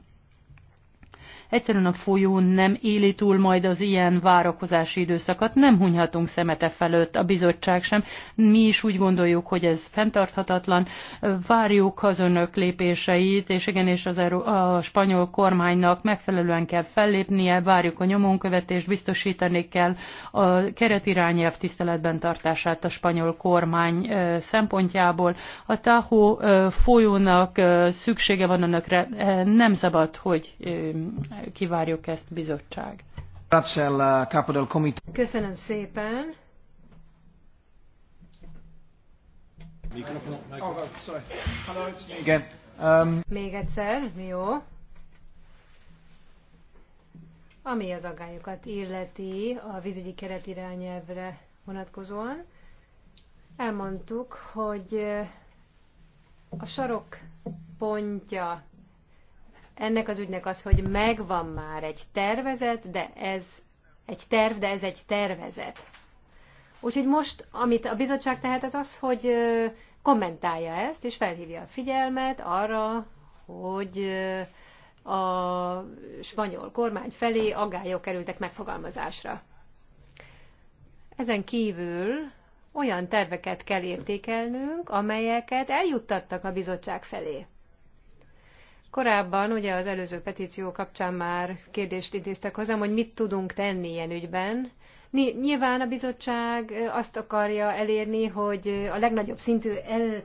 Egyszerűen a folyó nem éli túl majd az ilyen várakozási időszakot, nem hunyhatunk szemete felőtt a bizottság sem. Mi is úgy gondoljuk, hogy ez fenntarthatatlan. Várjuk az önök lépéseit, és igenis az Euró- a spanyol kormánynak megfelelően kell fellépnie, várjuk a nyomonkövetést, biztosítani kell a keretirányelv tiszteletben tartását a spanyol kormány szempontjából. A Tahó folyónak szüksége van önökre, nem szabad, hogy kivárjuk ezt bizottság. Uh, Köszönöm szépen. Oh, um, Még egyszer, jó. Ami az agályokat illeti a vízügyi keretirányelvre vonatkozóan, elmondtuk, hogy a sarok pontja ennek az ügynek az, hogy megvan már egy tervezet, de ez egy terv, de ez egy tervezet. Úgyhogy most, amit a bizottság tehet, az az, hogy kommentálja ezt, és felhívja a figyelmet arra, hogy a spanyol kormány felé agályok kerültek megfogalmazásra. Ezen kívül olyan terveket kell értékelnünk, amelyeket eljuttattak a bizottság felé. Korábban ugye az előző petíció kapcsán már kérdést intéztek hozzám, hogy mit tudunk tenni ilyen ügyben. Nyilván a bizottság azt akarja elérni, hogy a legnagyobb szintű el,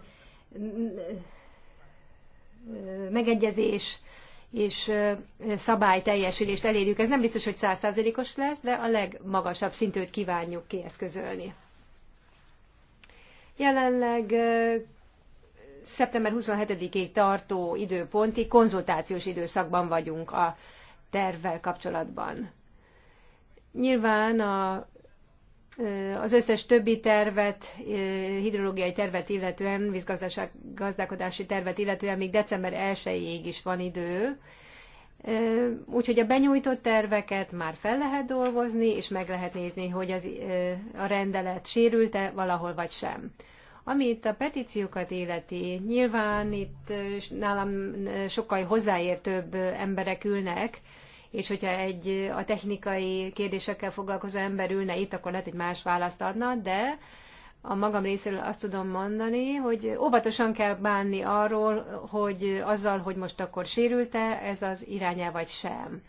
megegyezés és szabály teljesülést elérjük. Ez nem biztos, hogy százszázalékos lesz, de a legmagasabb szintűt kívánjuk kieszközölni. Jelenleg szeptember 27-ig tartó időpontig konzultációs időszakban vagyunk a tervvel kapcsolatban. Nyilván a, az összes többi tervet, hidrológiai tervet illetően, vízgazdálkodási tervet illetően még december 1-ig is van idő, Úgyhogy a benyújtott terveket már fel lehet dolgozni, és meg lehet nézni, hogy az, a rendelet sérült-e valahol vagy sem. Amit a petíciókat életi, nyilván itt nálam sokkal hozzáértőbb emberek ülnek, és hogyha egy a technikai kérdésekkel foglalkozó ember ülne itt, akkor lehet, hogy más választ adna, de a magam részéről azt tudom mondani, hogy óvatosan kell bánni arról, hogy azzal, hogy most akkor sérült-e ez az irányá vagy sem.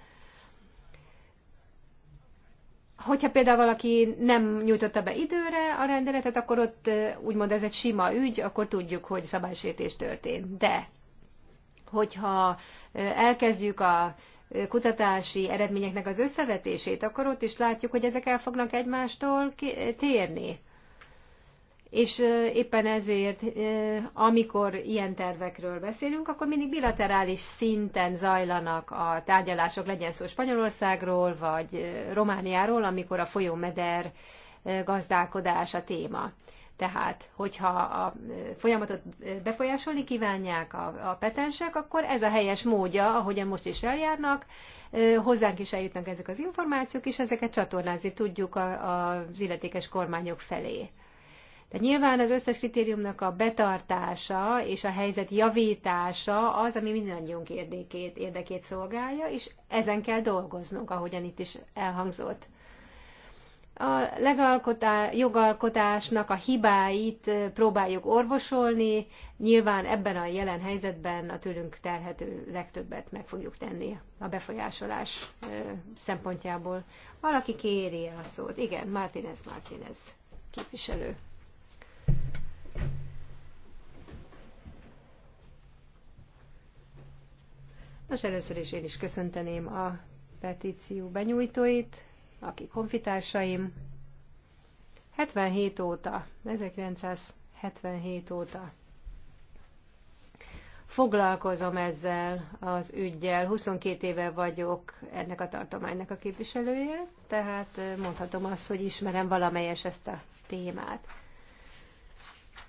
Hogyha például valaki nem nyújtotta be időre a rendeletet, akkor ott úgymond ez egy sima ügy, akkor tudjuk, hogy szabálysértés történt. De hogyha elkezdjük a kutatási eredményeknek az összevetését, akkor ott is látjuk, hogy ezek el fognak egymástól térni és éppen ezért, amikor ilyen tervekről beszélünk, akkor mindig bilaterális szinten zajlanak a tárgyalások, legyen szó Spanyolországról vagy Romániáról, amikor a folyómeder gazdálkodás a téma. Tehát, hogyha a folyamatot befolyásolni kívánják a, a petensek, akkor ez a helyes módja, ahogyan most is eljárnak, hozzánk is eljutnak ezek az információk, és ezeket csatornázni tudjuk a, a, az illetékes kormányok felé. Tehát nyilván az összes kritériumnak a betartása és a helyzet javítása az, ami mindannyiunk érdekét, érdekét szolgálja, és ezen kell dolgoznunk, ahogyan itt is elhangzott. A legalkotá, jogalkotásnak a hibáit próbáljuk orvosolni, nyilván ebben a jelen helyzetben a tőlünk telhető legtöbbet meg fogjuk tenni a befolyásolás szempontjából. Valaki kéri a szót. Igen, Martínez Martínez képviselő. Most először is én is köszönteném a petíció benyújtóit, akik konfitársaim. 77 óta, 1977 óta foglalkozom ezzel az ügyjel. 22 éve vagyok ennek a tartománynak a képviselője, tehát mondhatom azt, hogy ismerem valamelyes ezt a témát.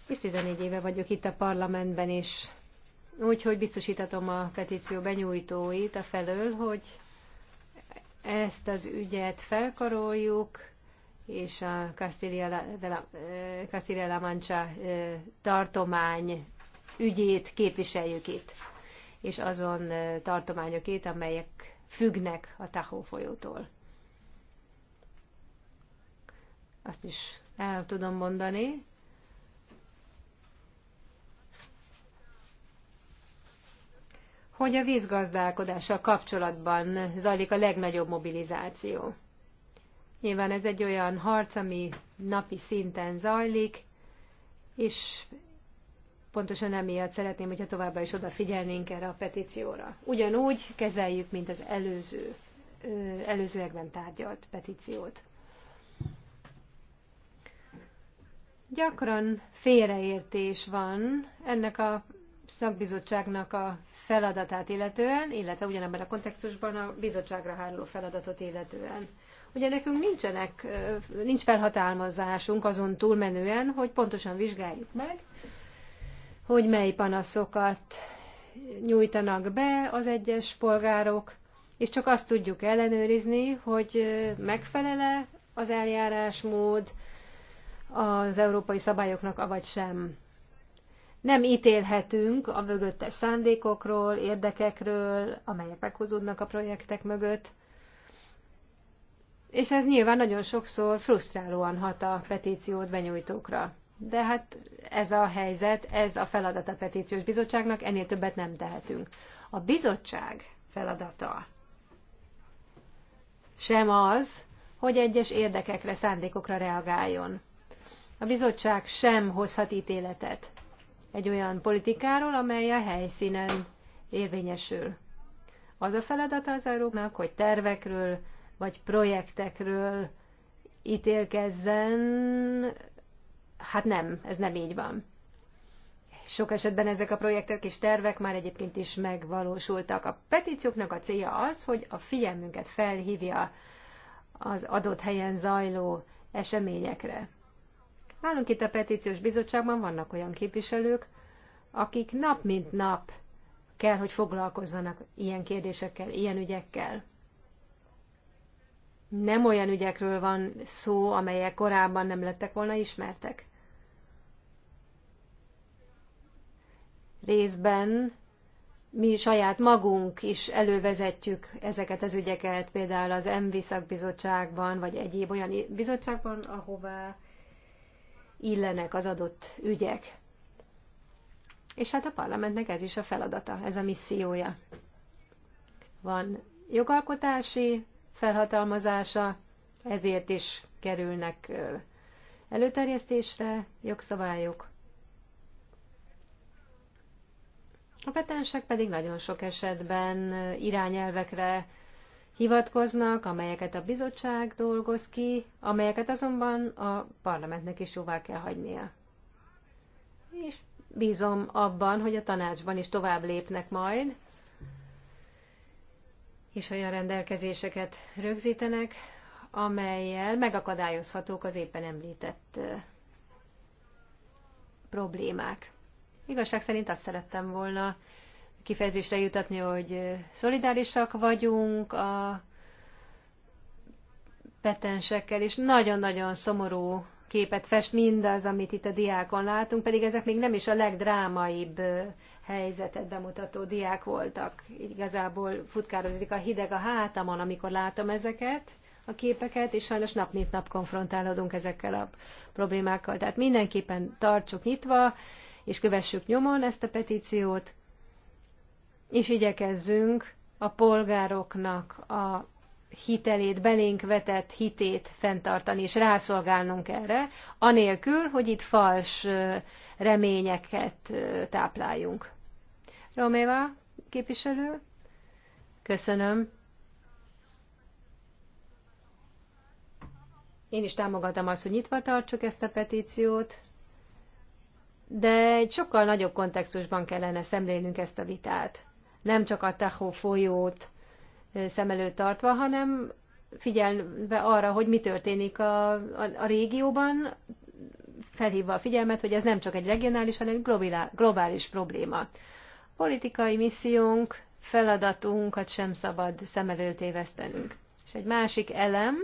És 14 éve vagyok itt a parlamentben is Úgyhogy biztosítatom a petíció benyújtóit a felől, hogy ezt az ügyet felkaroljuk, és a Castilla-La Mancha tartomány ügyét képviseljük itt, és azon tartományokét, amelyek függnek a Tahó folyótól. Azt is el tudom mondani, hogy a vízgazdálkodással kapcsolatban zajlik a legnagyobb mobilizáció. Nyilván ez egy olyan harc, ami napi szinten zajlik, és pontosan emiatt szeretném, hogyha továbbra is odafigyelnénk erre a petícióra. Ugyanúgy kezeljük, mint az előző, előzőekben tárgyalt petíciót. Gyakran félreértés van ennek a szakbizottságnak a feladatát illetően, illetve ugyanebben a kontextusban a bizottságra háruló feladatot illetően. Ugye nekünk nincsenek, nincs felhatalmazásunk azon túlmenően, hogy pontosan vizsgáljuk meg, hogy mely panaszokat nyújtanak be az egyes polgárok, és csak azt tudjuk ellenőrizni, hogy megfelele az eljárásmód az európai szabályoknak, avagy sem nem ítélhetünk a mögöttes szándékokról, érdekekről, amelyek meghozódnak a projektek mögött. És ez nyilván nagyon sokszor frusztrálóan hat a petíciót benyújtókra. De hát ez a helyzet, ez a feladat a petíciós bizottságnak, ennél többet nem tehetünk. A bizottság feladata sem az, hogy egyes érdekekre, szándékokra reagáljon. A bizottság sem hozhat ítéletet egy olyan politikáról, amely a helyszínen érvényesül. Az a feladata az európnak, hogy tervekről vagy projektekről ítélkezzen, hát nem, ez nem így van. Sok esetben ezek a projektek és tervek már egyébként is megvalósultak. A petícióknak a célja az, hogy a figyelmünket felhívja az adott helyen zajló eseményekre. Nálunk itt a petíciós bizottságban vannak olyan képviselők, akik nap mint nap kell, hogy foglalkozzanak ilyen kérdésekkel, ilyen ügyekkel. Nem olyan ügyekről van szó, amelyek korábban nem lettek volna ismertek. Részben mi saját magunk is elővezetjük ezeket az ügyeket, például az MV szakbizottságban, vagy egyéb olyan bizottságban, ahová illenek az adott ügyek. És hát a parlamentnek ez is a feladata, ez a missziója. Van jogalkotási felhatalmazása, ezért is kerülnek előterjesztésre jogszabályok. A petensek pedig nagyon sok esetben irányelvekre hivatkoznak, amelyeket a bizottság dolgoz ki, amelyeket azonban a parlamentnek is jóvá kell hagynia. És bízom abban, hogy a tanácsban is tovább lépnek majd, és olyan rendelkezéseket rögzítenek, amelyel megakadályozhatók az éppen említett problémák. Igazság szerint azt szerettem volna kifejezésre jutatni, hogy szolidárisak vagyunk a petensekkel, és nagyon-nagyon szomorú képet fest mindaz, amit itt a diákon látunk, pedig ezek még nem is a legdrámaibb helyzetet bemutató diák voltak. Igazából futkározik a hideg a hátamon, amikor látom ezeket a képeket, és sajnos nap mint nap konfrontálódunk ezekkel a problémákkal. Tehát mindenképpen tartsuk nyitva, és kövessük nyomon ezt a petíciót, és igyekezzünk a polgároknak a hitelét, belénk vetett hitét fenntartani, és rászolgálnunk erre, anélkül, hogy itt fals reményeket tápláljunk. Roméva képviselő, köszönöm. Én is támogatom azt, hogy nyitva tartsuk ezt a petíciót, de egy sokkal nagyobb kontextusban kellene szemlélnünk ezt a vitát nem csak a Tahó folyót szem előtt tartva, hanem figyelve arra, hogy mi történik a, a, a régióban, felhívva a figyelmet, hogy ez nem csak egy regionális, hanem egy globális probléma. politikai missziónk, feladatunkat sem szabad szem előtt évesztenünk. És egy másik elem,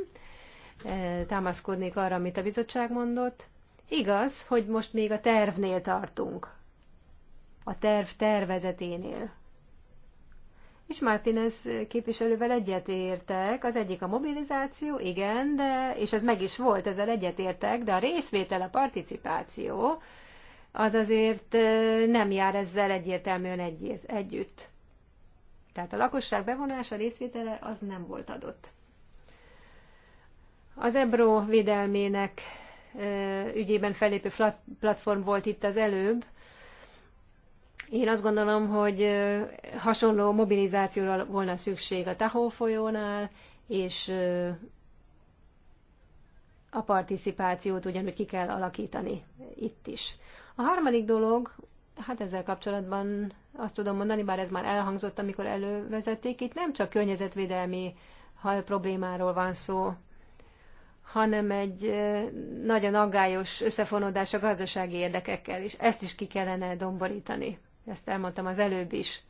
támaszkodnék arra, amit a bizottság mondott, igaz, hogy most még a tervnél tartunk. A terv tervezeténél és Martinez képviselővel egyetértek. Az egyik a mobilizáció, igen, de, és ez meg is volt, ezzel egyetértek, de a részvétel, a participáció, az azért nem jár ezzel egyértelműen egy, együtt. Tehát a lakosság bevonása, részvétele az nem volt adott. Az EBRO védelmének ügyében fellépő platform volt itt az előbb, én azt gondolom, hogy hasonló mobilizációra volna szükség a Tahó folyónál, és a participációt ugyanúgy ki kell alakítani itt is. A harmadik dolog, hát ezzel kapcsolatban azt tudom mondani, bár ez már elhangzott, amikor elővezették, itt nem csak környezetvédelmi problémáról van szó, hanem egy nagyon aggályos összefonódás a gazdasági érdekekkel, is. ezt is ki kellene domborítani ezt elmondtam az előbb is.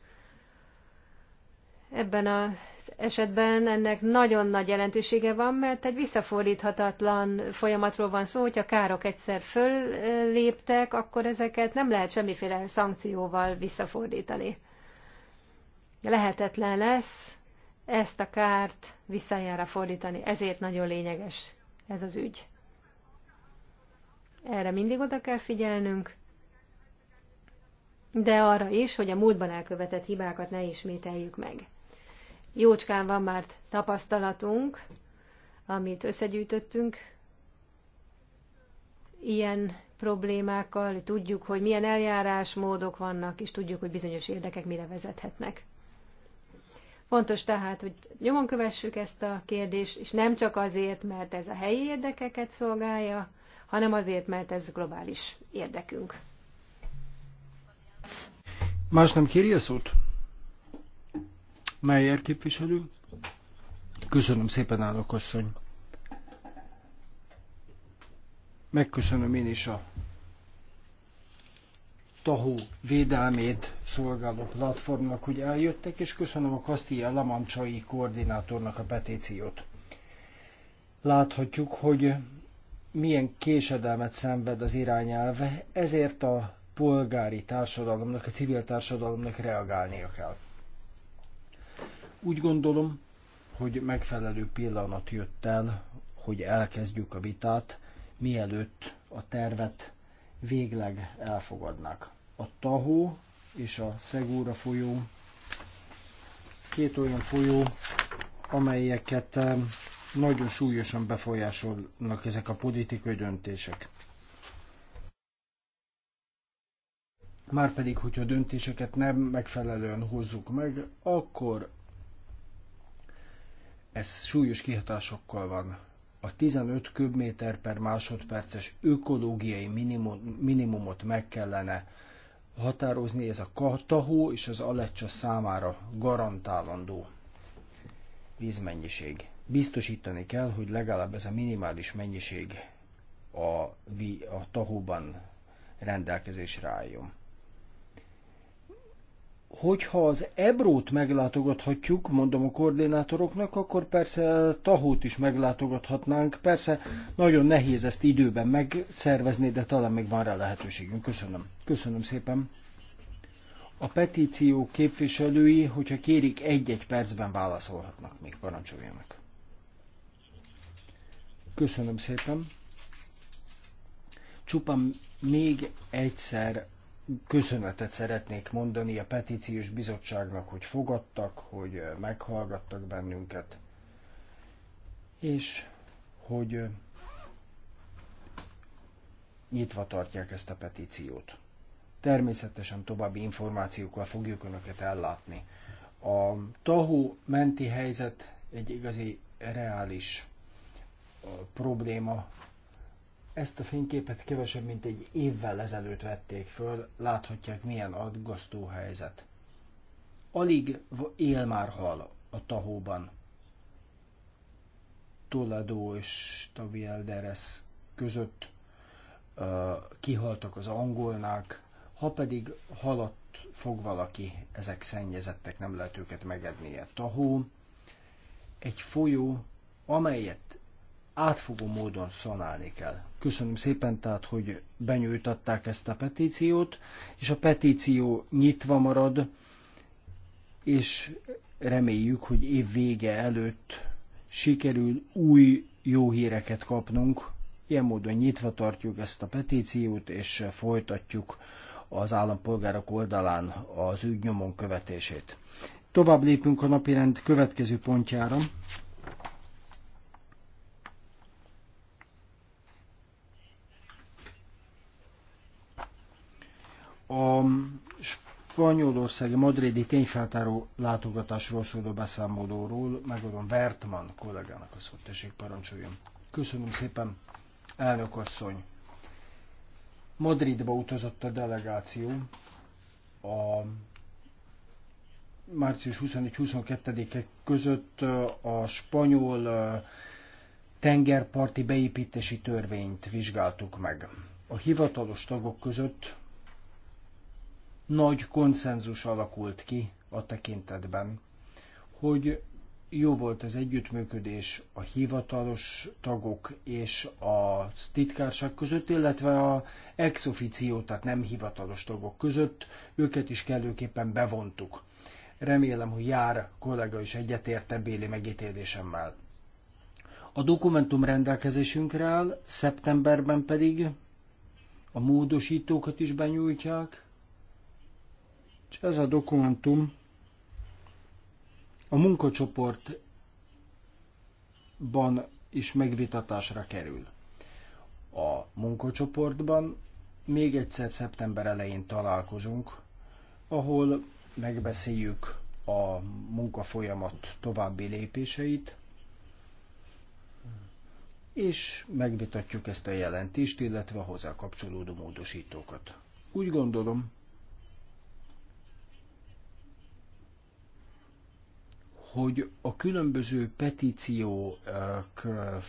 Ebben az esetben ennek nagyon nagy jelentősége van, mert egy visszafordíthatatlan folyamatról van szó, hogyha károk egyszer fölléptek, akkor ezeket nem lehet semmiféle szankcióval visszafordítani. Lehetetlen lesz ezt a kárt visszajára fordítani, ezért nagyon lényeges ez az ügy. Erre mindig oda kell figyelnünk, de arra is, hogy a múltban elkövetett hibákat ne ismételjük meg. Jócskán van már tapasztalatunk, amit összegyűjtöttünk ilyen problémákkal, tudjuk, hogy milyen eljárásmódok vannak, és tudjuk, hogy bizonyos érdekek mire vezethetnek. Fontos tehát, hogy nyomon kövessük ezt a kérdést, és nem csak azért, mert ez a helyi érdekeket szolgálja, hanem azért, mert ez globális érdekünk. Más nem kéri a szót? Melyer képviselő? Köszönöm szépen, állok asszony. Megköszönöm én is a tahó védelmét szolgáló platformnak, hogy eljöttek, és köszönöm a Kastilla Lamancsai koordinátornak a petíciót. Láthatjuk, hogy milyen késedelmet szenved az irányelve, ezért a polgári társadalomnak, a civil társadalomnak reagálnia kell. Úgy gondolom, hogy megfelelő pillanat jött el, hogy elkezdjük a vitát, mielőtt a tervet végleg elfogadnák. A Tahó és a Szegúra folyó két olyan folyó, amelyeket eh, nagyon súlyosan befolyásolnak ezek a politikai döntések. Márpedig, hogyha döntéseket nem megfelelően hozzuk meg, akkor ez súlyos kihatásokkal van. A 15 köbméter per másodperces ökológiai minimum, minimumot meg kellene határozni, ez a tahó és az alecsa számára garantálandó vízmennyiség. Biztosítani kell, hogy legalább ez a minimális mennyiség a, a tahóban rendelkezésre álljon hogyha az Ebrót meglátogathatjuk, mondom a koordinátoroknak, akkor persze Tahót is meglátogathatnánk. Persze nagyon nehéz ezt időben megszervezni, de talán még van rá lehetőségünk. Köszönöm. Köszönöm szépen. A petíció képviselői, hogyha kérik, egy-egy percben válaszolhatnak még. Parancsoljanak. Köszönöm szépen. Csupán még egyszer köszönetet szeretnék mondani a petíciós bizottságnak, hogy fogadtak, hogy meghallgattak bennünket, és hogy nyitva tartják ezt a petíciót. Természetesen további információkkal fogjuk Önöket ellátni. A tahó menti helyzet egy igazi reális probléma, ezt a fényképet kevesebb, mint egy évvel ezelőtt vették föl, láthatják milyen aggasztó helyzet. Alig él már hal a tahóban. Toledo és Tavielderes között uh, kihaltak az angolnák, ha pedig halat fog valaki, ezek szennyezettek, nem lehet őket megednie. Tahó egy folyó, amelyet átfogó módon szanálni kell. Köszönöm szépen tehát, hogy benyújtatták ezt a petíciót, és a petíció nyitva marad, és reméljük, hogy év vége előtt sikerül új jó híreket kapnunk. Ilyen módon nyitva tartjuk ezt a petíciót, és folytatjuk az állampolgárok oldalán az ügynyomon követését. Tovább lépünk a napirend következő pontjára. a spanyolországi madridi tényfeltáró látogatásról szóló beszámolóról megadom Vertman kollégának a szót, tessék parancsoljon. Köszönöm szépen, elnök asszony. Madridba utazott a delegáció a március 21-22-e között a spanyol tengerparti beépítési törvényt vizsgáltuk meg. A hivatalos tagok között nagy konszenzus alakult ki a tekintetben, hogy jó volt az együttműködés a hivatalos tagok és a titkárság között, illetve a ex officio, tehát nem hivatalos tagok között, őket is kellőképpen bevontuk. Remélem, hogy jár kollega is egyetért Béli megítélésemmel. A dokumentum rendelkezésünkre áll, szeptemberben pedig a módosítókat is benyújtják, és ez a dokumentum a munkacsoportban is megvitatásra kerül. A munkacsoportban még egyszer szeptember elején találkozunk, ahol megbeszéljük a munkafolyamat további lépéseit, és megvitatjuk ezt a jelentést, illetve a hozzá kapcsolódó módosítókat. Úgy gondolom, hogy a különböző petíciók eh,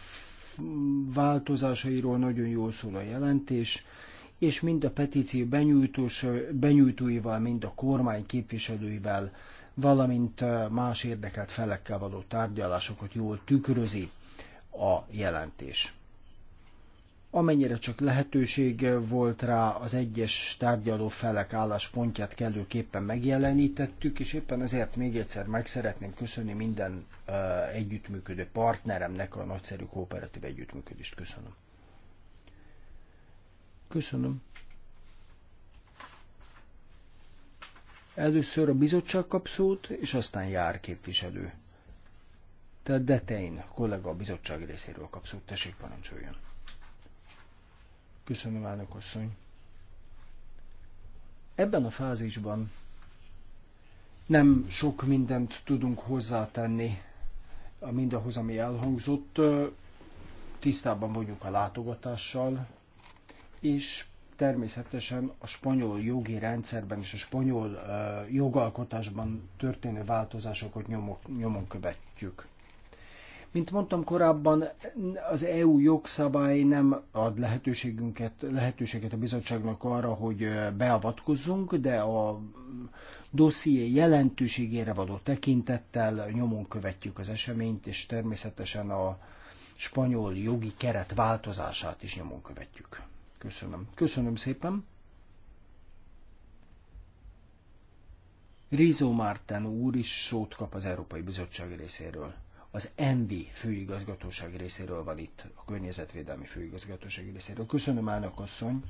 változásairól nagyon jól szól a jelentés, és mind a petíció benyújtós, benyújtóival, mind a kormány képviselőivel, valamint eh, más érdekelt felekkel való tárgyalásokat jól tükrözi a jelentés amennyire csak lehetőség volt rá, az egyes tárgyaló felek álláspontját kellőképpen megjelenítettük, és éppen ezért még egyszer meg szeretném köszönni minden uh, együttműködő partneremnek a nagyszerű kooperatív együttműködést. Köszönöm. Köszönöm. Először a bizottság kap szót, és aztán jár képviselő. Tehát Detein kollega a bizottság részéről kap szót, tessék parancsoljon. Köszönöm, elnök asszony. Ebben a fázisban nem sok mindent tudunk hozzátenni mindahhoz, ami elhangzott. Tisztában vagyunk a látogatással, és természetesen a spanyol jogi rendszerben és a spanyol jogalkotásban történő változásokat nyomon követjük. Mint mondtam korábban, az EU jogszabály nem ad lehetőségünket, lehetőséget a bizottságnak arra, hogy beavatkozzunk, de a dosszié jelentőségére való tekintettel nyomon követjük az eseményt, és természetesen a spanyol jogi keret változását is nyomon követjük. Köszönöm. Köszönöm szépen. Rizó Márten úr is szót kap az Európai Bizottság részéről az MB főigazgatóság részéről van itt, a környezetvédelmi főigazgatóság részéről. Köszönöm, Ának asszony!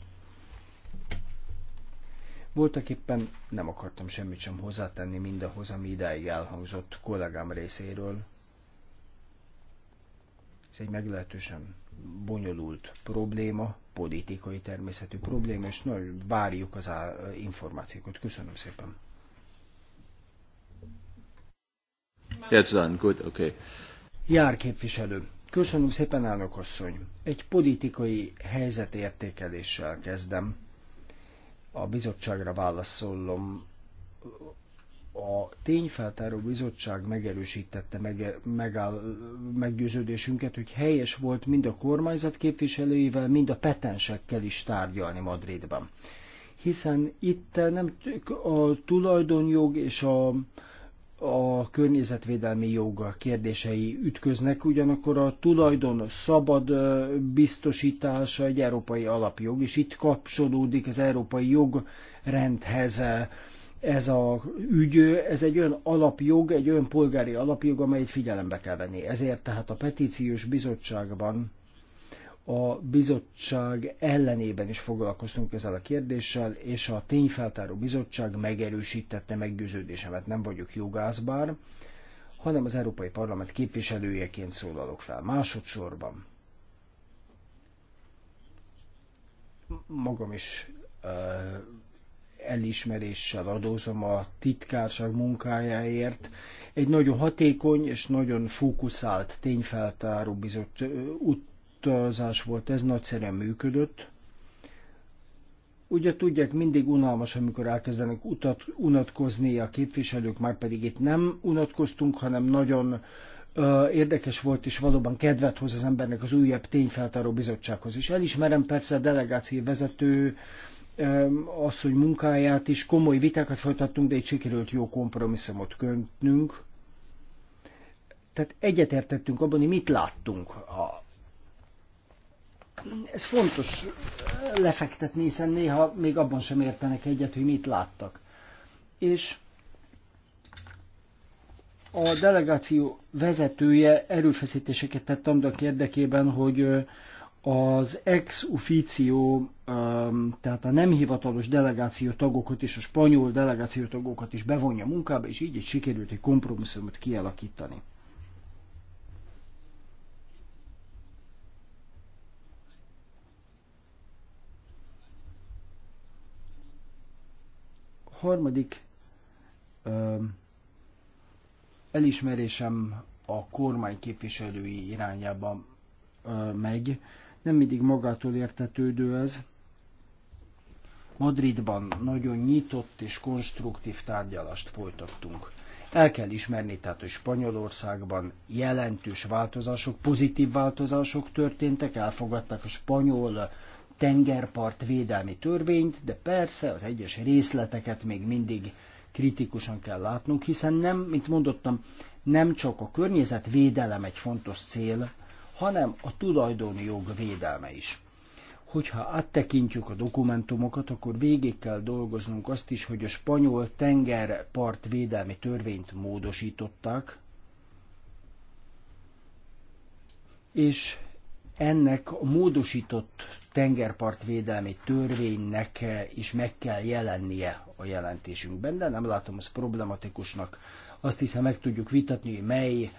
Voltak éppen nem akartam semmit sem hozzátenni mindahhoz, ami idáig elhangzott kollégám részéről. Ez egy meglehetősen bonyolult probléma, politikai természetű probléma, és nagyon várjuk az információkat. Köszönöm szépen! okay. Jár képviselő. Köszönöm szépen, elnök asszony. Egy politikai helyzetértékeléssel kezdem. A bizottságra válaszolom. A tényfeltáró bizottság megerősítette meg, megáll, meggyőződésünket, hogy helyes volt mind a kormányzat képviselőivel, mind a petensekkel is tárgyalni Madridban. Hiszen itt nem a tulajdonjog és a, a környezetvédelmi jog kérdései ütköznek, ugyanakkor a tulajdon szabad biztosítása egy európai alapjog, és itt kapcsolódik az európai jogrendhez ez a ügy, ez egy olyan alapjog, egy olyan polgári alapjog, amelyet figyelembe kell venni. Ezért tehát a petíciós bizottságban a bizottság ellenében is foglalkoztunk ezzel a kérdéssel, és a tényfeltáró bizottság megerősítette meggyőződésemet. Nem vagyok jogászbár, hanem az Európai Parlament képviselőjeként szólalok fel. Másodszorban magam is elismeréssel adózom a titkárság munkájáért. Egy nagyon hatékony és nagyon fókuszált tényfeltáró bizott, utazás volt, ez nagyszerűen működött. Ugye tudják, mindig unalmas, amikor elkezdenek utat, unatkozni a képviselők, már pedig itt nem unatkoztunk, hanem nagyon ö, érdekes volt, és valóban kedvet hoz az embernek az újabb tényfeltáró bizottsághoz is. Elismerem persze a delegáció vezető asszony munkáját is, komoly vitákat folytattunk, de itt sikerült jó kompromisszumot köntnünk. Tehát egyetértettünk abban, hogy mit láttunk a ez fontos lefektetni, hiszen néha még abban sem értenek egyet, hogy mit láttak. És a delegáció vezetője erőfeszítéseket tett annak érdekében, hogy az ex officio, tehát a nem hivatalos delegáció tagokat és a spanyol delegáció tagokat is bevonja munkába, és így egy sikerült egy kompromisszumot kialakítani. Harmadik elismerésem a kormány képviselői irányába megy. Nem mindig magától értetődő ez. Madridban nagyon nyitott és konstruktív tárgyalást folytattunk. El kell ismerni, tehát, hogy Spanyolországban jelentős változások, pozitív változások történtek, elfogadták a spanyol tengerpart védelmi törvényt, de persze az egyes részleteket még mindig kritikusan kell látnunk, hiszen nem, mint mondottam, nem csak a környezetvédelem egy fontos cél, hanem a tulajdoni jog védelme is. Hogyha áttekintjük a dokumentumokat, akkor végig kell dolgoznunk azt is, hogy a spanyol tengerpart védelmi törvényt módosították, és ennek a módosított tengerpartvédelmi törvénynek eh, is meg kell jelennie a jelentésünkben, de nem látom ezt problematikusnak. Azt hiszem meg tudjuk vitatni, hogy mely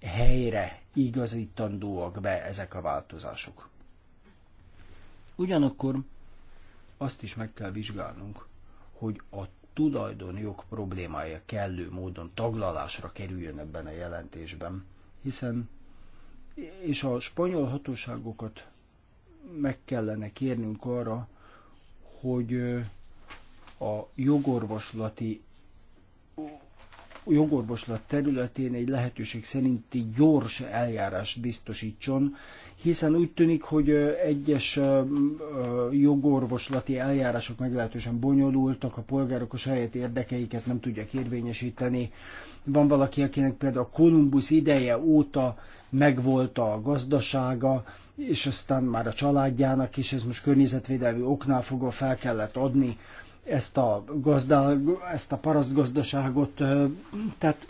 helyre igazítandóak be ezek a változások. Ugyanakkor azt is meg kell vizsgálnunk, hogy a tulajdonjog problémája kellő módon taglalásra kerüljön ebben a jelentésben, hiszen és a spanyol hatóságokat meg kellene kérnünk arra, hogy a jogorvoslati jogorvoslat területén egy lehetőség szerinti gyors eljárás biztosítson, hiszen úgy tűnik, hogy egyes jogorvoslati eljárások meglehetősen bonyolultak, a polgárok a saját érdekeiket nem tudják érvényesíteni. Van valaki, akinek például a Kolumbusz ideje óta megvolt a gazdasága, és aztán már a családjának is, ez most környezetvédelmi oknál fogva fel kellett adni ezt a, gazda ezt a parasztgazdaságot. Tehát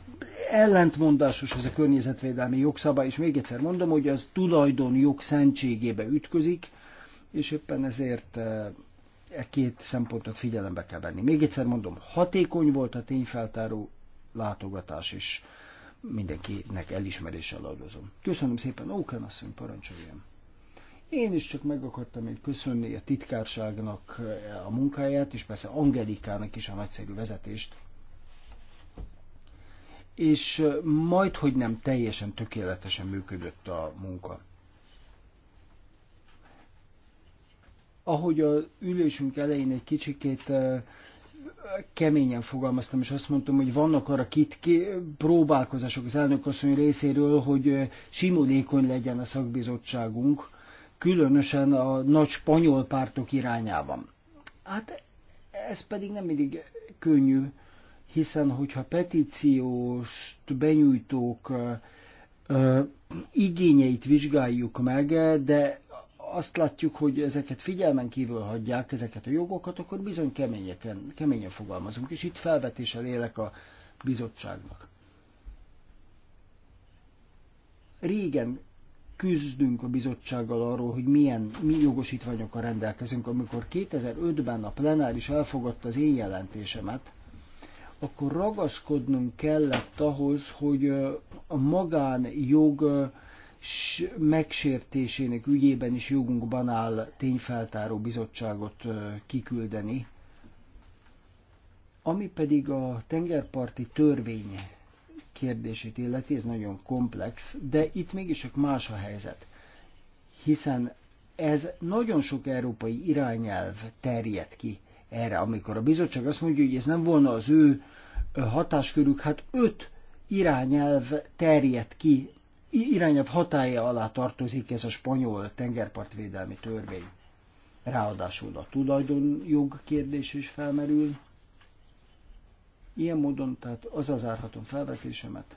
ellentmondásos ez a környezetvédelmi jogszabály, és még egyszer mondom, hogy ez tulajdonjog szentségébe ütközik, és éppen ezért e két szempontot figyelembe kell venni. Még egyszer mondom, hatékony volt a tényfeltáró látogatás is mindenkinek elismeréssel adozom. Köszönöm szépen, Ókán asszony, parancsoljam. Én is csak meg akartam én köszönni a titkárságnak eh, a munkáját, és persze Angelikának is a nagyszerű vezetést. És eh, majd, hogy nem teljesen tökéletesen működött a munka. Ahogy a ülésünk elején egy kicsikét eh, keményen fogalmaztam, és azt mondtam, hogy vannak arra kit próbálkozások az elnökasszony részéről, hogy simulékony legyen a szakbizottságunk, különösen a nagy spanyol pártok irányában. Hát ez pedig nem mindig könnyű, hiszen hogyha petíciós benyújtók ö, igényeit vizsgáljuk meg, de azt látjuk, hogy ezeket figyelmen kívül hagyják, ezeket a jogokat, akkor bizony keményeken, keményen fogalmazunk, és itt felvetéssel élek a bizottságnak. Régen küzdünk a bizottsággal arról, hogy milyen mi jogosítványokkal rendelkezünk. Amikor 2005-ben a plenáris elfogadta az én jelentésemet, akkor ragaszkodnunk kellett ahhoz, hogy a magánjog megsértésének ügyében is jogunkban áll tényfeltáró bizottságot kiküldeni, ami pedig a tengerparti törvény kérdését illeti, ez nagyon komplex, de itt mégis csak más a helyzet, hiszen ez nagyon sok európai irányelv terjed ki erre, amikor a bizottság azt mondja, hogy ez nem volna az ő hatáskörük, hát öt irányelv terjed ki irányabb hatája alá tartozik ez a spanyol tengerpartvédelmi törvény. Ráadásul a tulajdonjog kérdés is felmerül. Ilyen módon, tehát az árhatom felvetésemet,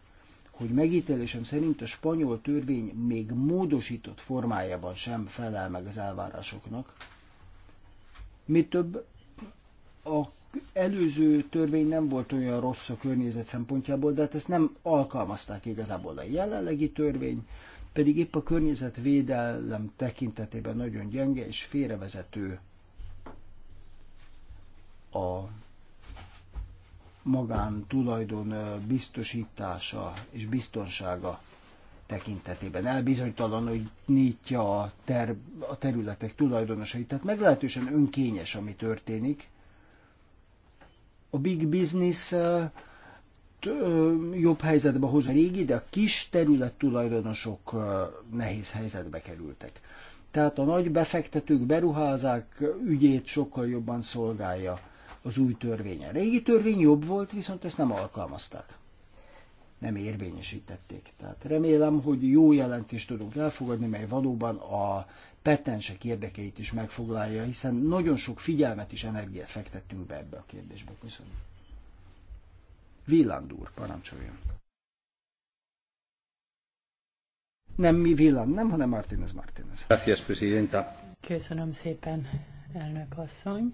hogy megítélésem szerint a spanyol törvény még módosított formájában sem felel meg az elvárásoknak. Mi több, a előző törvény nem volt olyan rossz a környezet szempontjából, de hát ezt nem alkalmazták igazából a jelenlegi törvény, pedig épp a környezetvédelem tekintetében nagyon gyenge és félrevezető a magántulajdon biztosítása és biztonsága tekintetében nyitja a, ter, a területek tulajdonosait. Tehát meglehetősen önkényes, ami történik, a big business jobb helyzetbe hoz a régi, de a kis terület tulajdonosok nehéz helyzetbe kerültek. Tehát a nagy befektetők, beruházák ügyét sokkal jobban szolgálja az új törvény. A régi törvény jobb volt, viszont ezt nem alkalmazták. Nem érvényesítették. Tehát remélem, hogy jó jelentést tudunk elfogadni, mely valóban a petensek érdekeit is megfoglalja, hiszen nagyon sok figyelmet és energiát fektettünk be ebbe a kérdésbe. Köszönöm. Villand úr, parancsoljon. Nem mi Villand, nem, hanem Martínez Martínez. Gracias, presidenta. Köszönöm szépen, elnök asszony.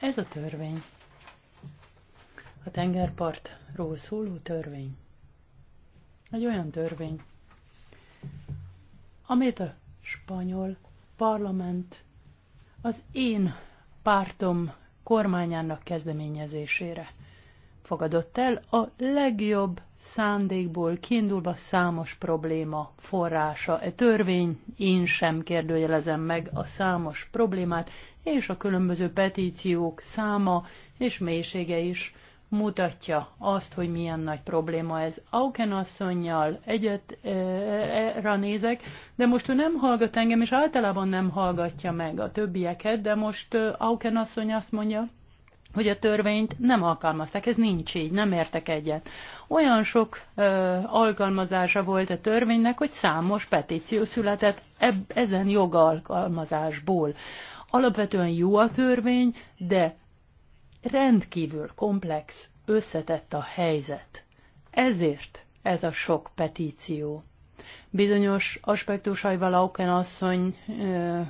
Ez a törvény. A tengerpartról szóló törvény. Egy olyan törvény, amit a spanyol parlament az én pártom kormányának kezdeményezésére fogadott el, a legjobb szándékból kiindulva számos probléma forrása. E törvény, én sem kérdőjelezem meg a számos problémát, és a különböző petíciók száma és mélysége is mutatja azt, hogy milyen nagy probléma ez. Auken asszonynal e, e nézek, de most ő nem hallgat engem, és általában nem hallgatja meg a többieket, de most Auken asszony azt mondja, hogy a törvényt nem alkalmazták. Ez nincs így, nem értek egyet. Olyan sok ö, alkalmazása volt a törvénynek, hogy számos petíció született eb- ezen jogalkalmazásból. Alapvetően jó a törvény, de rendkívül komplex, összetett a helyzet. Ezért ez a sok petíció. Bizonyos aspektusaival Auken asszony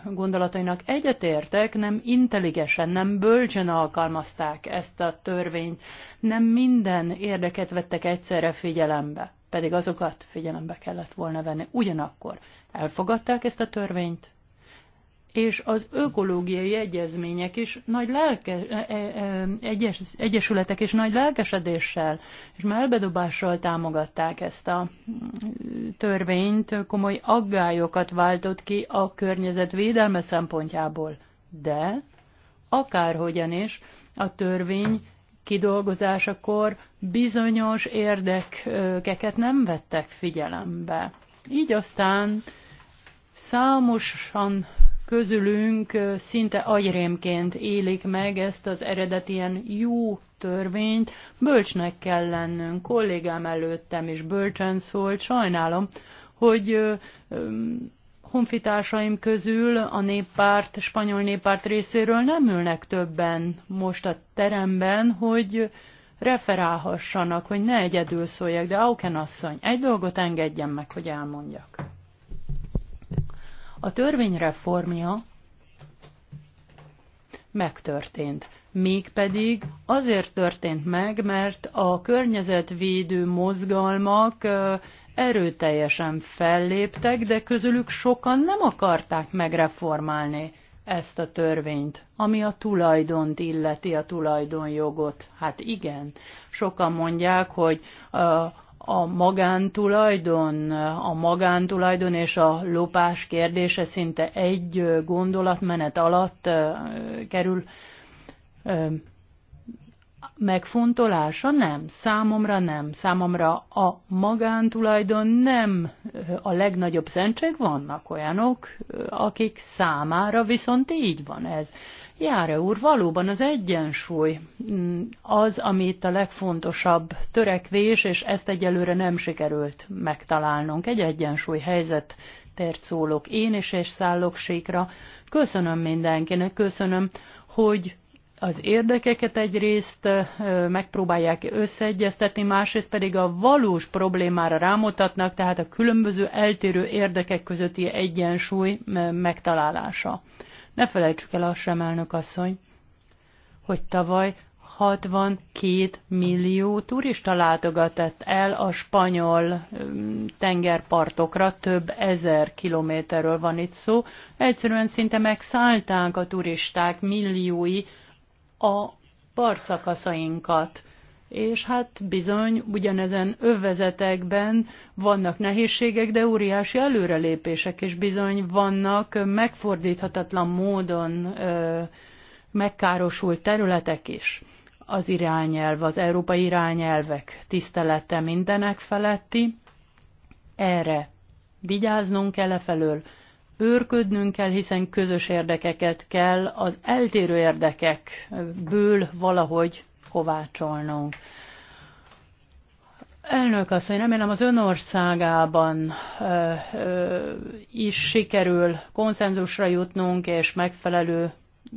gondolatainak egyetértek, nem intelligesen, nem bölcsen alkalmazták ezt a törvényt, nem minden érdeket vettek egyszerre figyelembe, pedig azokat figyelembe kellett volna venni. Ugyanakkor elfogadták ezt a törvényt, és az ökológiai egyezmények is nagy lelke, e, e, e, egyes, egyesületek is nagy lelkesedéssel és melbedobással támogatták ezt a mm, törvényt, komoly aggályokat váltott ki a környezet védelme szempontjából. De akárhogyan is a törvény kidolgozásakor bizonyos érdekeket nem vettek figyelembe. Így aztán számosan közülünk szinte agyrémként élik meg ezt az eredetien jó törvényt. Bölcsnek kell lennünk, kollégám előttem is bölcsen szólt, sajnálom, hogy honfitársaim közül a néppárt, spanyol néppárt részéről nem ülnek többen most a teremben, hogy referálhassanak, hogy ne egyedül szóljak, de Auken asszony, egy dolgot engedjen meg, hogy elmondjak. A törvényreformja megtörtént. Mégpedig azért történt meg, mert a környezetvédő mozgalmak erőteljesen felléptek, de közülük sokan nem akarták megreformálni ezt a törvényt, ami a tulajdont illeti, a tulajdonjogot. Hát igen, sokan mondják, hogy a magántulajdon, a magántulajdon és a lopás kérdése szinte egy gondolatmenet alatt kerül megfontolása? Nem, számomra nem. Számomra a magántulajdon nem a legnagyobb szentség. Vannak olyanok, akik számára viszont így van ez. Jára úr, valóban az egyensúly mm, az, amit a legfontosabb törekvés, és ezt egyelőre nem sikerült megtalálnunk. Egy egyensúly helyzet tért szólok én is, és szállok síkra. Köszönöm mindenkinek, köszönöm, hogy az érdekeket egyrészt megpróbálják összeegyeztetni, másrészt pedig a valós problémára rámutatnak, tehát a különböző eltérő érdekek közötti egyensúly megtalálása. Ne felejtsük el azt sem, elnök asszony, hogy tavaly 62 millió turista látogatott el a spanyol tengerpartokra, több ezer kilométerről van itt szó. Egyszerűen szinte megszállták a turisták milliói a partszakaszainkat és hát bizony ugyanezen övezetekben vannak nehézségek, de óriási előrelépések és bizony vannak megfordíthatatlan módon ö, megkárosult területek is. Az irányelv, az európai irányelvek tisztelete mindenek feletti. Erre vigyáznunk kell -e felől, őrködnünk kell, hiszen közös érdekeket kell az eltérő érdekekből valahogy kovácsolnunk. Elnök asszony, remélem az ön országában ö, ö, is sikerül konszenzusra jutnunk és megfelelő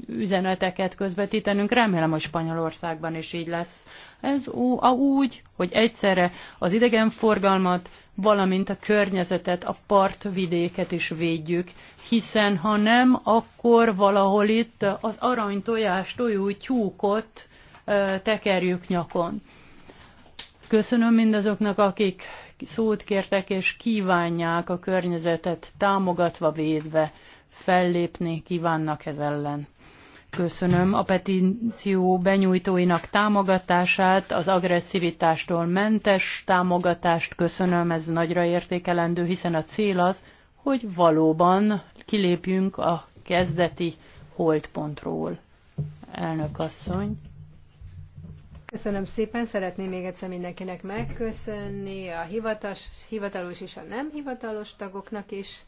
üzeneteket közvetítenünk. Remélem, hogy Spanyolországban is így lesz. Ez ú. A úgy, hogy egyszerre az idegenforgalmat, valamint a környezetet, a partvidéket is védjük, hiszen ha nem, akkor valahol itt az aranytojást olyú tyúkot tekerjük nyakon. Köszönöm mindazoknak, akik szót kértek és kívánják a környezetet támogatva, védve fellépni kívánnak ez ellen. Köszönöm a petíció benyújtóinak támogatását, az agresszivitástól mentes támogatást köszönöm, ez nagyra értékelendő, hiszen a cél az, hogy valóban kilépjünk a kezdeti holdpontról. Elnök asszony. Köszönöm szépen, szeretném még egyszer mindenkinek megköszönni, a hivatas, hivatalos és a nem hivatalos tagoknak is,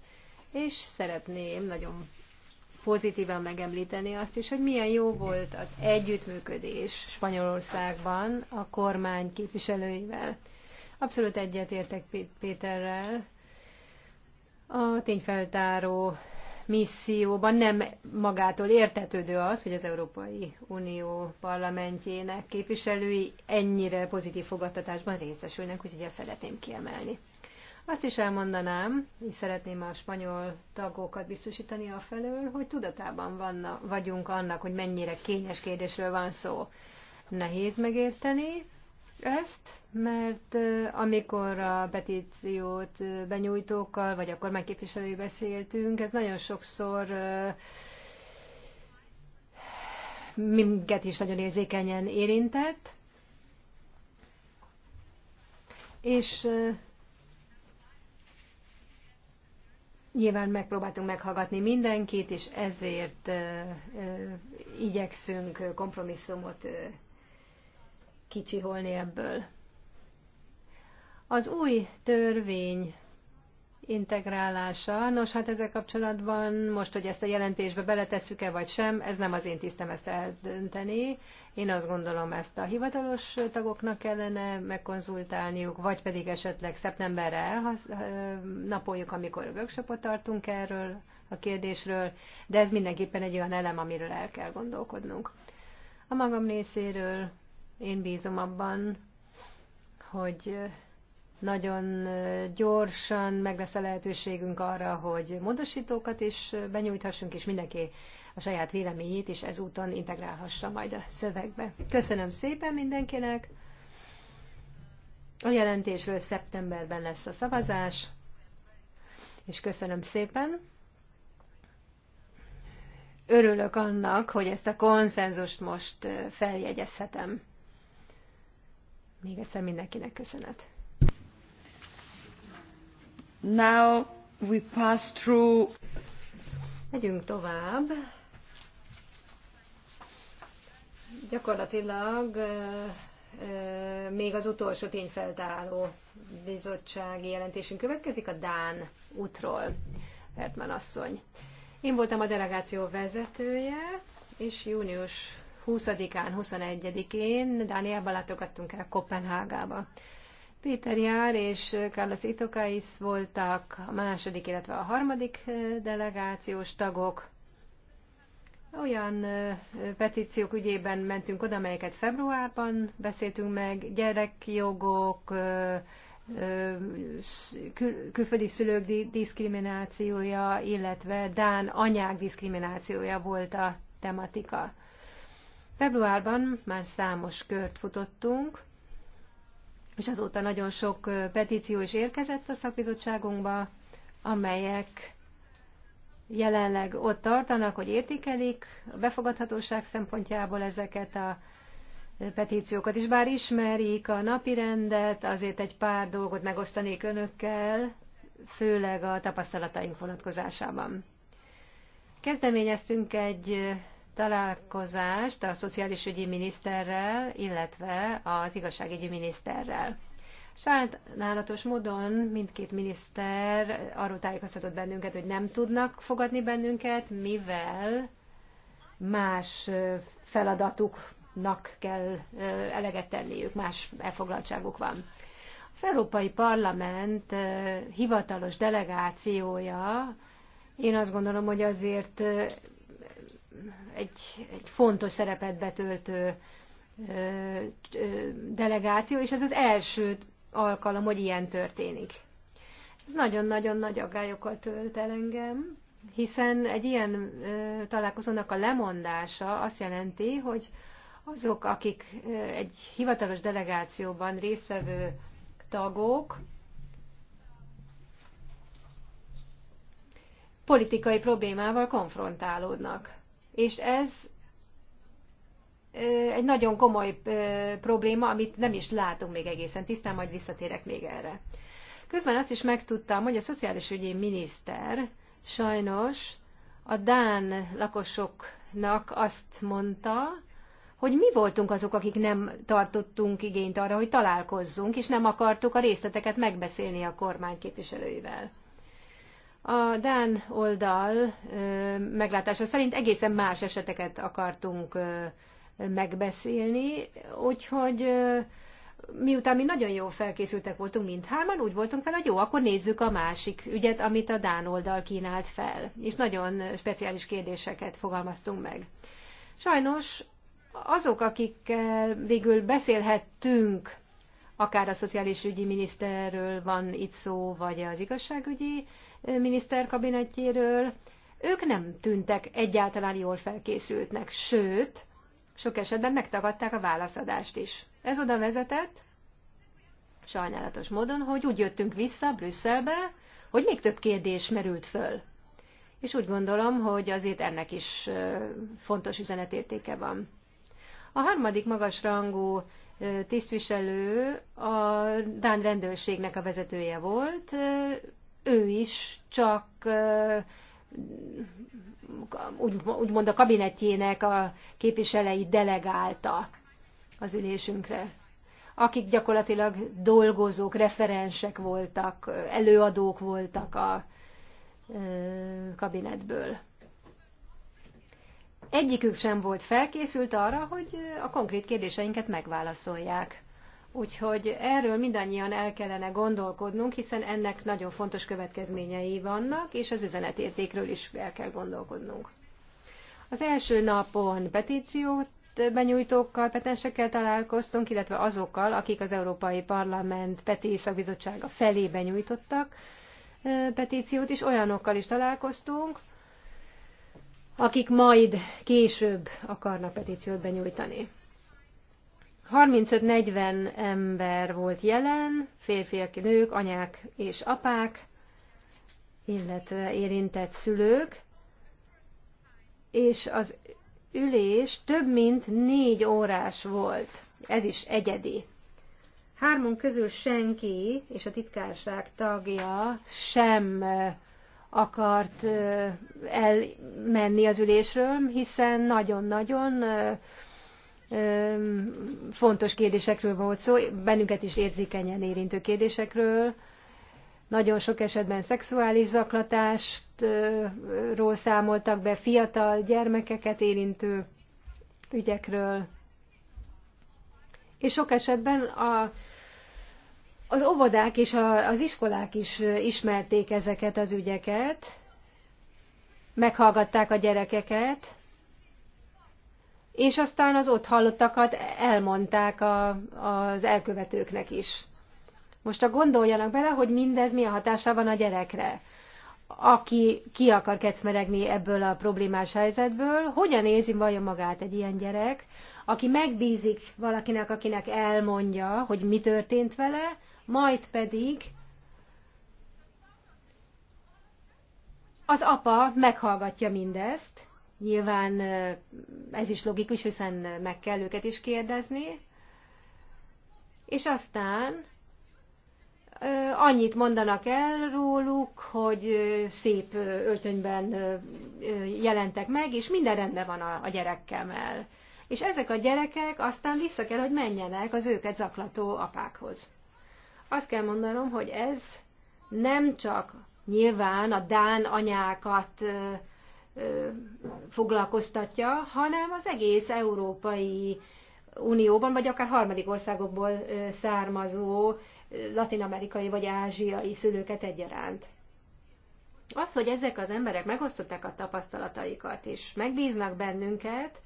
és szeretném nagyon pozitívan megemlíteni azt is, hogy milyen jó volt az együttműködés Spanyolországban a kormány képviselőivel. Abszolút egyetértek Péterrel. A tényfeltáró misszióban nem magától értetődő az, hogy az Európai Unió parlamentjének képviselői ennyire pozitív fogadtatásban részesülnek, úgyhogy ezt szeretném kiemelni. Azt is elmondanám, és szeretném a spanyol tagokat biztosítani a felől, hogy tudatában vannak, vagyunk annak, hogy mennyire kényes kérdésről van szó. Nehéz megérteni, ezt, mert amikor a petíciót benyújtókkal, vagy a kormányképviselői beszéltünk, ez nagyon sokszor minket is nagyon érzékenyen érintett, és nyilván megpróbáltunk meghallgatni mindenkit, és ezért igyekszünk kompromisszumot kicsiholni ebből. Az új törvény integrálása, nos hát ezzel kapcsolatban most, hogy ezt a jelentésbe beletesszük-e vagy sem, ez nem az én tisztem ezt eldönteni. Én azt gondolom, ezt a hivatalos tagoknak kellene megkonzultálniuk, vagy pedig esetleg szeptemberre elhasz, napoljuk, amikor workshopot tartunk erről a kérdésről, de ez mindenképpen egy olyan elem, amiről el kell gondolkodnunk. A magam részéről én bízom abban, hogy nagyon gyorsan meg lesz a lehetőségünk arra, hogy módosítókat is benyújthassunk, és mindenki a saját véleményét is ezúton integrálhassa majd a szövegbe. Köszönöm szépen mindenkinek! A jelentésről szeptemberben lesz a szavazás, és köszönöm szépen! Örülök annak, hogy ezt a konszenzust most feljegyezhetem. Még egyszer mindenkinek köszönet. Now we pass through. Megyünk tovább. Gyakorlatilag még az utolsó tényfeltáró bizottsági jelentésünk következik a Dán útról, Vertman asszony. Én voltam a delegáció vezetője, és június 20-án, 21-én Dániába látogattunk el Kopenhágába. Péter Jár és Carlos Itokais voltak a második, illetve a harmadik delegációs tagok. Olyan petíciók ügyében mentünk oda, amelyeket februárban beszéltünk meg, gyerekjogok, kül- külföldi szülők diszkriminációja, illetve Dán anyák diszkriminációja volt a tematika. Februárban már számos kört futottunk, és azóta nagyon sok petíció is érkezett a szakbizottságunkba, amelyek jelenleg ott tartanak, hogy értékelik a befogadhatóság szempontjából ezeket a petíciókat is. Bár ismerik a napi rendet, azért egy pár dolgot megosztanék önökkel, főleg a tapasztalataink vonatkozásában. Kezdeményeztünk egy találkozást a szociális ügyi miniszterrel, illetve az igazságügyi miniszterrel. Sajnálatos módon mindkét miniszter arról tájékoztatott bennünket, hogy nem tudnak fogadni bennünket, mivel más feladatuknak kell eleget tenniük, más elfoglaltságuk van. Az Európai Parlament hivatalos delegációja, én azt gondolom, hogy azért egy, egy fontos szerepet betöltő delegáció, és ez az első alkalom, hogy ilyen történik. Ez nagyon-nagyon nagy aggályokat tölt el engem, hiszen egy ilyen találkozónak a lemondása azt jelenti, hogy azok, akik egy hivatalos delegációban résztvevő tagok, politikai problémával konfrontálódnak és ez egy nagyon komoly probléma, amit nem is látunk még egészen tisztán, majd visszatérek még erre. Közben azt is megtudtam, hogy a szociális ügyi miniszter sajnos a Dán lakosoknak azt mondta, hogy mi voltunk azok, akik nem tartottunk igényt arra, hogy találkozzunk, és nem akartuk a részleteket megbeszélni a kormány képviselőivel. A Dán oldal meglátása szerint egészen más eseteket akartunk megbeszélni, úgyhogy miután mi nagyon jó felkészültek voltunk mindhárman, úgy voltunk vele, hogy jó, akkor nézzük a másik ügyet, amit a Dán oldal kínált fel, és nagyon speciális kérdéseket fogalmaztunk meg. Sajnos azok, akikkel végül beszélhettünk, akár a szociális ügyi miniszterről van itt szó, vagy az igazságügyi miniszter kabinetjéről, ők nem tűntek egyáltalán jól felkészültnek, sőt, sok esetben megtagadták a válaszadást is. Ez oda vezetett, sajnálatos módon, hogy úgy jöttünk vissza Brüsszelbe, hogy még több kérdés merült föl. És úgy gondolom, hogy azért ennek is fontos üzenetértéke van. A harmadik magasrangú tisztviselő a Dán rendőrségnek a vezetője volt, ő is csak úgymond a kabinetjének a képviselei delegálta az ülésünkre, akik gyakorlatilag dolgozók, referensek voltak, előadók voltak a kabinetből. Egyikük sem volt felkészült arra, hogy a konkrét kérdéseinket megválaszolják. Úgyhogy erről mindannyian el kellene gondolkodnunk, hiszen ennek nagyon fontos következményei vannak, és az üzenetértékről is el kell gondolkodnunk. Az első napon petíciót benyújtókkal, petensekkel találkoztunk, illetve azokkal, akik az Európai Parlament Peti Szakbizottsága felé benyújtottak petíciót, és olyanokkal is találkoztunk, akik majd később akarnak petíciót benyújtani. 35-40 ember volt jelen, férfiak, nők, anyák és apák, illetve érintett szülők, és az ülés több mint négy órás volt. Ez is egyedi. Hármunk közül senki, és a titkárság tagja sem akart elmenni az ülésről, hiszen nagyon-nagyon fontos kérdésekről volt szó, bennünket is érzékenyen érintő kérdésekről. Nagyon sok esetben szexuális zaklatástról számoltak be, fiatal gyermekeket érintő ügyekről. És sok esetben a, az óvodák és a, az iskolák is ismerték ezeket az ügyeket, meghallgatták a gyerekeket, és aztán az ott hallottakat elmondták a, az elkövetőknek is. Most a gondoljanak bele, hogy mindez a hatása van a gyerekre. Aki ki akar kecmeregni ebből a problémás helyzetből, hogyan érzi vajon magát egy ilyen gyerek, aki megbízik valakinek, akinek elmondja, hogy mi történt vele, majd pedig az apa meghallgatja mindezt, Nyilván ez is logikus, hiszen meg kell őket is kérdezni. És aztán annyit mondanak el róluk, hogy szép öltönyben jelentek meg, és minden rendben van a, gyerekkel. És ezek a gyerekek aztán vissza kell, hogy menjenek az őket zaklató apákhoz. Azt kell mondanom, hogy ez nem csak nyilván a dán anyákat foglalkoztatja, hanem az egész Európai Unióban, vagy akár harmadik országokból származó latinamerikai vagy ázsiai szülőket egyaránt. Az, hogy ezek az emberek megosztották a tapasztalataikat, és megbíznak bennünket,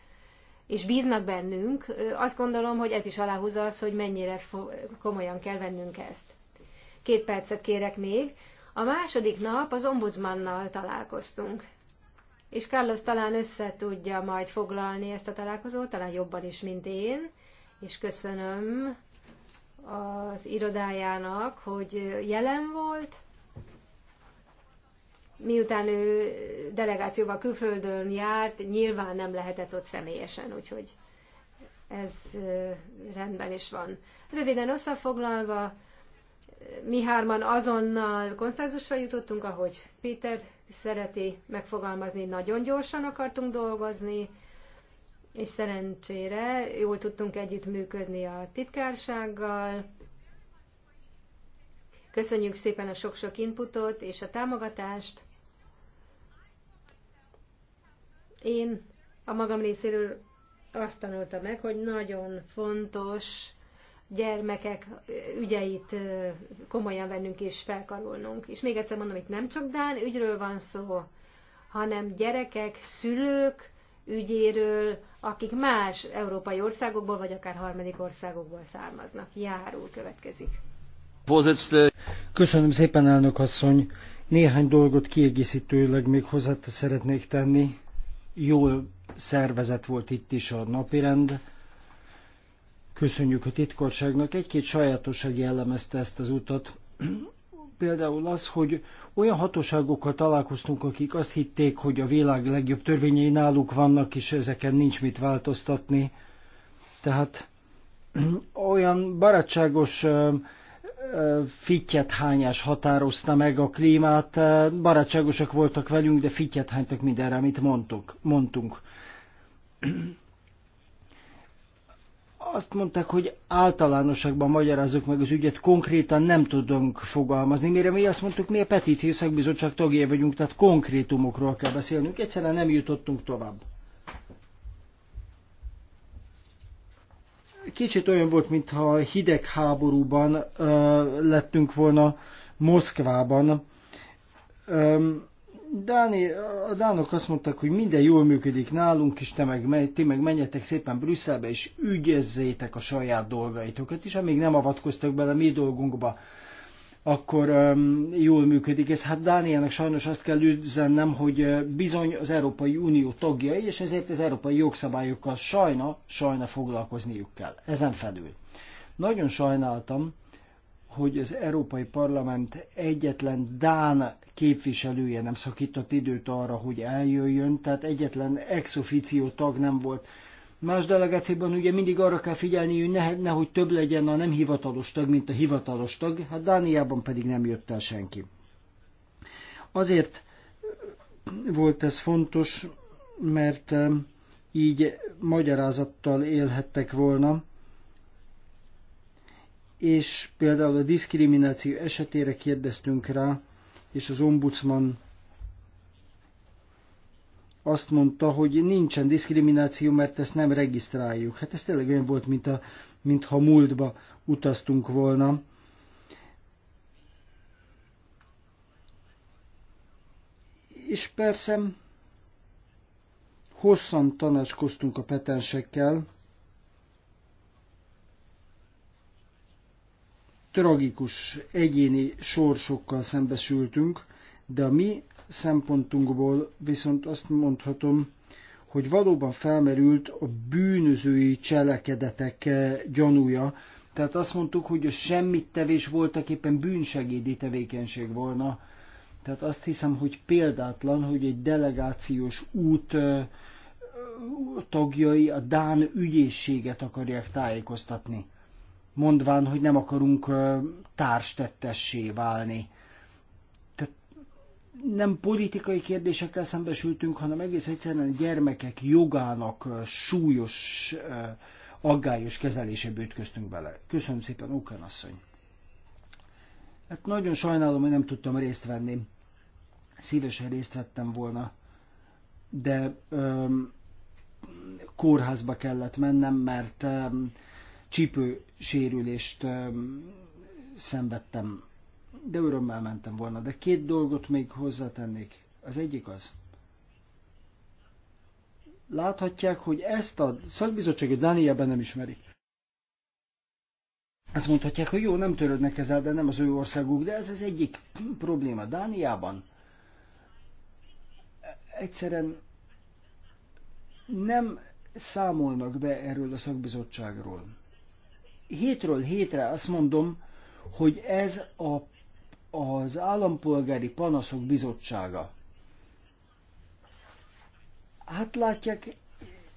és bíznak bennünk, azt gondolom, hogy ez is aláhúzza az, hogy mennyire komolyan kell vennünk ezt. Két percet kérek még. A második nap az ombudsmannal találkoztunk és Carlos talán össze tudja majd foglalni ezt a találkozót, talán jobban is, mint én, és köszönöm az irodájának, hogy jelen volt, miután ő delegációval külföldön járt, nyilván nem lehetett ott személyesen, úgyhogy ez rendben is van. Röviden összefoglalva, mi hárman azonnal konszenzusra jutottunk, ahogy Péter szereti megfogalmazni, nagyon gyorsan akartunk dolgozni, és szerencsére jól tudtunk együtt működni a titkársággal. Köszönjük szépen a sok-sok inputot és a támogatást. Én a magam részéről azt tanultam meg, hogy nagyon fontos gyermekek ügyeit komolyan vennünk és felkarolnunk. És még egyszer mondom, itt nem csak Dán ügyről van szó, hanem gyerekek, szülők ügyéről, akik más európai országokból, vagy akár harmadik országokból származnak. Járul következik. Köszönöm szépen, elnök asszony. Néhány dolgot kiegészítőleg még hozzá szeretnék tenni. Jól szervezett volt itt is a napirend Köszönjük a titkosságnak. Egy-két sajátosság jellemezte ezt az utat. Például az, hogy olyan hatóságokkal találkoztunk, akik azt hitték, hogy a világ legjobb törvényei náluk vannak, és ezeken nincs mit változtatni. Tehát <clears throat> olyan barátságos fittyethányás határozta meg a klímát. Barátságosak voltak velünk, de fittyethánytak mindenre, amit mondtuk, mondtunk. <clears throat> azt mondták, hogy általánosakban magyarázzuk meg az ügyet, konkrétan nem tudunk fogalmazni. Mire mi azt mondtuk, mi a petíció szakbizottság tagjai vagyunk, tehát konkrétumokról kell beszélnünk. Egyszerűen nem jutottunk tovább. Kicsit olyan volt, mintha hidegháborúban ö, lettünk volna Moszkvában. Ö, Dáni, a dánok azt mondták, hogy minden jól működik nálunk, és te meg, ti meg menjetek szépen Brüsszelbe, és ügyezzétek a saját dolgaitokat, és amíg nem avatkoztak bele mi dolgunkba, akkor um, jól működik. Ez hát Dániának sajnos azt kell üzennem, hogy bizony az Európai Unió tagjai, és ezért az európai jogszabályokkal sajna, sajna foglalkozniuk kell. Ezen felül. Nagyon sajnáltam, hogy az Európai Parlament egyetlen Dán képviselője nem szakított időt arra, hogy eljöjjön, tehát egyetlen ex officio tag nem volt. Más delegációban ugye mindig arra kell figyelni, hogy ne, nehogy több legyen a nem hivatalos tag, mint a hivatalos tag, hát Dániában pedig nem jött el senki. Azért volt ez fontos, mert így magyarázattal élhettek volna, és például a diszkrimináció esetére kérdeztünk rá, és az ombudsman azt mondta, hogy nincsen diszkrimináció, mert ezt nem regisztráljuk. Hát ez tényleg olyan volt, mint a, mintha múltba utaztunk volna. És persze hosszan tanácskoztunk a petensekkel, tragikus egyéni sorsokkal szembesültünk, de a mi szempontunkból viszont azt mondhatom, hogy valóban felmerült a bűnözői cselekedetek eh, gyanúja. Tehát azt mondtuk, hogy a semmit tevés voltak éppen bűnsegédi tevékenység volna. Tehát azt hiszem, hogy példátlan, hogy egy delegációs út eh, tagjai a Dán ügyészséget akarják tájékoztatni mondván, hogy nem akarunk társtettessé válni. Tehát nem politikai kérdésekkel szembesültünk, hanem egész egyszerűen a gyermekek jogának súlyos, aggályos kezelésébe ütköztünk bele. Köszönöm szépen, Ukán asszony! Hát nagyon sajnálom, hogy nem tudtam részt venni. Szívesen részt vettem volna, de öm, kórházba kellett mennem, mert öm, csípősérülést szenvedtem, de örömmel mentem volna. De két dolgot még hozzátennék. Az egyik az, láthatják, hogy ezt a szakbizottságot Dánielben nem ismerik. Azt mondhatják, hogy jó, nem törődnek ezzel, de nem az ő országuk, de ez az egyik probléma. Dániában egyszerűen nem számolnak be erről a szakbizottságról hétről hétre azt mondom, hogy ez a, az Állampolgári Panaszok Bizottsága. Hát látják,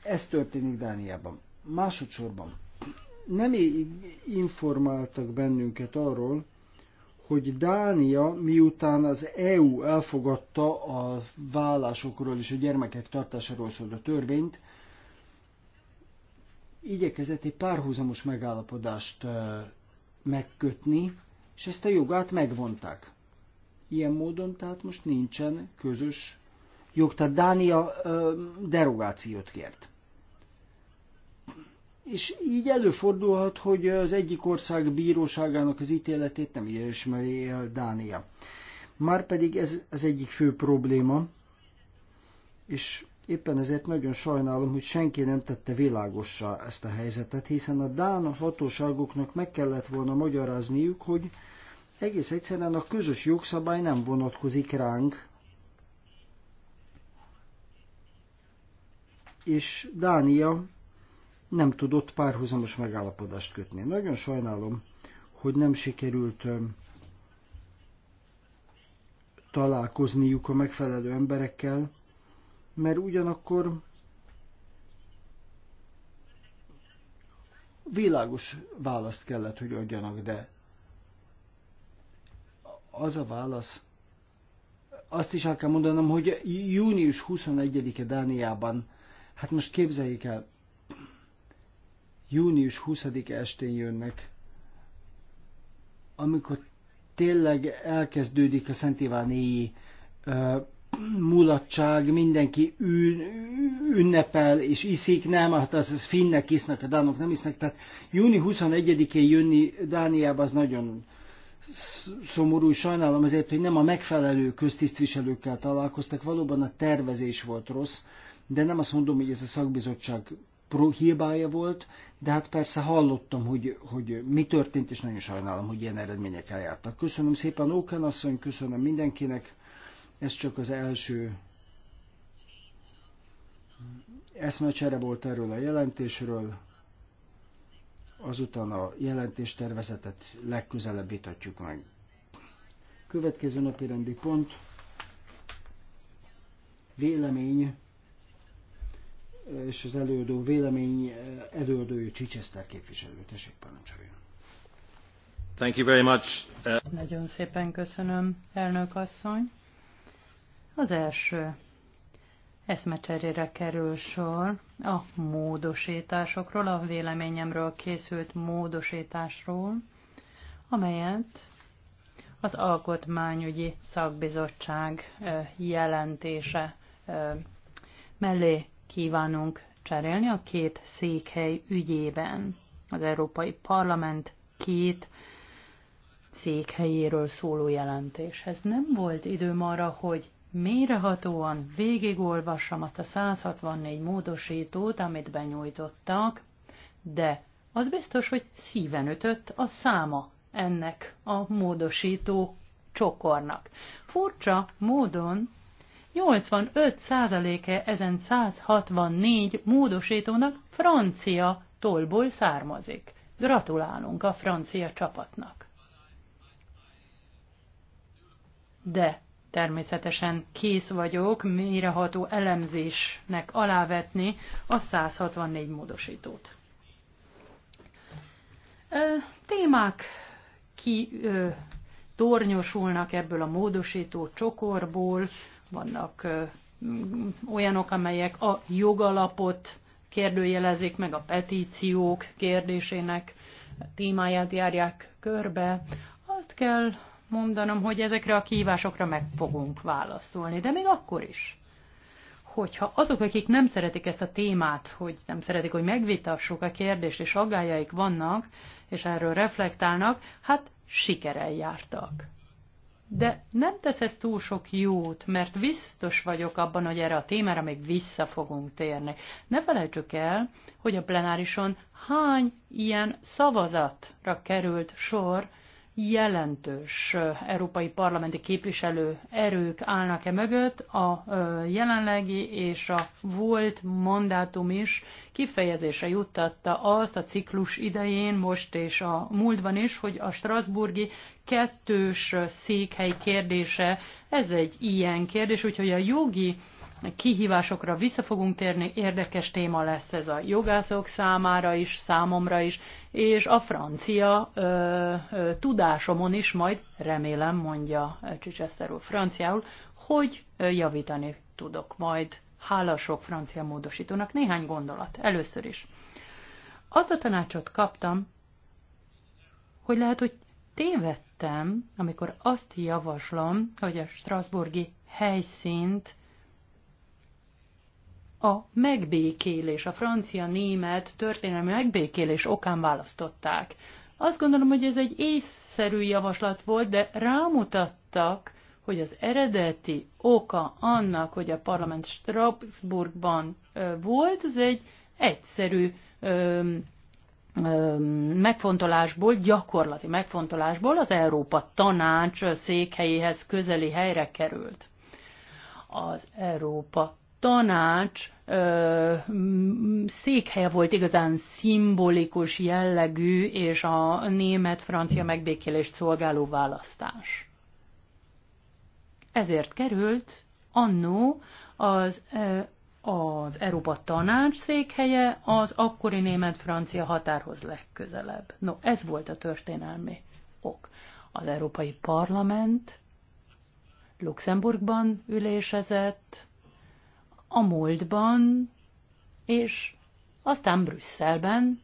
ez történik Dániában. Másodszorban nem informáltak bennünket arról, hogy Dánia miután az EU elfogadta a vállásokról és a gyermekek tartásáról szóló törvényt, igyekezett egy párhuzamos megállapodást megkötni, és ezt a jogát megvonták. Ilyen módon tehát most nincsen közös jog, tehát Dánia derogációt kért. És így előfordulhat, hogy az egyik ország bíróságának az ítéletét nem ismeri el Dánia. Márpedig ez az egyik fő probléma, és Éppen ezért nagyon sajnálom, hogy senki nem tette világossá ezt a helyzetet, hiszen a Dán hatóságoknak meg kellett volna magyarázniuk, hogy egész egyszerűen a közös jogszabály nem vonatkozik ránk, és Dánia nem tudott párhuzamos megállapodást kötni. Nagyon sajnálom, hogy nem sikerült találkozniuk a megfelelő emberekkel, mert ugyanakkor világos választ kellett, hogy adjanak, de az a válasz, azt is el kell mondanom, hogy június 21-e Dániában, hát most képzeljék el, június 20-e estén jönnek, amikor tényleg elkezdődik a Szent éjjé, mulatság, mindenki ün, ünnepel és iszik, nem, hát az, az finnek isznak, a dánok nem isznek. Tehát júni 21-én jönni Dániába az nagyon szomorú, sajnálom azért, hogy nem a megfelelő köztisztviselőkkel találkoztak, valóban a tervezés volt rossz, de nem azt mondom, hogy ez a szakbizottság hibája volt, de hát persze hallottam, hogy, hogy mi történt, és nagyon sajnálom, hogy ilyen eredmények eljártak. Köszönöm szépen Óken asszony, köszönöm mindenkinek, ez csak az első eszmecsere volt erről a jelentésről, azután a jelentéstervezetet legközelebb vitatjuk meg. Következő napi rendi pont, vélemény, és az előadó vélemény előadója Csicseszter képviselő. Tessék, parancsoljon. Thank you very much. Nagyon szépen köszönöm, elnök asszony. Az első eszmecserére kerül sor a módosításokról, a véleményemről készült módosításról, amelyet az Alkotmányügyi Szakbizottság jelentése mellé kívánunk cserélni a két székhely ügyében. Az Európai Parlament két székhelyéről szóló jelentéshez. Nem volt időm arra, hogy mérehatóan végigolvassam azt a 164 módosítót, amit benyújtottak, de az biztos, hogy szíven ütött a száma ennek a módosító csokornak. Furcsa módon 85%-e ezen 164 módosítónak francia tollból származik. Gratulálunk a francia csapatnak. De természetesen kész vagyok mélyreható elemzésnek alávetni a 164 módosítót. Témák ki tornyosulnak ebből a módosító csokorból, vannak olyanok, amelyek a jogalapot kérdőjelezik meg a petíciók kérdésének témáját járják körbe. Azt kell mondanom, hogy ezekre a kívásokra meg fogunk válaszolni, de még akkor is hogyha azok, akik nem szeretik ezt a témát, hogy nem szeretik, hogy megvitassuk a kérdést, és aggájaik vannak, és erről reflektálnak, hát sikerel jártak. De nem tesz ez túl sok jót, mert biztos vagyok abban, hogy erre a témára még vissza fogunk térni. Ne felejtsük el, hogy a plenárison hány ilyen szavazatra került sor, jelentős európai parlamenti képviselő erők állnak-e mögött, a jelenlegi és a volt mandátum is kifejezése juttatta azt a ciklus idején, most és a múltban is, hogy a Strasburgi kettős székhely kérdése, ez egy ilyen kérdés, úgyhogy a jogi kihívásokra vissza fogunk térni, érdekes téma lesz ez a jogászok számára is, számomra is, és a francia ö, ö, tudásomon is majd, remélem mondja Csicseszter úr franciául, hogy javítani tudok majd. Hála sok francia módosítónak néhány gondolat. Először is. Azt a tanácsot kaptam, hogy lehet, hogy tévedtem, amikor azt javaslom, hogy a Strasburgi helyszínt a megbékélés, a francia-német történelmi megbékélés okán választották. Azt gondolom, hogy ez egy észszerű javaslat volt, de rámutattak, hogy az eredeti oka annak, hogy a parlament Strasbourgban volt, az egy egyszerű öm, öm, megfontolásból, gyakorlati megfontolásból az Európa Tanács székhelyéhez közeli helyre került. Az Európa tanács ö, székhelye volt igazán szimbolikus jellegű és a német-francia megbékélést szolgáló választás. Ezért került annó az, az Európa Tanács székhelye az akkori német-francia határhoz legközelebb. No, ez volt a történelmi ok. Az Európai Parlament Luxemburgban ülésezett, a múltban, és aztán Brüsszelben,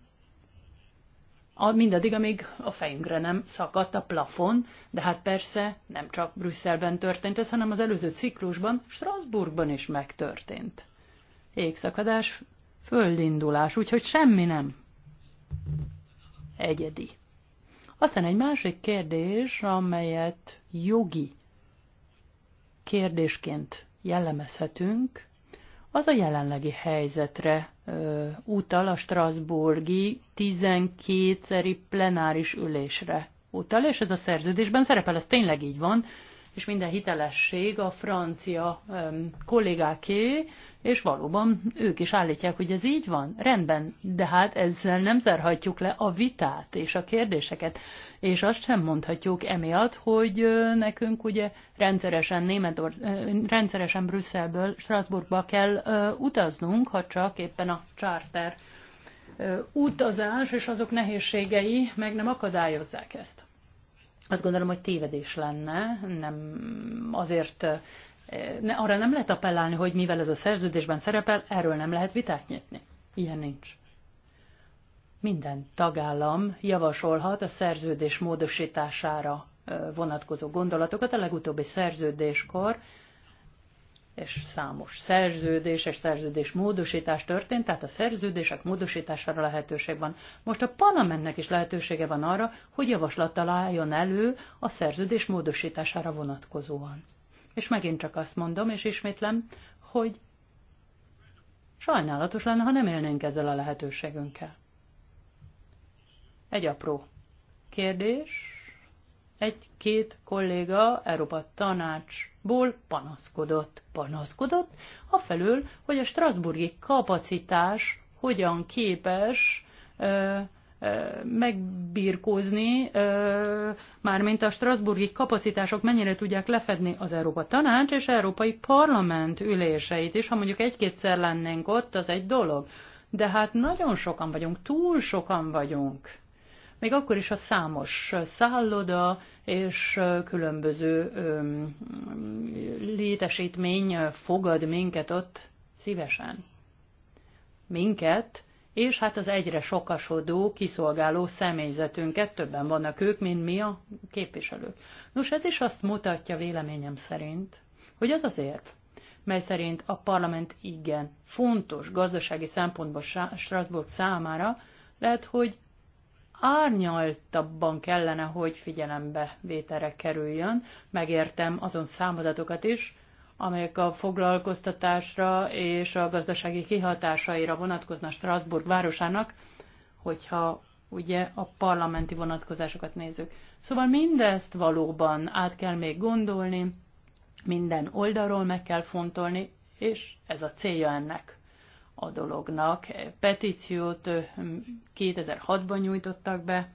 a, mindaddig, amíg a fejünkre nem szakadt a plafon, de hát persze nem csak Brüsszelben történt ez, hanem az előző ciklusban, Strasbourgban is megtörtént. Égszakadás, földindulás, úgyhogy semmi nem egyedi. Aztán egy másik kérdés, amelyet jogi kérdésként jellemezhetünk, az a jelenlegi helyzetre ö, utal a Strasburgi 12-szeri plenáris ülésre utal, és ez a szerződésben szerepel, ez tényleg így van, és minden hitelesség a francia um, kollégáké, és valóban ők is állítják, hogy ez így van. Rendben, de hát ezzel nem zárhatjuk le a vitát és a kérdéseket, és azt sem mondhatjuk emiatt, hogy nekünk ugye rendszeresen, Németor, rendszeresen Brüsszelből Strasbourgba kell utaznunk, ha csak éppen a charter utazás és azok nehézségei meg nem akadályozzák ezt azt gondolom, hogy tévedés lenne, nem azért eh, ne, arra nem lehet appellálni, hogy mivel ez a szerződésben szerepel, erről nem lehet vitát nyitni. Ilyen nincs. Minden tagállam javasolhat a szerződés módosítására eh, vonatkozó gondolatokat. A legutóbbi szerződéskor és számos szerződés és szerződés módosítás történt, tehát a szerződések módosítására lehetőség van. Most a parlamentnek is lehetősége van arra, hogy javaslattal álljon elő a szerződés módosítására vonatkozóan. És megint csak azt mondom, és ismétlem, hogy sajnálatos lenne, ha nem élnénk ezzel a lehetőségünkkel. Egy apró kérdés. Egy-két kolléga Európa Tanács ból panaszkodott. Panaszkodott, afelől, hogy a strasburgi kapacitás hogyan képes ö, ö, megbirkózni, ö, mármint a strasburgi kapacitások mennyire tudják lefedni az Európa Tanács és Európai Parlament üléseit is. Ha mondjuk egy-kétszer lennénk ott, az egy dolog. De hát nagyon sokan vagyunk, túl sokan vagyunk még akkor is a számos szálloda és különböző létesítmény fogad minket ott szívesen. Minket, és hát az egyre sokasodó, kiszolgáló személyzetünket, többen vannak ők, mint mi a képviselők. Nos, ez is azt mutatja véleményem szerint, hogy az az érv, mely szerint a parlament igen fontos gazdasági szempontból Strasbourg számára, lehet, hogy árnyaltabban kellene, hogy figyelembe vételre kerüljön. Megértem azon számadatokat is, amelyek a foglalkoztatásra és a gazdasági kihatásaira vonatkoznak Strasbourg városának, hogyha ugye a parlamenti vonatkozásokat nézzük. Szóval mindezt valóban át kell még gondolni, minden oldalról meg kell fontolni, és ez a célja ennek a dolognak. Petíciót 2006-ban nyújtottak be,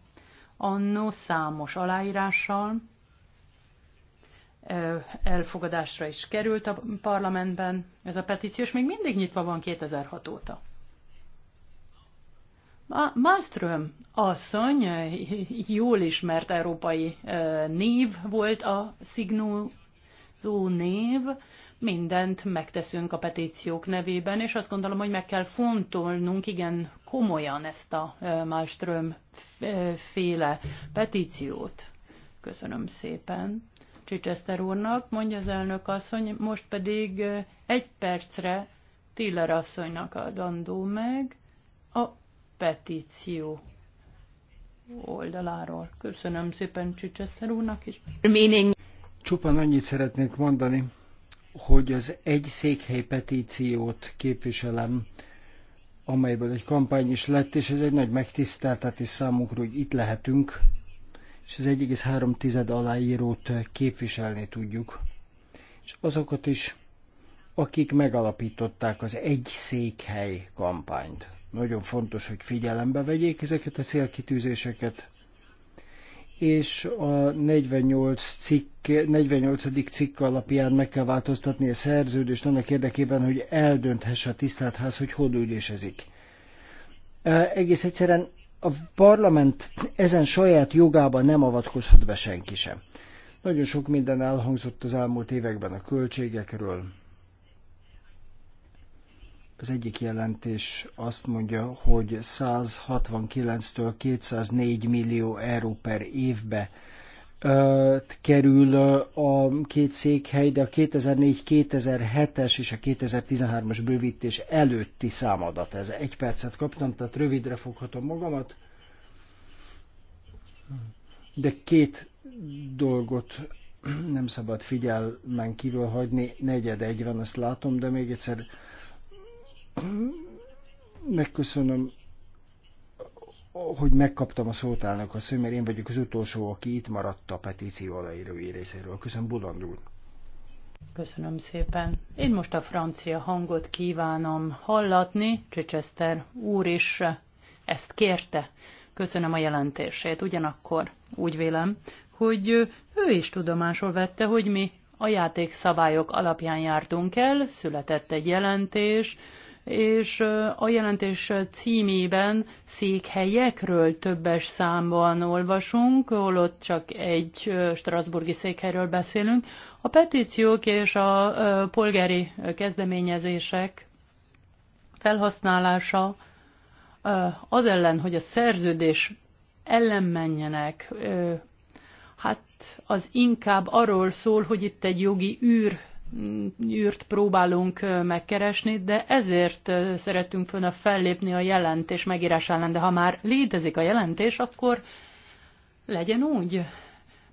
annó számos aláírással, elfogadásra is került a parlamentben ez a petíció, és még mindig nyitva van 2006 óta. Malmström asszony jól ismert európai név volt a szignózó név, mindent megteszünk a petíciók nevében, és azt gondolom, hogy meg kell fontolnunk igen komolyan ezt a Malmström féle petíciót. Köszönöm szépen. Csicseszter úrnak, mondja az elnök asszony, most pedig egy percre Tiller asszonynak adandó meg a petíció oldaláról. Köszönöm szépen Csicseszter úrnak is. Meaning. Csupán annyit szeretnék mondani, hogy az egy székhely petíciót képviselem, amelyből egy kampány is lett, és ez egy nagy megtiszteltetés számunkra, hogy itt lehetünk, és az 1,3 tized aláírót képviselni tudjuk. És azokat is, akik megalapították az egy székhely kampányt. Nagyon fontos, hogy figyelembe vegyék ezeket a célkitűzéseket, és a 48 cikk, 48. cikk alapján meg kell változtatni a szerződést annak érdekében, hogy eldönthesse a tisztelt ház, hogy hol ülésezik. Egész egyszerűen a parlament ezen saját jogában nem avatkozhat be senki sem. Nagyon sok minden elhangzott az elmúlt években a költségekről, az egyik jelentés azt mondja, hogy 169-től 204 millió euró per évbe kerül a két székhely, de a 2004-2007-es és a 2013-as bővítés előtti számadat. Ez egy percet kaptam, tehát rövidre foghatom magamat. De két dolgot nem szabad figyelmen kívül hagyni, negyed egy van, azt látom, de még egyszer Megköszönöm, hogy megkaptam a szót állnak a mert én vagyok az utolsó, aki itt maradt a petíció aláírói részéről. Köszönöm, Buland Köszönöm szépen. Én most a francia hangot kívánom hallatni. Csicseszter úr is ezt kérte. Köszönöm a jelentését. Ugyanakkor úgy vélem, hogy ő is tudomásul vette, hogy mi a játékszabályok alapján jártunk el, született egy jelentés, és a jelentés címében székhelyekről többes számban olvasunk, holott csak egy strasburgi székhelyről beszélünk. A petíciók és a polgári kezdeményezések felhasználása az ellen, hogy a szerződés ellen menjenek, hát az inkább arról szól, hogy itt egy jogi űr űrt próbálunk megkeresni, de ezért szeretünk a fellépni a jelentés megírás ellen, de ha már létezik a jelentés, akkor legyen úgy.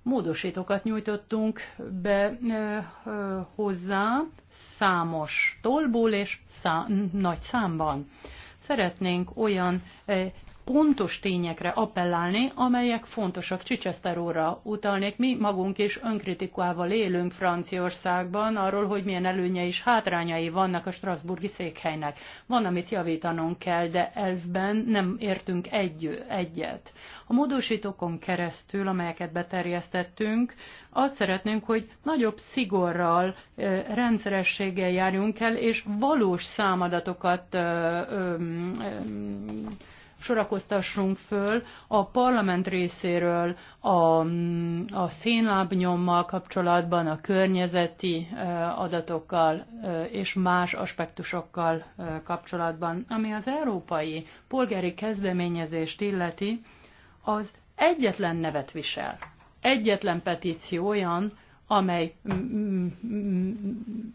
Módosítókat nyújtottunk be ö, ö, hozzá számos tolból és szá- nagy számban. Szeretnénk olyan pontos tényekre appellálni, amelyek fontosak. Csicseszter úrra utalnék, mi magunk is önkritikával élünk Franciaországban arról, hogy milyen előnye és hátrányai vannak a Strasburgi székhelynek. Van, amit javítanunk kell, de elfben nem értünk egy, egyet. A módosítókon keresztül, amelyeket beterjesztettünk, azt szeretnénk, hogy nagyobb szigorral, rendszerességgel járjunk el, és valós számadatokat ö, ö, ö, sorakoztassunk föl a parlament részéről a, a szénlábnyommal kapcsolatban, a környezeti adatokkal és más aspektusokkal kapcsolatban. Ami az európai polgári kezdeményezést illeti, az egyetlen nevet visel. Egyetlen petíció olyan, amely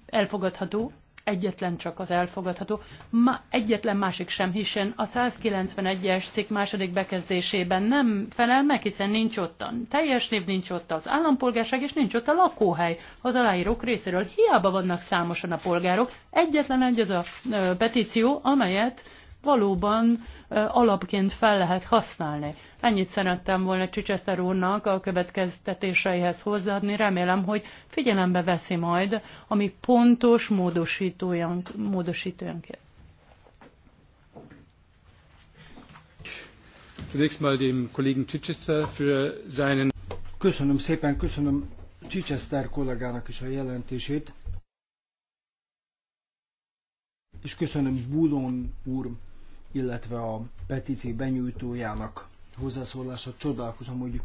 elfogadható, egyetlen csak az elfogadható, ma egyetlen másik sem, hiszen a 191-es cikk második bekezdésében nem felel meg, hiszen nincs ott a teljes név, nincs ott az állampolgárság, és nincs ott a lakóhely. Az aláírók részéről hiába vannak számosan a polgárok, egyetlen egy az a petíció, amelyet valóban alapként fel lehet használni. Ennyit szerettem volna Csicseszter úrnak a következtetéseihez hozzáadni. Remélem, hogy figyelembe veszi majd, ami pontos módosítójánk, módosítójánként. Zunächst mal dem Kollegen Chichester für seinen Köszönöm szépen, köszönöm Chichester kollégának is a jelentését, és köszönöm Bulon úr illetve a petíció benyújtójának hozzászólása. Csodálkozom, hogy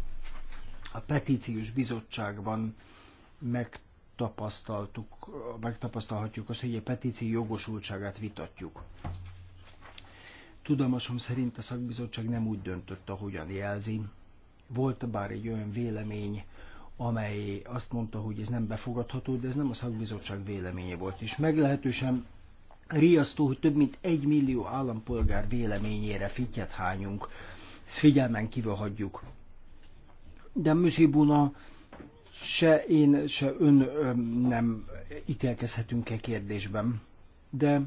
a petíciós bizottságban megtapasztaltuk, megtapasztalhatjuk azt, hogy a petíció jogosultságát vitatjuk. Tudomásom szerint a szakbizottság nem úgy döntött, ahogyan jelzi. Volt bár egy olyan vélemény, amely azt mondta, hogy ez nem befogadható, de ez nem a szakbizottság véleménye volt, és meglehetősen riasztó, hogy több mint egy millió állampolgár véleményére fityet hányunk. Ezt figyelmen kívül hagyjuk. De Műsibuna se én, se ön nem ítélkezhetünk e kérdésben. De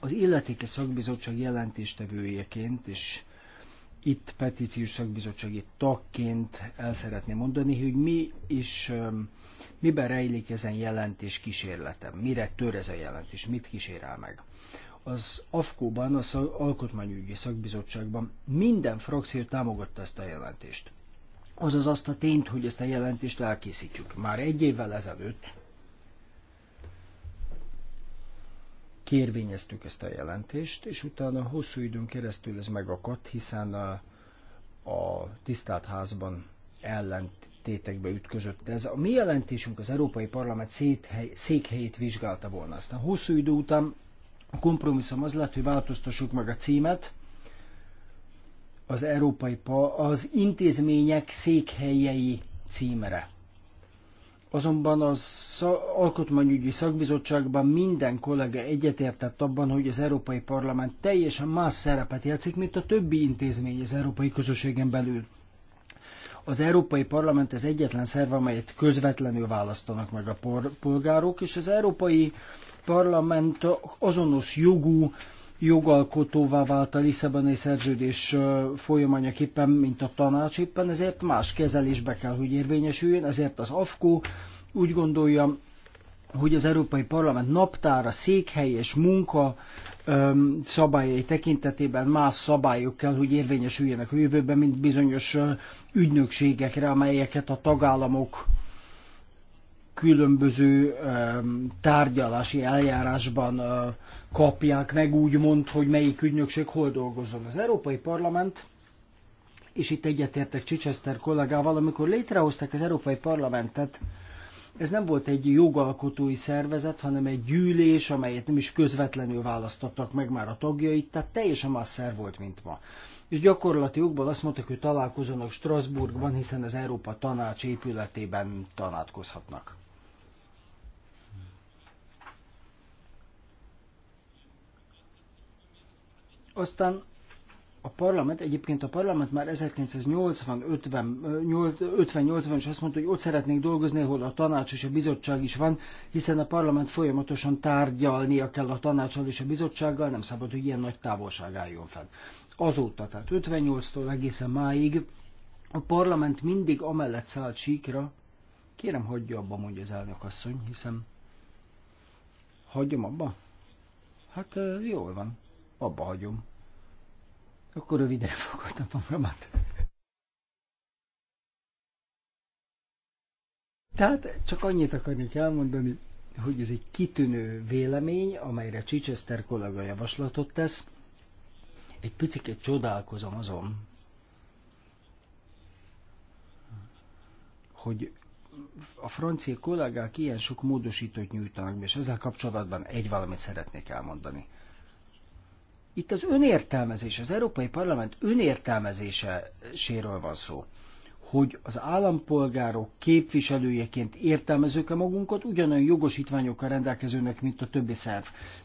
az illetéke szakbizottság jelentéstevőjeként, és itt petíciós szakbizottsági tagként el szeretném mondani, hogy mi is Miben rejlik ezen jelentés kísérletem? Mire tör ez a jelentés? Mit kísérel meg? Az AFKO-ban, az Alkotmányügyi Szakbizottságban minden frakció támogatta ezt a jelentést. Azaz azt a tényt, hogy ezt a jelentést elkészítsük. Már egy évvel ezelőtt kérvényeztük ezt a jelentést, és utána hosszú időn keresztül ez megakadt, hiszen a, a tisztelt házban ellent, ellentétekbe ütközött. Ez a mi jelentésünk az Európai Parlament széthely, székhelyét vizsgálta volna. Aztán hosszú idő után a kompromisszum az lett, hogy változtassuk meg a címet, az Európai az intézmények székhelyei címere. Azonban az Alkotmányügyi Szakbizottságban minden kollega egyetértett abban, hogy az Európai Parlament teljesen más szerepet játszik, mint a többi intézmény az Európai Közösségen belül. Az Európai Parlament az egyetlen szerv, amelyet közvetlenül választanak meg a polgárok, és az Európai Parlament azonos jogú jogalkotóvá vált a Lisszaboni szerződés folyamányaképpen, mint a tanács éppen, ezért más kezelésbe kell, hogy érvényesüljön, ezért az AFKO úgy gondolja, hogy az Európai Parlament naptára, székhely és munka szabályai tekintetében más szabályok kell, hogy érvényesüljenek a jövőben, mint bizonyos ügynökségekre, amelyeket a tagállamok különböző tárgyalási eljárásban kapják meg, úgymond, hogy melyik ügynökség hol dolgozzon. Az Európai Parlament, és itt egyetértek Csicseszter kollégával, amikor létrehozták az Európai Parlamentet, ez nem volt egy jogalkotói szervezet, hanem egy gyűlés, amelyet nem is közvetlenül választottak meg már a tagjait, tehát teljesen más szerv volt, mint ma. És gyakorlati jogban azt mondták, hogy találkozanak Strasbourgban, hiszen az Európa Tanács épületében tanátkozhatnak. Aztán a parlament, egyébként a parlament már 50 80 ban is azt mondta, hogy ott szeretnék dolgozni, ahol a tanács és a bizottság is van, hiszen a parlament folyamatosan tárgyalnia kell a tanácsal és a bizottsággal, nem szabad, hogy ilyen nagy távolság álljon fel. Azóta, tehát 58-tól egészen máig a parlament mindig amellett szállt síkra, kérem hagyja abba, mondja az elnök asszony, hiszen hagyjam abba? Hát jól van, abba hagyom. Akkor rövidre fogadtam magamat. Tehát csak annyit akarnék elmondani, hogy ez egy kitűnő vélemény, amelyre Chichester kollega javaslatot tesz. Egy picit csodálkozom azon, hogy a francia kollégák ilyen sok módosítót nyújtanak és ezzel kapcsolatban egy valamit szeretnék elmondani. Itt az önértelmezés, az Európai Parlament önértelmezéséről van szó hogy az állampolgárok képviselőjeként értelmezők-e magunkat ugyanolyan jogosítványokkal rendelkezőnek, mint a többi szerv.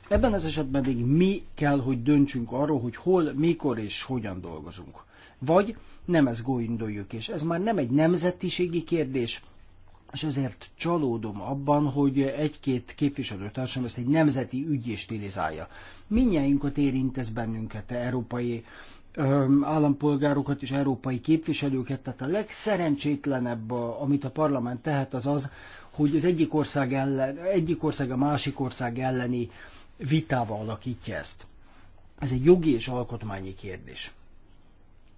Ebben az esetben pedig mi kell, hogy döntsünk arról, hogy hol, mikor és hogyan dolgozunk. Vagy nem ezt gondoljuk, és ez már nem egy nemzetiségi kérdés, és ezért csalódom abban, hogy egy-két képviselőtársam ezt egy nemzeti ügy is stilizálja. Minnyáinkat érint ez bennünket, európai állampolgárokat és európai képviselőket, tehát a legszerencsétlenebb, amit a parlament tehet, az az, hogy az egyik ország, ellen, egyik ország a másik ország elleni vitával alakítja ezt. Ez egy jogi és alkotmányi kérdés.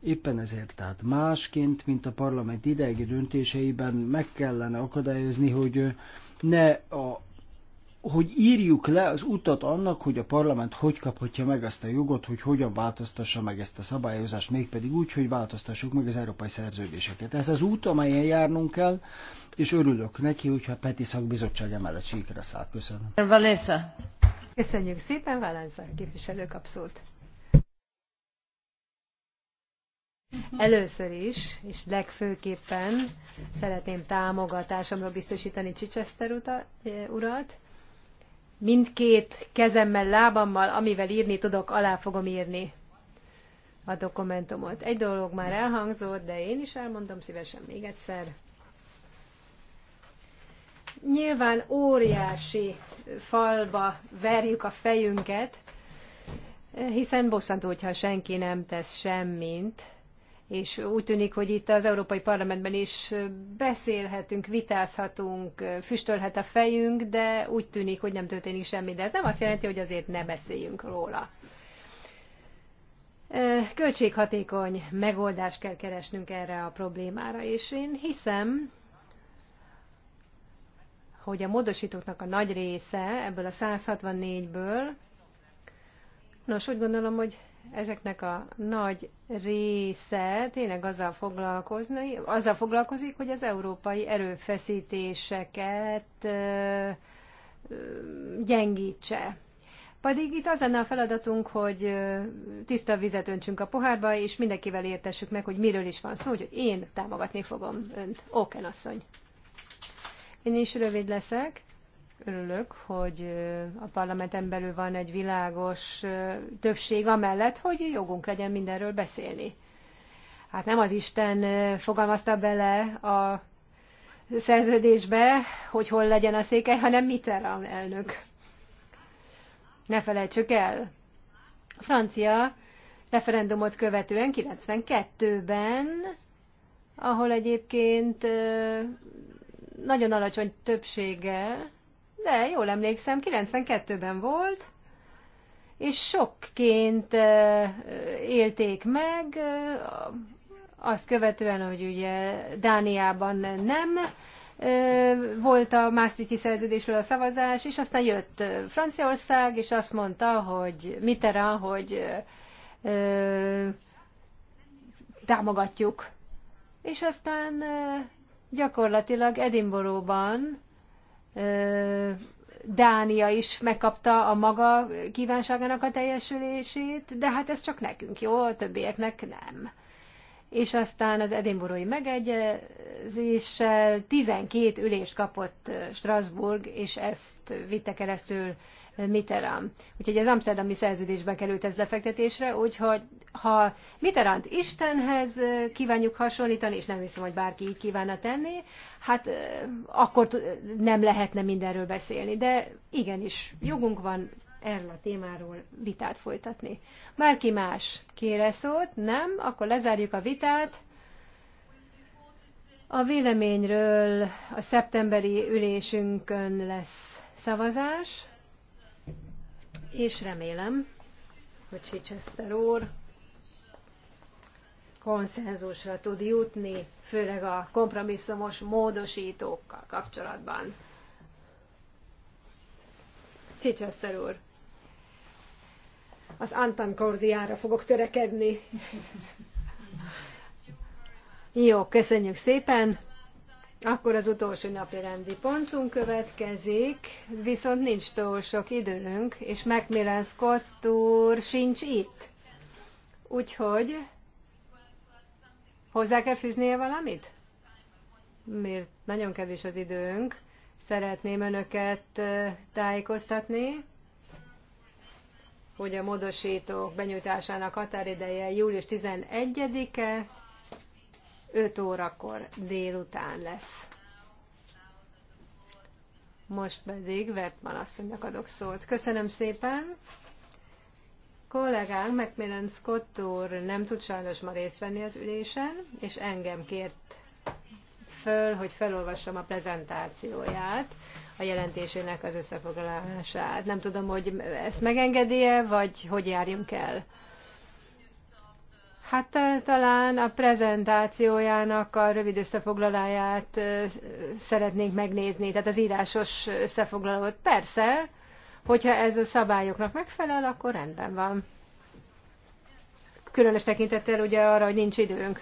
Éppen ezért tehát másként, mint a parlament idegi döntéseiben meg kellene akadályozni, hogy ne a hogy írjuk le az utat annak, hogy a parlament hogy kaphatja meg ezt a jogot, hogy hogyan változtassa meg ezt a szabályozást, mégpedig úgy, hogy változtassuk meg az európai szerződéseket. Ez az út, amelyen járnunk kell, és örülök neki, hogyha a Peti Szakbizottság emellett síkra száll. Köszönöm. Valésza. Köszönjük szépen, Valensza képviselő kapszót. Mhm. Először is, és legfőképpen szeretném támogatásomra biztosítani Csicseszter urat. Mindkét kezemmel, lábammal, amivel írni tudok, alá fogom írni a dokumentumot. Egy dolog már elhangzott, de én is elmondom szívesen még egyszer. Nyilván óriási falba verjük a fejünket, hiszen bosszantó, hogyha senki nem tesz semmit és úgy tűnik, hogy itt az Európai Parlamentben is beszélhetünk, vitázhatunk, füstölhet a fejünk, de úgy tűnik, hogy nem történik semmi, de ez nem azt jelenti, hogy azért ne beszéljünk róla. Költséghatékony megoldást kell keresnünk erre a problémára, és én hiszem, hogy a módosítóknak a nagy része ebből a 164-ből, nos, úgy gondolom, hogy ezeknek a nagy része tényleg azzal, foglalkozni, azzal foglalkozik, hogy az európai erőfeszítéseket gyengítse. Pedig itt az lenne a feladatunk, hogy tiszta vizet öntsünk a pohárba, és mindenkivel értessük meg, hogy miről is van szó, hogy én támogatni fogom önt. Oken asszony. Én is rövid leszek. Örülök, hogy a parlamenten belül van egy világos többség amellett, hogy jogunk legyen mindenről beszélni. Hát nem az Isten fogalmazta bele a szerződésbe, hogy hol legyen a székely, hanem Mitterrand elnök. Ne felejtsük el. A francia referendumot követően 92-ben, ahol egyébként nagyon alacsony többséggel de jól emlékszem, 92-ben volt, és sokként élték meg, azt követően, hogy ugye Dániában nem volt a Maastrichti szerződésről a szavazás, és aztán jött Franciaország, és azt mondta, hogy Mitterrand, hogy támogatjuk. És aztán gyakorlatilag Edinburgh-ban Dánia is megkapta a maga kívánságának a teljesülését, de hát ez csak nekünk jó, a többieknek nem. És aztán az edinburghi megegyezéssel 12 ülést kapott Strasbourg, és ezt vitte keresztül Mitterrand. Úgyhogy az amsterdami szerződésbe került ez lefektetésre, úgyhogy ha Mitterrand Istenhez kívánjuk hasonlítani, és nem hiszem, hogy bárki így kívánna tenni, hát akkor nem lehetne mindenről beszélni, de igenis jogunk van erről a témáról vitát folytatni. Márki más kére szót? Nem? Akkor lezárjuk a vitát. A véleményről a szeptemberi ülésünkön lesz szavazás és remélem, hogy Chichester úr konszenzusra tud jutni, főleg a kompromisszumos módosítókkal kapcsolatban. Chichester úr, az Antan Kordiára fogok törekedni. <laughs> Jó, köszönjük szépen. Akkor az utolsó napi rendi pontunk következik, viszont nincs túl sok időnk, és Macmillan Scott úr sincs itt. Úgyhogy hozzá kell fűznie valamit? Mert nagyon kevés az időnk. Szeretném önöket tájékoztatni, hogy a módosítók benyújtásának határideje július 11-e, 5 órakor délután lesz. Most pedig Vertman asszonynak adok szót. Köszönöm szépen! kollégánk Macmillan Scott úr nem tud sajnos ma részt venni az ülésen, és engem kért föl, hogy felolvassam a prezentációját, a jelentésének az összefoglalását. Nem tudom, hogy ezt megengedi-e, vagy hogy járjunk el. Hát eh, talán a prezentációjának a rövid összefoglaláját eh, szeretnénk megnézni, tehát az írásos összefoglalót. Persze, hogyha ez a szabályoknak megfelel, akkor rendben van. Különös tekintettel ugye arra, hogy nincs időnk.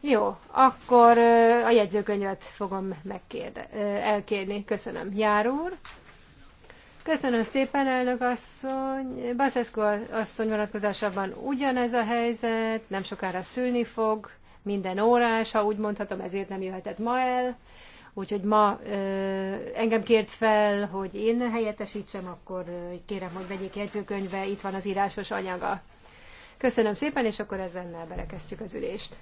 Jó, akkor eh, a jegyzőkönyvet fogom megkérde, elkérni. Köszönöm. Jár úr. Köszönöm szépen, elnök asszony. Baszeszko asszony vonatkozásában ugyanez a helyzet, nem sokára szülni fog, minden órás, ha úgy mondhatom, ezért nem jöhetett ma el. Úgyhogy ma ö, engem kért fel, hogy én helyettesítsem, akkor kérem, hogy vegyék jegyzőkönyve, itt van az írásos anyaga. Köszönöm szépen, és akkor ezennel berekeztjük az ülést.